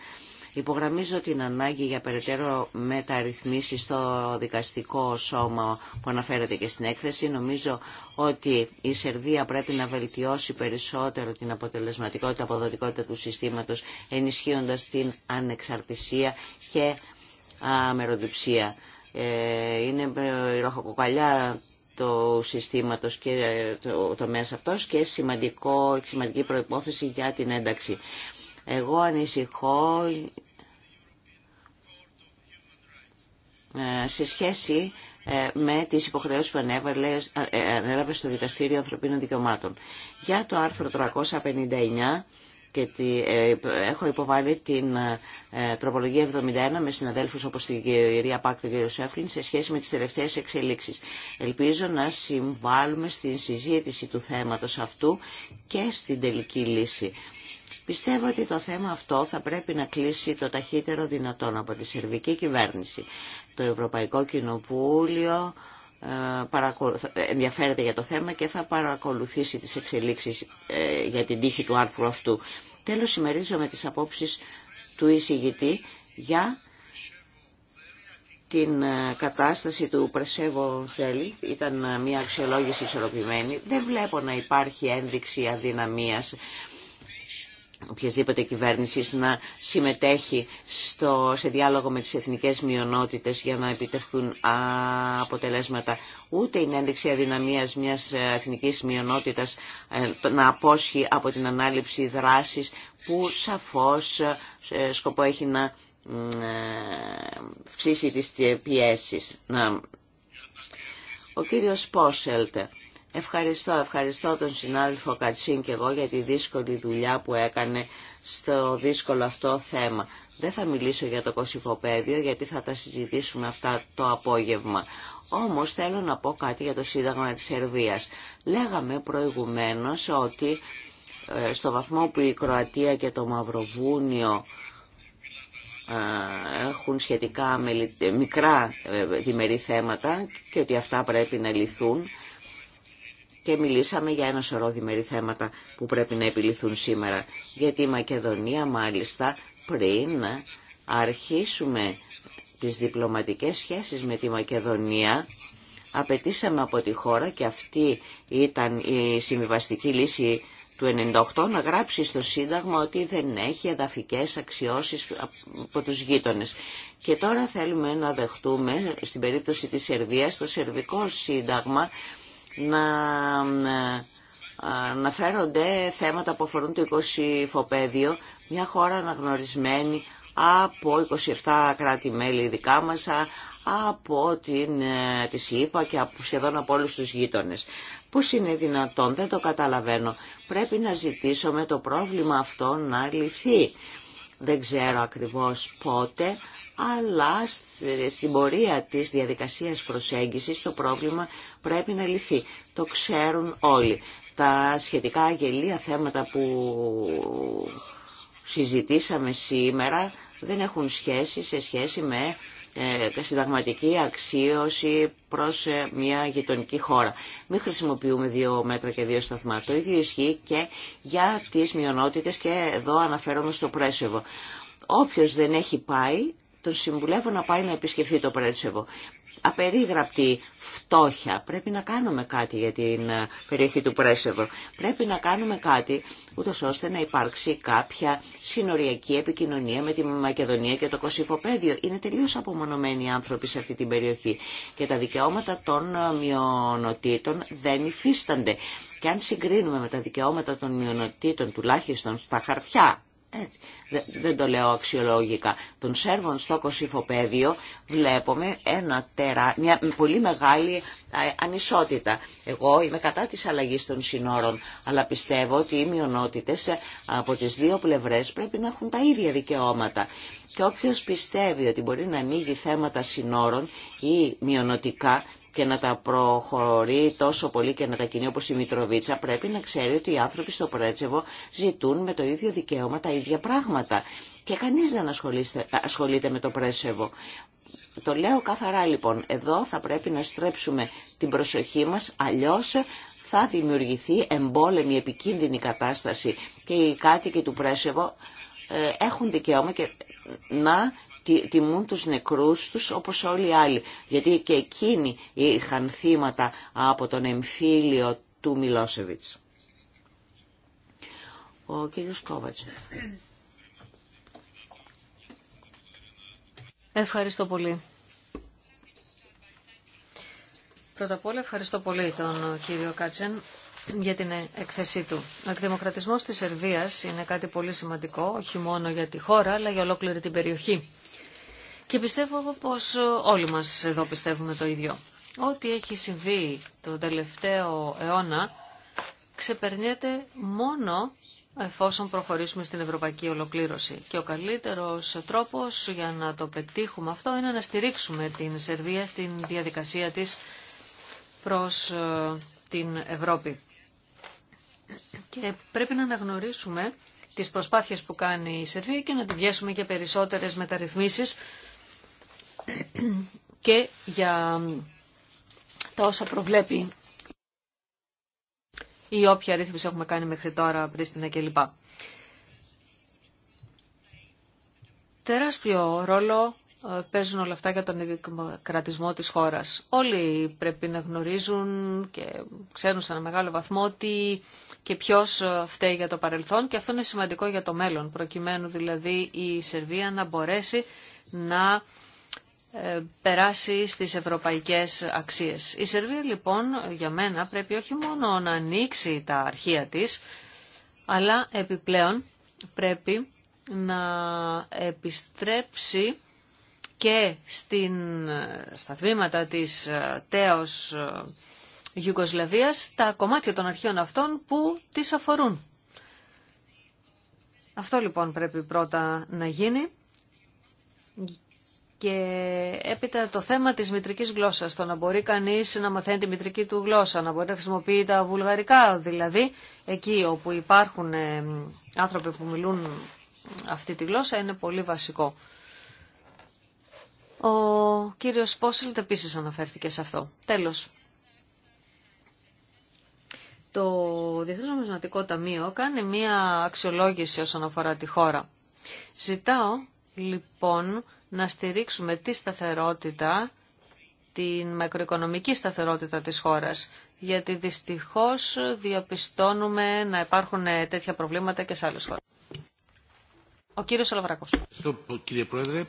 Υπογραμμίζω την ανάγκη για περαιτέρω μεταρρυθμίσει στο δικαστικό σώμα που αναφέρεται και στην έκθεση. Νομίζω ότι η Σερβία πρέπει να βελτιώσει περισσότερο την αποτελεσματικότητα, αποδοτικότητα του συστήματος, ενισχύοντας την ανεξαρτησία και αμεροληψία. Ε, είναι η ε, ροχοκοκαλιά του συστήματος και ε, το τομέας αυτός και σημαντικό, σημαντική προϋπόθεση για την ένταξη. Εγώ ανησυχώ ε, σε σχέση ε, με τις υποχρεώσεις που ε, ανέλαβε στο Δικαστήριο Ανθρωπίνων Δικαιωμάτων. Για το άρθρο 359 και τη, έχω υποβάλει την τροπολογία 71 με συναδέλφους όπως την κυρία Πάκτο και κύριο Σέφλιν σε σχέση με τις τελευταίες εξελίξεις. Ελπίζω να συμβάλλουμε στην συζήτηση του θέματος αυτού και στην τελική λύση. Πιστεύω ότι το θέμα αυτό θα πρέπει να κλείσει το ταχύτερο δυνατόν από τη σερβική κυβέρνηση. Το Ευρωπαϊκό Κοινοβούλιο ε, ε, ενδιαφέρεται για το θέμα και θα παρακολουθήσει τις εξελίξεις ε, για την τύχη του άρθρου αυτού. Τέλος, συμμερίζομαι τις απόψεις του εισηγητή για την κατάσταση του Πρεσέβο Θέλη. Ήταν μια αξιολόγηση ισορροπημένη. Δεν βλέπω να υπάρχει ένδειξη αδυναμίας οποιασδήποτε κυβέρνηση να συμμετέχει στο, σε διάλογο με τις εθνικές μειονότητες για να επιτευχθούν αποτελέσματα. Ούτε είναι ένδειξη αδυναμίας μιας εθνικής μειονότητας ε, να απόσχει από την ανάληψη δράσης που σαφώς ε, σκοπό έχει να ε, αυξήσει τις πιέσεις. Να... Ο κύριος Πόσελτε Ευχαριστώ, ευχαριστώ τον συνάδελφο Κατσίν και εγώ για τη δύσκολη δουλειά που έκανε στο δύσκολο αυτό θέμα. Δεν θα μιλήσω για το κοσυφοπαίδιο γιατί θα τα συζητήσουμε αυτά το απόγευμα. Όμως θέλω να πω κάτι για το Σύνταγμα της Σερβίας. Λέγαμε προηγουμένως ότι ε, στο βαθμό που η Κροατία και το Μαυροβούνιο ε, έχουν σχετικά μικρά ε, διμερεί θέματα και ότι αυτά πρέπει να λυθούν, και μιλήσαμε για ένα σωρό διμερή θέματα που πρέπει να επιληθούν σήμερα. Γιατί η Μακεδονία μάλιστα πριν αρχίσουμε τις διπλωματικές σχέσεις με τη Μακεδονία απαιτήσαμε από τη χώρα και αυτή ήταν η συμβιβαστική λύση του 98 να γράψει στο Σύνταγμα ότι δεν έχει εδαφικές αξιώσεις από τους γείτονες. Και τώρα θέλουμε να δεχτούμε στην περίπτωση της Σερβίας το Σερβικό Σύνταγμα να αναφέρονται ε, θέματα που αφορούν το 20 φοπέδιο, μια χώρα αναγνωρισμένη από 27 κράτη-μέλη δικά μας, από την, ε, τη ΣΥΠΑ και από, σχεδόν από όλους τους γείτονες. Πώς είναι δυνατόν, δεν το καταλαβαίνω. Πρέπει να ζητήσουμε το πρόβλημα αυτό να λυθεί. Δεν ξέρω ακριβώς πότε, αλλά στην πορεία της διαδικασίας προσέγγισης το πρόβλημα πρέπει να λυθεί. Το ξέρουν όλοι. Τα σχετικά αγγελία θέματα που συζητήσαμε σήμερα δεν έχουν σχέση σε σχέση με ε, συνταγματική αξίωση προς ε, μια γειτονική χώρα. Μην χρησιμοποιούμε δύο μέτρα και δύο σταθμά. Το ίδιο ισχύει και για τις μειονότητες και εδώ αναφέρομαι στο πρέσεβο. Όποιος δεν έχει πάει τον συμβουλεύω να πάει να επισκεφθεί το Πρέτσεβο. Απερίγραπτη φτώχεια. Πρέπει να κάνουμε κάτι για την ε, περιοχή του Πρέτσεβο. Πρέπει να κάνουμε κάτι ούτως ώστε να υπάρξει κάποια συνοριακή επικοινωνία με τη Μακεδονία και το Κωσυφοπαίδιο. Είναι τελείως απομονωμένοι οι άνθρωποι σε αυτή την περιοχή και τα δικαιώματα των ε, μειονοτήτων δεν υφίστανται. Και αν συγκρίνουμε με τα δικαιώματα των μειονοτήτων τουλάχιστον στα χαρτιά δεν το λέω αξιολόγικα. Των Σέρβων στο Κωσυφοπαίδιο βλέπουμε ένα τερα... μια πολύ μεγάλη ανισότητα. Εγώ είμαι κατά της αλλαγής των συνόρων, αλλά πιστεύω ότι οι μειονότητες ε, από τις δύο πλευρές πρέπει να έχουν τα ίδια δικαιώματα. Και όποιος πιστεύει ότι μπορεί να ανοίγει θέματα συνόρων ή μειονοτικά, και να τα προχωρεί τόσο πολύ και να τα κινεί όπως η Μητροβίτσα, πρέπει να ξέρει ότι οι άνθρωποι στο Πρέτσεβο ζητούν με το ίδιο δικαίωμα τα ίδια πράγματα. Και κανείς δεν ασχολείται με το Πρέσεβο. Το λέω καθαρά λοιπόν, εδώ θα πρέπει να στρέψουμε την προσοχή μας, αλλιώς θα δημιουργηθεί εμπόλεμη επικίνδυνη κατάσταση και οι κάτοικοι του Πρέσεβο ε, έχουν δικαίωμα και να τιμούν τους νεκρούς τους όπως όλοι οι άλλοι. Γιατί και εκείνοι είχαν θύματα από τον εμφύλιο του Μιλόσεβιτς. Ο κύριος Ευχαριστώ πολύ. Πρώτα απ' όλα ευχαριστώ πολύ τον κύριο Κάτσεν για την εκθεσή του. Ο εκδημοκρατισμός της Σερβίας είναι κάτι πολύ σημαντικό, όχι μόνο για τη χώρα, αλλά για ολόκληρη την περιοχή. Και πιστεύω πως όλοι μας εδώ πιστεύουμε το ίδιο. Ό,τι έχει συμβεί τον τελευταίο αιώνα ξεπερνιέται μόνο εφόσον προχωρήσουμε στην ευρωπαϊκή ολοκλήρωση. Και ο καλύτερος τρόπος για να το πετύχουμε αυτό είναι να στηρίξουμε την Σερβία στην διαδικασία της προς ε, την Ευρώπη. Και πρέπει να αναγνωρίσουμε τις προσπάθειες που κάνει η Σερβία και να τη βιέσουμε και περισσότερες μεταρρυθμίσεις και για τα όσα προβλέπει ή όποια ρύθμιση έχουμε κάνει μέχρι τώρα, Πρίστινα κλπ. Τεράστιο ρόλο ε, παίζουν όλα αυτά για τον κρατισμό της χώρας. Όλοι πρέπει να γνωρίζουν και ξέρουν σε ένα μεγάλο βαθμό ότι και ποιος ε, φταίει για το παρελθόν και αυτό είναι σημαντικό για το μέλλον, προκειμένου δηλαδή η Σερβία να μπορέσει να ε, περάσει στις ευρωπαϊκές αξίες. Η Σερβία λοιπόν για μένα πρέπει όχι μόνο να ανοίξει τα αρχεία της, αλλά επιπλέον πρέπει να επιστρέψει και στην, στα θμήματα της ε, τέος Γιουγκοσλαβίας... Ε, τα κομμάτια των αρχείων αυτών που τις αφορούν. Αυτό λοιπόν πρέπει πρώτα να γίνει και έπειτα το θέμα της μητρικής γλώσσας, το να μπορεί κανείς να μαθαίνει τη μητρική του γλώσσα, να μπορεί να χρησιμοποιεί τα βουλγαρικά δηλαδή, εκεί όπου υπάρχουν ε, άνθρωποι που μιλούν αυτή τη γλώσσα είναι πολύ βασικό. Ο κύριος Πόσελτ επίσης αναφέρθηκε σε αυτό. Τέλος. Το Διεθνές Νομισματικό Ταμείο κάνει μία αξιολόγηση όσον αφορά τη χώρα. Ζητάω λοιπόν να στηρίξουμε τη σταθερότητα, την μακροοικονομική σταθερότητα της χώρας, γιατί δυστυχώς διαπιστώνουμε να υπάρχουν τέτοια προβλήματα και σε άλλες χώρες. Ο κύριος Αλαβράκος. Ευχαριστώ κύριε Πρόεδρε.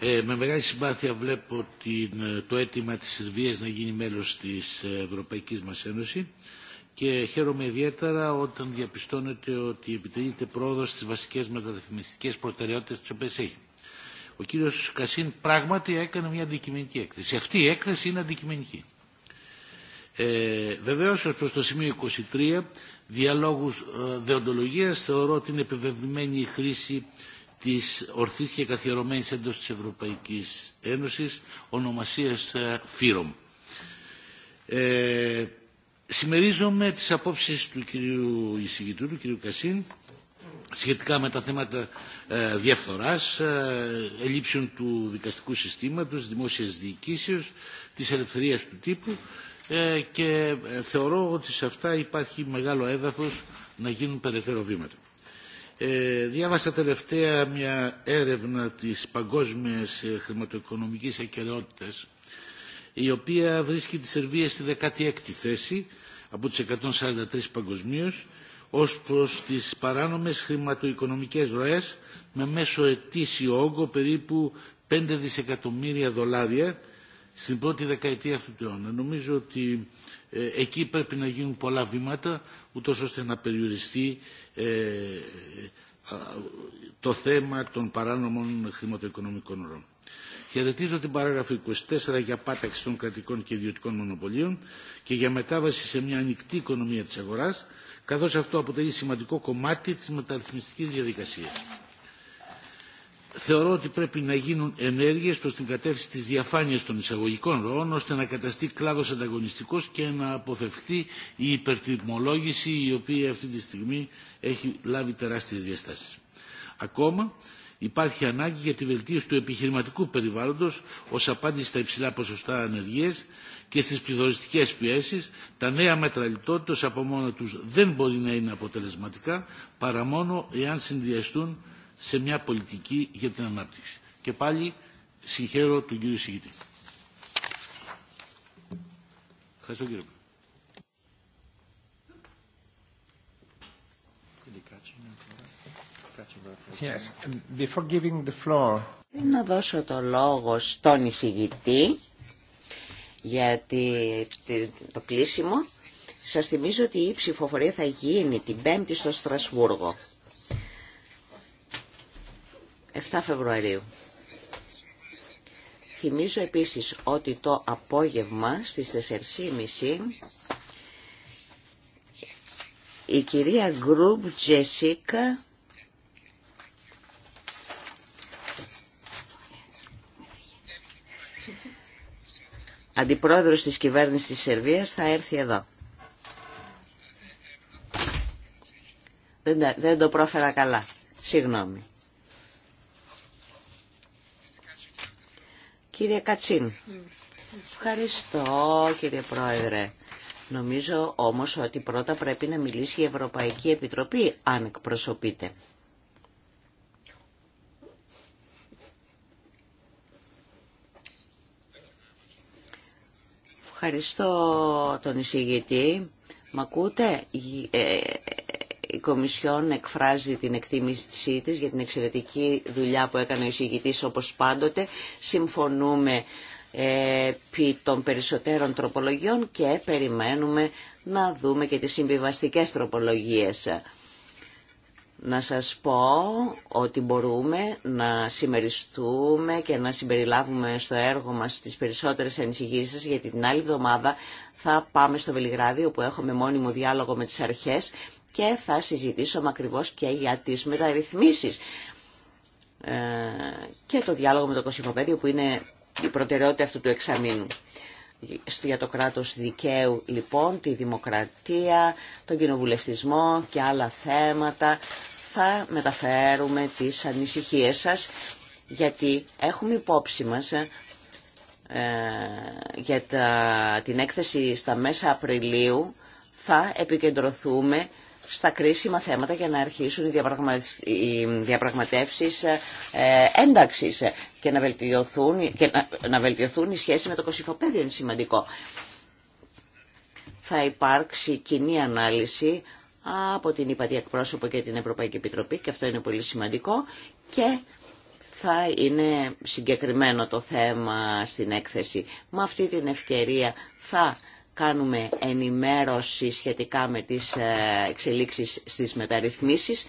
Ε, με μεγάλη συμπάθεια βλέπω την, το αίτημα της Σερβίας να γίνει μέλος της Ευρωπαϊκής μας Ένωσης και χαίρομαι ιδιαίτερα όταν διαπιστώνεται ότι επιτελείται πρόοδος στις βασικές μεταρρυθμιστικές προτεραιότητες τις οποίες έχει ο κύριος Κασίν πράγματι έκανε μια αντικειμενική έκθεση. Αυτή η έκθεση είναι αντικειμενική. Ε, βεβαίως ως προς το σημείο 23 διαλόγους ε, δεοντολογίας θεωρώ την επιβεβαιωμένη χρήση της ορθής και καθιερωμένης εντός της Ευρωπαϊκής Ένωσης ονομασίας ε, ΦΥΡΟΜ. Ε, συμμερίζομαι τις απόψεις του κυρίου εισηγητού, του κυρίου Κασίν σχετικά με τα θέματα ε, διαφθοράς, ε, ελλείψεων του δικαστικού συστήματος, δημόσιας διοικήσεως, της ελευθερίας του τύπου ε, και θεωρώ ότι σε αυτά υπάρχει μεγάλο έδαφος να γίνουν περαιτέρω βήματα. διάβασα τελευταία μια έρευνα της παγκόσμιας χρηματοοικονομικής ακεραιότητας η οποία βρίσκει τη Σερβία στη 16η θέση από τις 143 παγκοσμίως ως προς τις παράνομες χρηματοοικονομικές ροές με μέσο ετήσιο όγκο περίπου 5 δισεκατομμύρια δολάρια στην πρώτη δεκαετία αυτού του αιώνα. Νομίζω ότι ε, εκεί πρέπει να γίνουν πολλά βήματα ούτως ώστε να περιοριστεί ε, το θέμα των παράνομων χρηματοοικονομικών ροών. Χαιρετίζω την παράγραφο 24 για πάταξη των κρατικών και ιδιωτικών μονοπωλίων και για μετάβαση σε μια ανοιχτή οικονομία της αγοράς καθώς αυτό αποτελεί σημαντικό κομμάτι της μεταρρυθμιστικής διαδικασίας. Θεωρώ ότι πρέπει να γίνουν ενέργειες προς την κατεύθυνση της διαφάνειας των εισαγωγικών ροών, ώστε να καταστεί κλάδος ανταγωνιστικός και να αποφευχθεί η υπερτιμολόγηση η οποία αυτή τη στιγμή έχει λάβει τεράστιες διαστάσεις. Ακόμα, Υπάρχει ανάγκη για τη βελτίωση του επιχειρηματικού περιβάλλοντος ως απάντηση στα υψηλά ποσοστά ανεργίας και στις πληθωριστικές πιέσεις, τα νέα μέτρα λιτότητας από μόνα τους δεν μπορεί να είναι αποτελεσματικά παρά μόνο εάν συνδυαστούν σε μια πολιτική για την ανάπτυξη. Και πάλι συγχαίρω τον κύριο Σιγητή. Ευχαριστώ κύριε Yes. Before giving the floor... Να δώσω το λόγο στον εισηγητή για το κλείσιμο. Σας θυμίζω ότι η ψηφοφορία θα γίνει την 5η στο Στρασβούργο. 7 Φεβρουαρίου. Θυμίζω επίσης ότι το απόγευμα στις 4.30 η κυρία Γκρουμπ Τζεσίκα αντιπρόεδρος της κυβέρνησης της Σερβίας θα έρθει εδώ. Δεν, το πρόφερα καλά. Συγγνώμη. Κύριε Κατσίν, ευχαριστώ κύριε Πρόεδρε. Νομίζω όμως ότι πρώτα πρέπει να μιλήσει η Ευρωπαϊκή Επιτροπή αν εκπροσωπείται. Ευχαριστώ τον εισηγητή. Μ' ακούτε, ε, η Κομισιόν εκφράζει την εκτίμησή της για την εξαιρετική δουλειά που έκανε ο εισηγητής όπως πάντοτε. Συμφωνούμε ε, επί των περισσότερων τροπολογιών και περιμένουμε να δούμε και τις συμβιβαστικές τροπολογίες να σας πω ότι μπορούμε να συμμεριστούμε και να συμπεριλάβουμε στο έργο μας τις περισσότερες ανησυχίες σας, γιατί την άλλη εβδομάδα θα πάμε στο Βελιγράδι, όπου έχουμε μόνιμο διάλογο με τις αρχές και θα συζητήσουμε ακριβώς και για τις μεταρρυθμίσεις ε, και το διάλογο με το Κωσυφοπέδιο που είναι η προτεραιότητα αυτού του εξαμήνου για το κράτος δικαίου λοιπόν, τη δημοκρατία, τον κοινοβουλευτισμό και άλλα θέματα. Θα μεταφέρουμε τις ανησυχίες σας γιατί έχουμε υπόψη μας ε, ε, για την έκθεση στα μέσα Απριλίου θα επικεντρωθούμε στα κρίσιμα θέματα για να αρχίσουν οι διαπραγματεύσεις ε, ένταξης και να βελτιωθούν, και να, βελτιωθούν οι σχέσεις με το κοσυφοπέδιο είναι σημαντικό. Θα υπάρξει κοινή ανάλυση από την ΥΠΑΤΗ εκπρόσωπο και την Ευρωπαϊκή Επιτροπή και αυτό είναι πολύ σημαντικό και θα είναι συγκεκριμένο το θέμα στην έκθεση. Με αυτή την ευκαιρία θα κάνουμε ενημέρωση σχετικά με τις ε, εξελίξεις στις μεταρρυθμίσεις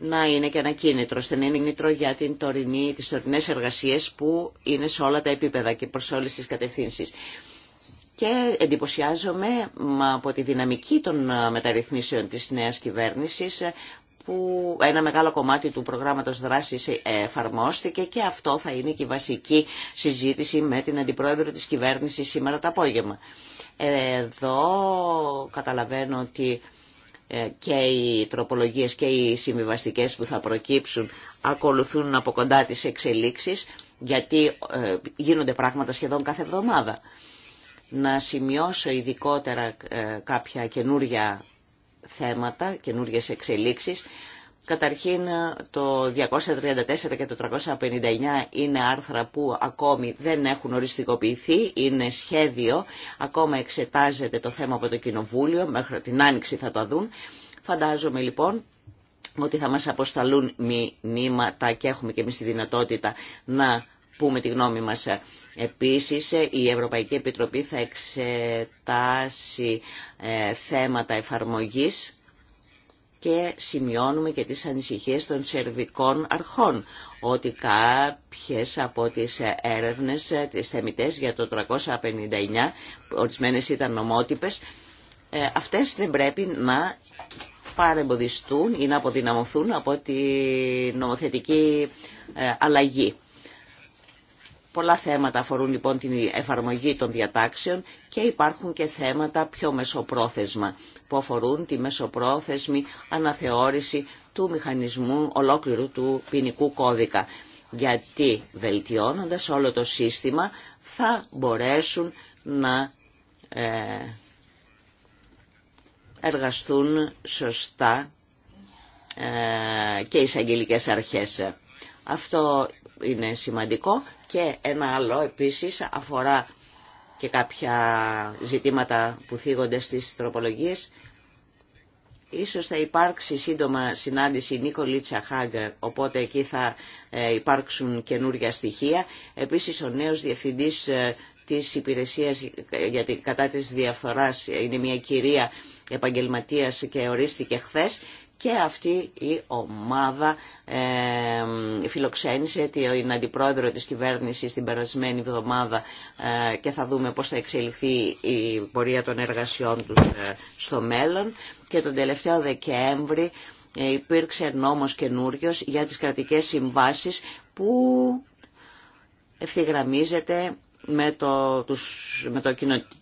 να είναι και ένα κίνητρο, στενή κίνητρο για την τωρινή, τις τωρινές εργασίες που είναι σε όλα τα επίπεδα και προς όλες τις κατευθύνσεις. Και εντυπωσιάζομαι από τη δυναμική των ε, μεταρρυθμίσεων της νέας κυβέρνησης που ένα μεγάλο κομμάτι του προγράμματος δράσης ε, εφαρμόστηκε και αυτό θα είναι και η βασική συζήτηση με την Αντιπρόεδρο της Κυβέρνησης σήμερα το απόγευμα. Εδώ καταλαβαίνω ότι ε, και οι τροπολογίες και οι συμβιβαστικές που θα προκύψουν ακολουθούν από κοντά τις εξελίξεις γιατί ε, γίνονται πράγματα σχεδόν κάθε εβδομάδα. Να σημειώσω ειδικότερα κάποια καινούρια θέματα, καινούριε εξελίξεις. Καταρχήν το 234 και το 359 είναι άρθρα που ακόμη δεν έχουν οριστικοποιηθεί, είναι σχέδιο, ακόμα εξετάζεται το θέμα από το Κοινοβούλιο, μέχρι την Άνοιξη θα το δουν. Φαντάζομαι λοιπόν ότι θα μας αποσταλούν μηνύματα και έχουμε και εμείς τη δυνατότητα να πούμε τη γνώμη μας. Επίσης, η Ευρωπαϊκή Επιτροπή θα εξετάσει ε, θέματα εφαρμογής και σημειώνουμε και τις ανησυχίες των σερβικών αρχών ότι κάποιες από τις έρευνες, ε, τις θεμητές για το 359, ορισμένες ήταν νομότυπες, ε, αυτές δεν πρέπει να παρεμποδιστούν ή να αποδυναμωθούν από τη νομοθετική αλλαγή. Πολλά θέματα αφορούν λοιπόν την εφαρμογή των διατάξεων και υπάρχουν και θέματα πιο μεσοπρόθεσμα που αφορούν τη μεσοπρόθεσμη αναθεώρηση του μηχανισμού ολόκληρου του ποινικού κώδικα. Γιατί βελτιώνοντας όλο το σύστημα θα μπορέσουν να ε, εργαστούν σωστά ε, και οι εισαγγελικές αρχές. Αυτό είναι σημαντικό και ένα άλλο επίσης αφορά και κάποια ζητήματα που θίγονται στις τροπολογίες. Ίσως θα υπάρξει σύντομα συνάντηση Λίτσα Χάγκερ, οπότε εκεί θα ε, υπάρξουν καινούργια στοιχεία. Επίσης ο νέος διευθυντής ε, της υπηρεσίας ε, για την, κατά της διαφθοράς είναι μια κυρία επαγγελματίας και ορίστηκε χθες και αυτή η ομάδα ε, φιλοξένησε την αντιπρόεδρο της κυβέρνησης την περασμένη εβδομάδα ε, και θα δούμε πώς θα εξελιχθεί η πορεία των εργασιών τους ε, στο μέλλον και τον τελευταίο Δεκέμβρη ε, υπήρξε νόμος καινούριο για τις κρατικές συμβάσεις που ευθυγραμμίζεται με το, τους,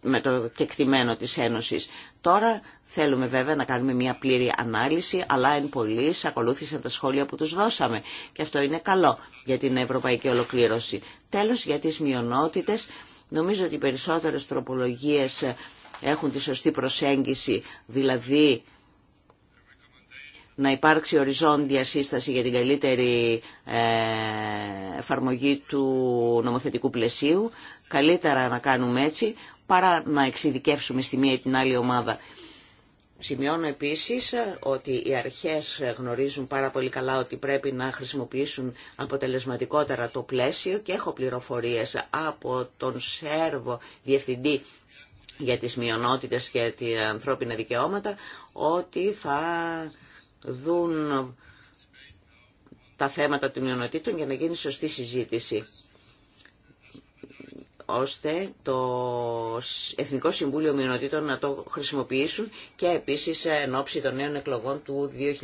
με το, το κεκτημένο της Ένωσης. Τώρα θέλουμε βέβαια να κάνουμε μια πλήρη ανάλυση, αλλά εν πολλή ακολούθησαν τα σχόλια που τους δώσαμε. Και αυτό είναι καλό για την ευρωπαϊκή ολοκλήρωση. Τέλος, για τις μειονότητες, νομίζω ότι οι περισσότερες τροπολογίες έχουν τη σωστή προσέγγιση, δηλαδή να υπάρξει οριζόντια σύσταση για την καλύτερη ε, εφαρμογή του νομοθετικού πλαισίου. Καλύτερα να κάνουμε έτσι παρά να εξειδικεύσουμε στη μία ή την άλλη ομάδα. Σημειώνω επίσης ε, ότι οι αρχές γνωρίζουν πάρα πολύ καλά ότι πρέπει να χρησιμοποιήσουν αποτελεσματικότερα το πλαίσιο και έχω πληροφορίες από τον Σέρβο Διευθυντή για τις μειονότητες και τα ανθρώπινα δικαιώματα ότι θα δουν τα θέματα των μειονοτήτων για να γίνει σωστή συζήτηση ώστε το Εθνικό Συμβούλιο Μειονοτήτων να το χρησιμοποιήσουν και επίσης εν ώψη των νέων εκλογών του 2014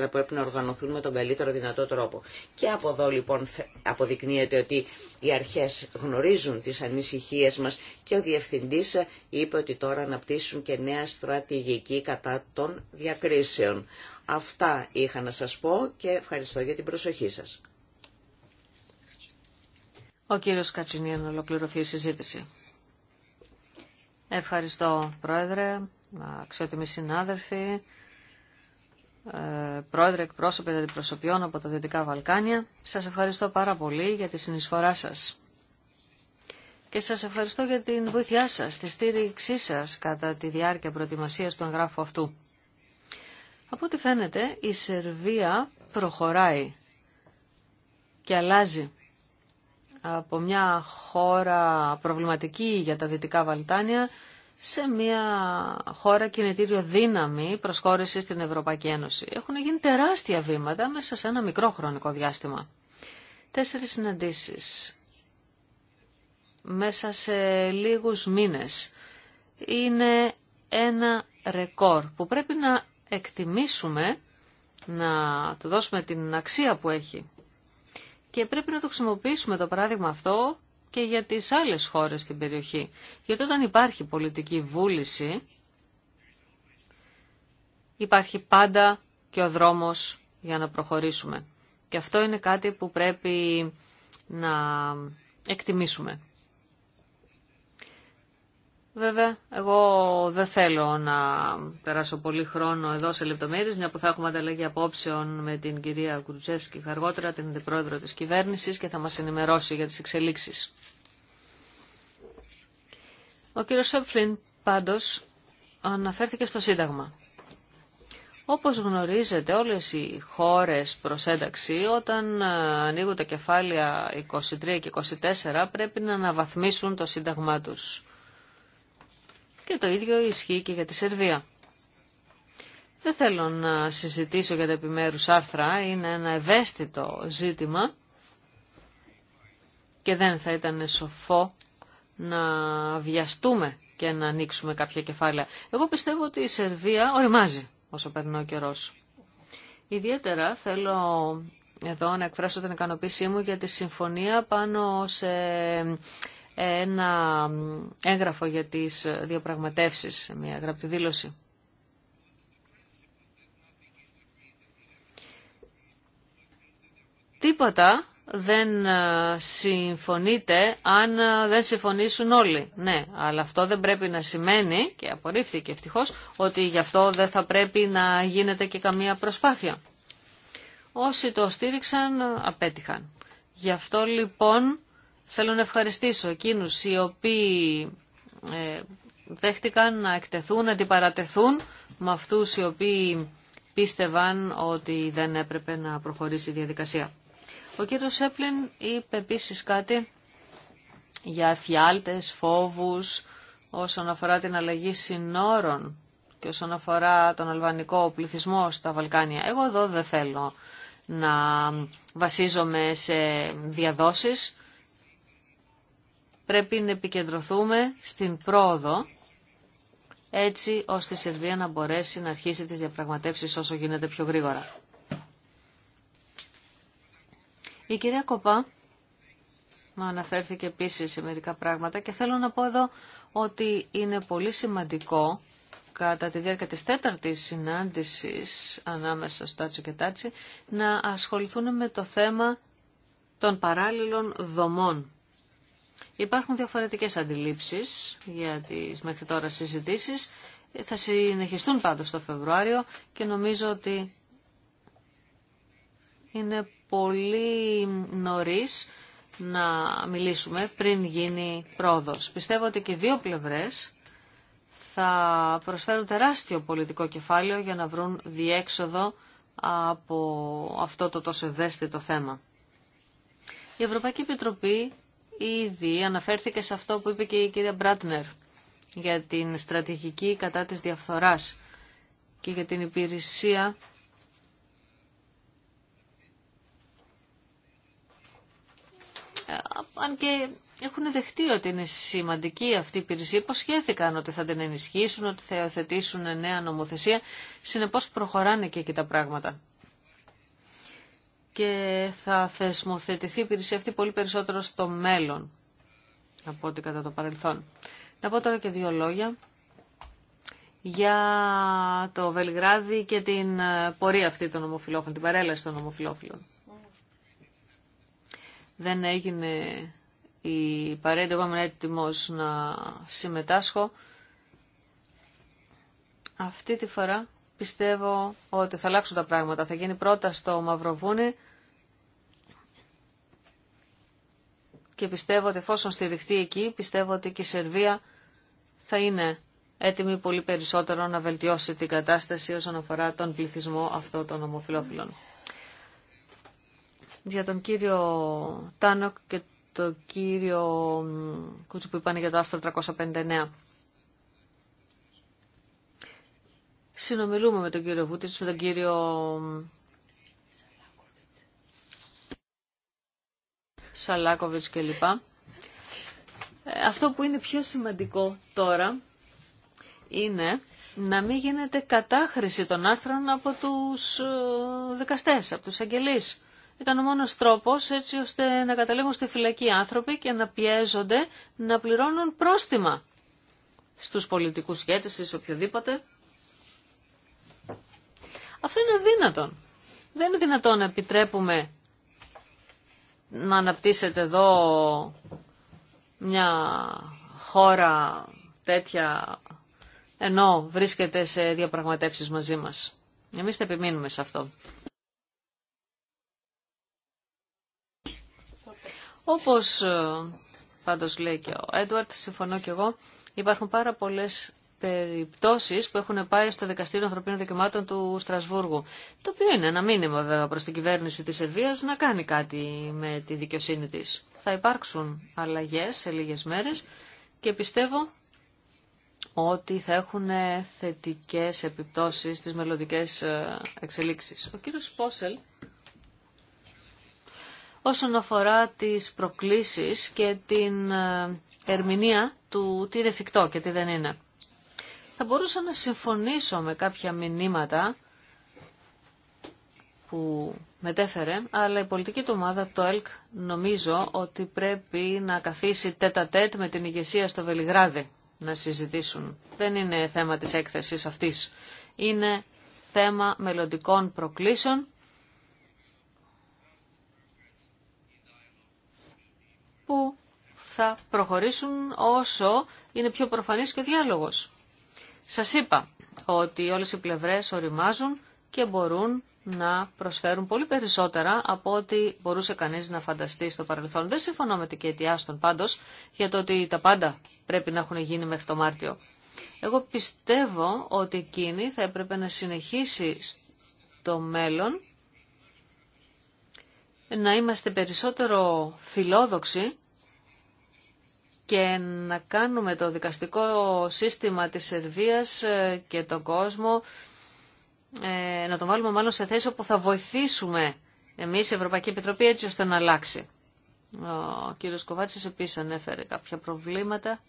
που πρέπει να οργανωθούν με τον καλύτερο δυνατό τρόπο. Και από εδώ λοιπόν αποδεικνύεται ότι οι αρχές γνωρίζουν τις ανησυχίες μας και ο Διευθυντής είπε ότι τώρα αναπτύσσουν και νέα στρατηγική κατά των διακρίσεων. Αυτά είχα να σας πω και ευχαριστώ για την προσοχή σας. Ο κύριος Κατσινίων ολοκληρωθεί η συζήτηση. Ευχαριστώ Πρόεδρε, αξιότιμοι συνάδελφοι, ε, Πρόεδρε εκπρόσωποι των αντιπροσωπιών από τα Δυτικά Βαλκάνια. Σας ευχαριστώ πάρα πολύ για τη συνεισφορά σας. Και σας ευχαριστώ για την βοήθειά σας, τη στήριξή σας κατά τη διάρκεια προετοιμασίας του εγγράφου αυτού. Από ό,τι φαίνεται η Σερβία προχωράει και αλλάζει από μια χώρα προβληματική για τα Δυτικά Βαλτάνια σε μια χώρα κινητήριο δύναμη προσχώρηση στην Ευρωπαϊκή Ένωση. Έχουν γίνει τεράστια βήματα μέσα σε ένα μικρό χρονικό διάστημα. Τέσσερις συναντήσεις μέσα σε λίγους μήνες είναι ένα ρεκόρ που πρέπει να εκτιμήσουμε, να του δώσουμε την αξία που έχει. Και πρέπει να το χρησιμοποιήσουμε το παράδειγμα αυτό και για τις άλλες χώρες στην περιοχή. Γιατί όταν υπάρχει πολιτική βούληση, υπάρχει πάντα και ο δρόμος για να προχωρήσουμε. Και αυτό είναι κάτι που πρέπει να εκτιμήσουμε. Βέβαια, εγώ δεν θέλω να περάσω πολύ χρόνο εδώ σε λεπτομέρειες, μια που θα έχουμε ανταλλαγή απόψεων με την κυρία και αργότερα, την αντιπρόεδρο τη κυβέρνηση, και θα μα ενημερώσει για τι εξελίξει. Ο κύριο Σόπφλιν πάντω, αναφέρθηκε στο Σύνταγμα. Όπω γνωρίζετε όλε οι χώρε προ ένταξη όταν ανοίγουν τα κεφάλαια 23 και 24 πρέπει να αναβαθμίσουν το Σύνταγμά του. Και το ίδιο ισχύει και για τη Σερβία. Δεν θέλω να συζητήσω για τα επιμέρους άρθρα, είναι ένα ευαίσθητο ζήτημα και δεν θα ήταν σοφό να βιαστούμε και να ανοίξουμε κάποια κεφάλαια. Εγώ πιστεύω ότι η Σερβία οριμάζει όσο περνά ο καιρό. Ιδιαίτερα θέλω εδώ να εκφράσω την ικανοποίησή μου για τη συμφωνία πάνω σε ένα έγγραφο για τις διαπραγματεύσεις, μια γραπτή δήλωση. Τίποτα δεν ε, συμφωνείτε αν ε, δεν συμφωνήσουν όλοι. Ναι, αλλά αυτό δεν πρέπει να σημαίνει, και απορρίφθηκε ευτυχώ, ότι γι' αυτό δεν θα πρέπει να γίνεται και καμία προσπάθεια. Όσοι το στήριξαν ε, απέτυχαν. Γι' αυτό λοιπόν Θέλω να ευχαριστήσω εκείνους οι οποίοι ε, δέχτηκαν να εκτεθούν, να αντιπαρατεθούν με αυτούς οι οποίοι πίστευαν ότι δεν έπρεπε να προχωρήσει η διαδικασία. Ο κύριος Σέπλιν είπε επίση κάτι για φιάλτες, φόβους, όσον αφορά την αλλαγή συνόρων και όσον αφορά τον αλβανικό πληθυσμό στα Βαλκάνια. Εγώ εδώ δεν θέλω να βασίζομαι σε διαδόσεις. Πρέπει να επικεντρωθούμε στην πρόοδο έτσι ώστε η Σερβία να μπορέσει να αρχίσει τις διαπραγματεύσεις όσο γίνεται πιο γρήγορα. Η κυρία Κοπά μου αναφέρθηκε επίσης σε μερικά πράγματα και θέλω να πω εδώ ότι είναι πολύ σημαντικό κατά τη διάρκεια της τέταρτης συνάντησης ανάμεσα στο Τάτσο και Τάτσι να ασχοληθούν με το θέμα των παράλληλων δομών Υπάρχουν διαφορετικές αντιλήψεις για τις μέχρι τώρα συζητήσεις. Θα συνεχιστούν πάντως το Φεβρουάριο και νομίζω ότι είναι πολύ νωρίς να μιλήσουμε πριν γίνει πρόοδος. Πιστεύω ότι και δύο πλευρές θα προσφέρουν τεράστιο πολιτικό κεφάλαιο για να βρουν διέξοδο από αυτό το τόσο ευαίσθητο θέμα. Η Ευρωπαϊκή Επιτροπή ήδη αναφέρθηκε σε αυτό που είπε και η κυρία Μπράτνερ για την στρατηγική κατά της διαφθοράς και για την υπηρεσία ε, αν και έχουν δεχτεί ότι είναι σημαντική αυτή η υπηρεσία, υποσχέθηκαν ότι θα την ενισχύσουν, ότι θα υιοθετήσουν νέα νομοθεσία, συνεπώς προχωράνε και εκεί τα πράγματα και θα θεσμοθετηθεί η υπηρεσία αυτή πολύ περισσότερο στο μέλλον από ό,τι κατά το παρελθόν. Να πω τώρα και δύο λόγια για το Βελιγράδι και την ε, πορεία αυτή των ομοφυλόφιλων, την παρέλαση των ομοφυλόφιλων. Δεν έγινε η παρέντα, εγώ ήμουν έτοιμος να συμμετάσχω. Αυτή τη φορά πιστεύω ότι θα αλλάξουν τα πράγματα. Θα γίνει πρώτα στο Μαυροβούνι και πιστεύω ότι εφόσον στηριχτεί εκεί, πιστεύω ότι και η Σερβία θα είναι έτοιμη πολύ περισσότερο να βελτιώσει την κατάσταση όσον αφορά τον πληθυσμό αυτών των ομοφυλόφιλων. Για τον κύριο Τάνοκ και τον κύριο Κούτσου που είπαν για το άρθρο 359. Συνομιλούμε με τον κύριο Βούτιτς, με τον κύριο Σαλάκοβιτς κλπ. Ε, αυτό που είναι πιο σημαντικό τώρα είναι να μην γίνεται κατάχρηση των άρθρων από τους ε, δικαστές, από τους αγγελείς. Ήταν ο μόνος τρόπος έτσι ώστε να καταλήγουν στη φυλακή άνθρωποι και να πιέζονται να πληρώνουν πρόστιμα στους πολιτικούς σχέτες, ή οποιοδήποτε. Αυτό είναι δυνατόν. Δεν είναι δυνατόν να επιτρέπουμε να αναπτύσσεται εδώ μια χώρα τέτοια ενώ βρίσκεται σε διαπραγματεύσεις μαζί μας. Εμείς θα επιμείνουμε σε αυτό. Όπως ε, πάντως λέει και ο Έντουαρτ, συμφωνώ και εγώ, υπάρχουν πάρα πολλές περιπτώσεις που έχουν πάει στο Δικαστήριο Ανθρωπίνων Δικαιωμάτων του Στρασβούργου. Το οποίο είναι ένα μήνυμα βέβαια προς την κυβέρνηση της Σερβίας να κάνει κάτι με τη δικαιοσύνη της. Θα υπάρξουν αλλαγές σε λίγες μέρες και πιστεύω ότι θα έχουν θετικές επιπτώσεις στις μελλοντικέ ε, εξελίξεις. Ο κύριος Πόσελ, όσον αφορά τις προκλήσεις και την ε, ερμηνεία του τι είναι εφικτό και τι δεν είναι θα μπορούσα να συμφωνήσω με κάποια μηνύματα που μετέφερε, αλλά η πολιτική του ομάδα, το ΕΛΚ, νομίζω ότι πρέπει να καθίσει τέτα τέτ με την ηγεσία στο Βελιγράδι να συζητήσουν. Δεν είναι θέμα της έκθεσης αυτής. Είναι θέμα μελλοντικών προκλήσεων που θα προχωρήσουν όσο είναι πιο προφανής και ο διάλογος. Σας είπα ότι όλες οι πλευρές οριμάζουν και μπορούν να προσφέρουν πολύ περισσότερα από ό,τι μπορούσε κανείς να φανταστεί στο παρελθόν. Δεν συμφωνώ με την Κέτη Άστον πάντως για το ότι τα πάντα πρέπει να έχουν γίνει μέχρι το Μάρτιο. Εγώ πιστεύω ότι εκείνη θα έπρεπε να συνεχίσει στο μέλλον να είμαστε περισσότερο φιλόδοξοι και να κάνουμε το δικαστικό σύστημα της Σερβίας ε, και τον κόσμο ε, να το βάλουμε μάλλον σε θέση όπου θα βοηθήσουμε εμείς η Ευρωπαϊκή Επιτροπή έτσι ώστε να αλλάξει. Ο κύριος Κοβάτσης επίσης ανέφερε κάποια προβλήματα.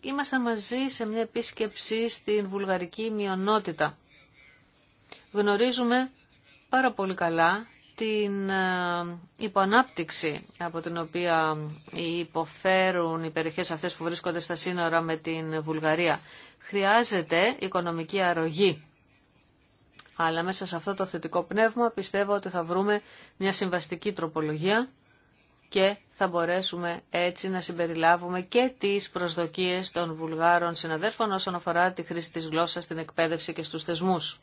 Είμαστε μαζί σε μια επίσκεψη στην βουλγαρική μειονότητα. Γνωρίζουμε πάρα πολύ καλά την ε, υποανάπτυξη από την οποία υποφέρουν οι περιοχές αυτές που βρίσκονται στα σύνορα με την Βουλγαρία. Χρειάζεται οικονομική αρρωγή. Αλλά μέσα σε αυτό το θετικό πνεύμα πιστεύω ότι θα βρούμε μια συμβαστική τροπολογία και θα μπορέσουμε έτσι να συμπεριλάβουμε και τις προσδοκίες των Βουλγάρων συναδέρφων όσον αφορά τη χρήση της γλώσσας στην εκπαίδευση και στους θεσμούς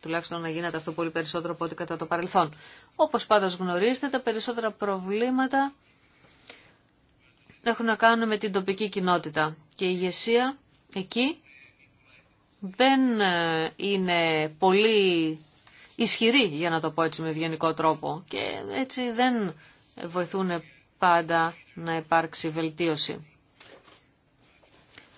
τουλάχιστον να γίνεται αυτό πολύ περισσότερο από ό,τι κατά το παρελθόν. Όπως πάντως γνωρίζετε, τα περισσότερα προβλήματα έχουν να κάνουν με την τοπική κοινότητα και η ηγεσία εκεί δεν ε, είναι πολύ ισχυρή, για να το πω έτσι με ευγενικό τρόπο και έτσι δεν βοηθούν πάντα να υπάρξει βελτίωση.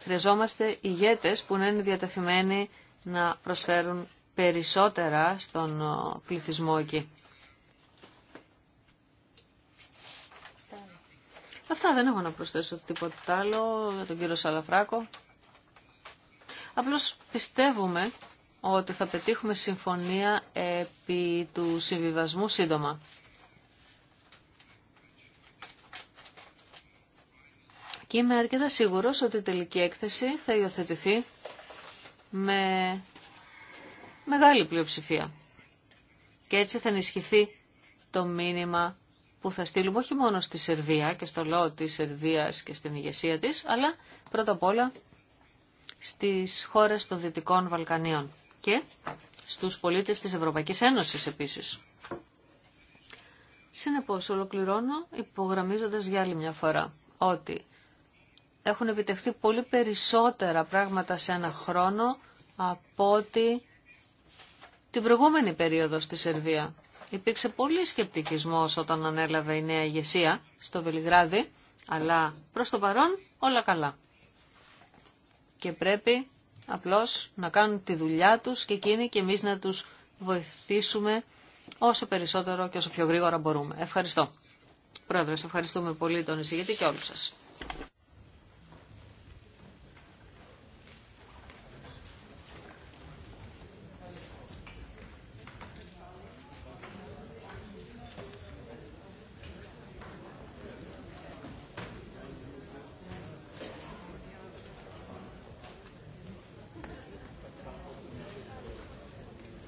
Χρειαζόμαστε ηγέτες που να είναι διατεθειμένοι να προσφέρουν περισσότερα στον πληθυσμό εκεί. Αυτά δεν έχω να προσθέσω τίποτα άλλο για τον κύριο Σαλαφράκο. Απλώς πιστεύουμε ότι θα πετύχουμε συμφωνία επί του συμβιβασμού σύντομα. Και είμαι αρκετά σίγουρος ότι η τελική έκθεση θα υιοθετηθεί με μεγάλη πλειοψηφία. Και έτσι θα ενισχυθεί το μήνυμα που θα στείλουμε όχι μόνο στη Σερβία και στο λαό της Σερβίας και στην ηγεσία της, αλλά πρώτα απ' όλα στις χώρες των Δυτικών Βαλκανίων και στους πολίτες της Ευρωπαϊκής Ένωσης επίσης. Συνεπώς ολοκληρώνω υπογραμμίζοντας για άλλη μια φορά ότι έχουν επιτευχθεί πολύ περισσότερα πράγματα σε ένα χρόνο από ότι την προηγούμενη περίοδο στη Σερβία. Υπήρξε πολύ σκεπτικισμός όταν ανέλαβε η νέα ηγεσία στο Βελιγράδι, αλλά προς το παρόν όλα καλά. Και πρέπει απλώς να κάνουν τη δουλειά τους και εκείνοι και εμείς να τους βοηθήσουμε όσο περισσότερο και όσο πιο γρήγορα μπορούμε. Ευχαριστώ. Πρόεδρε, ευχαριστούμε πολύ τον εισηγητή και όλους σας.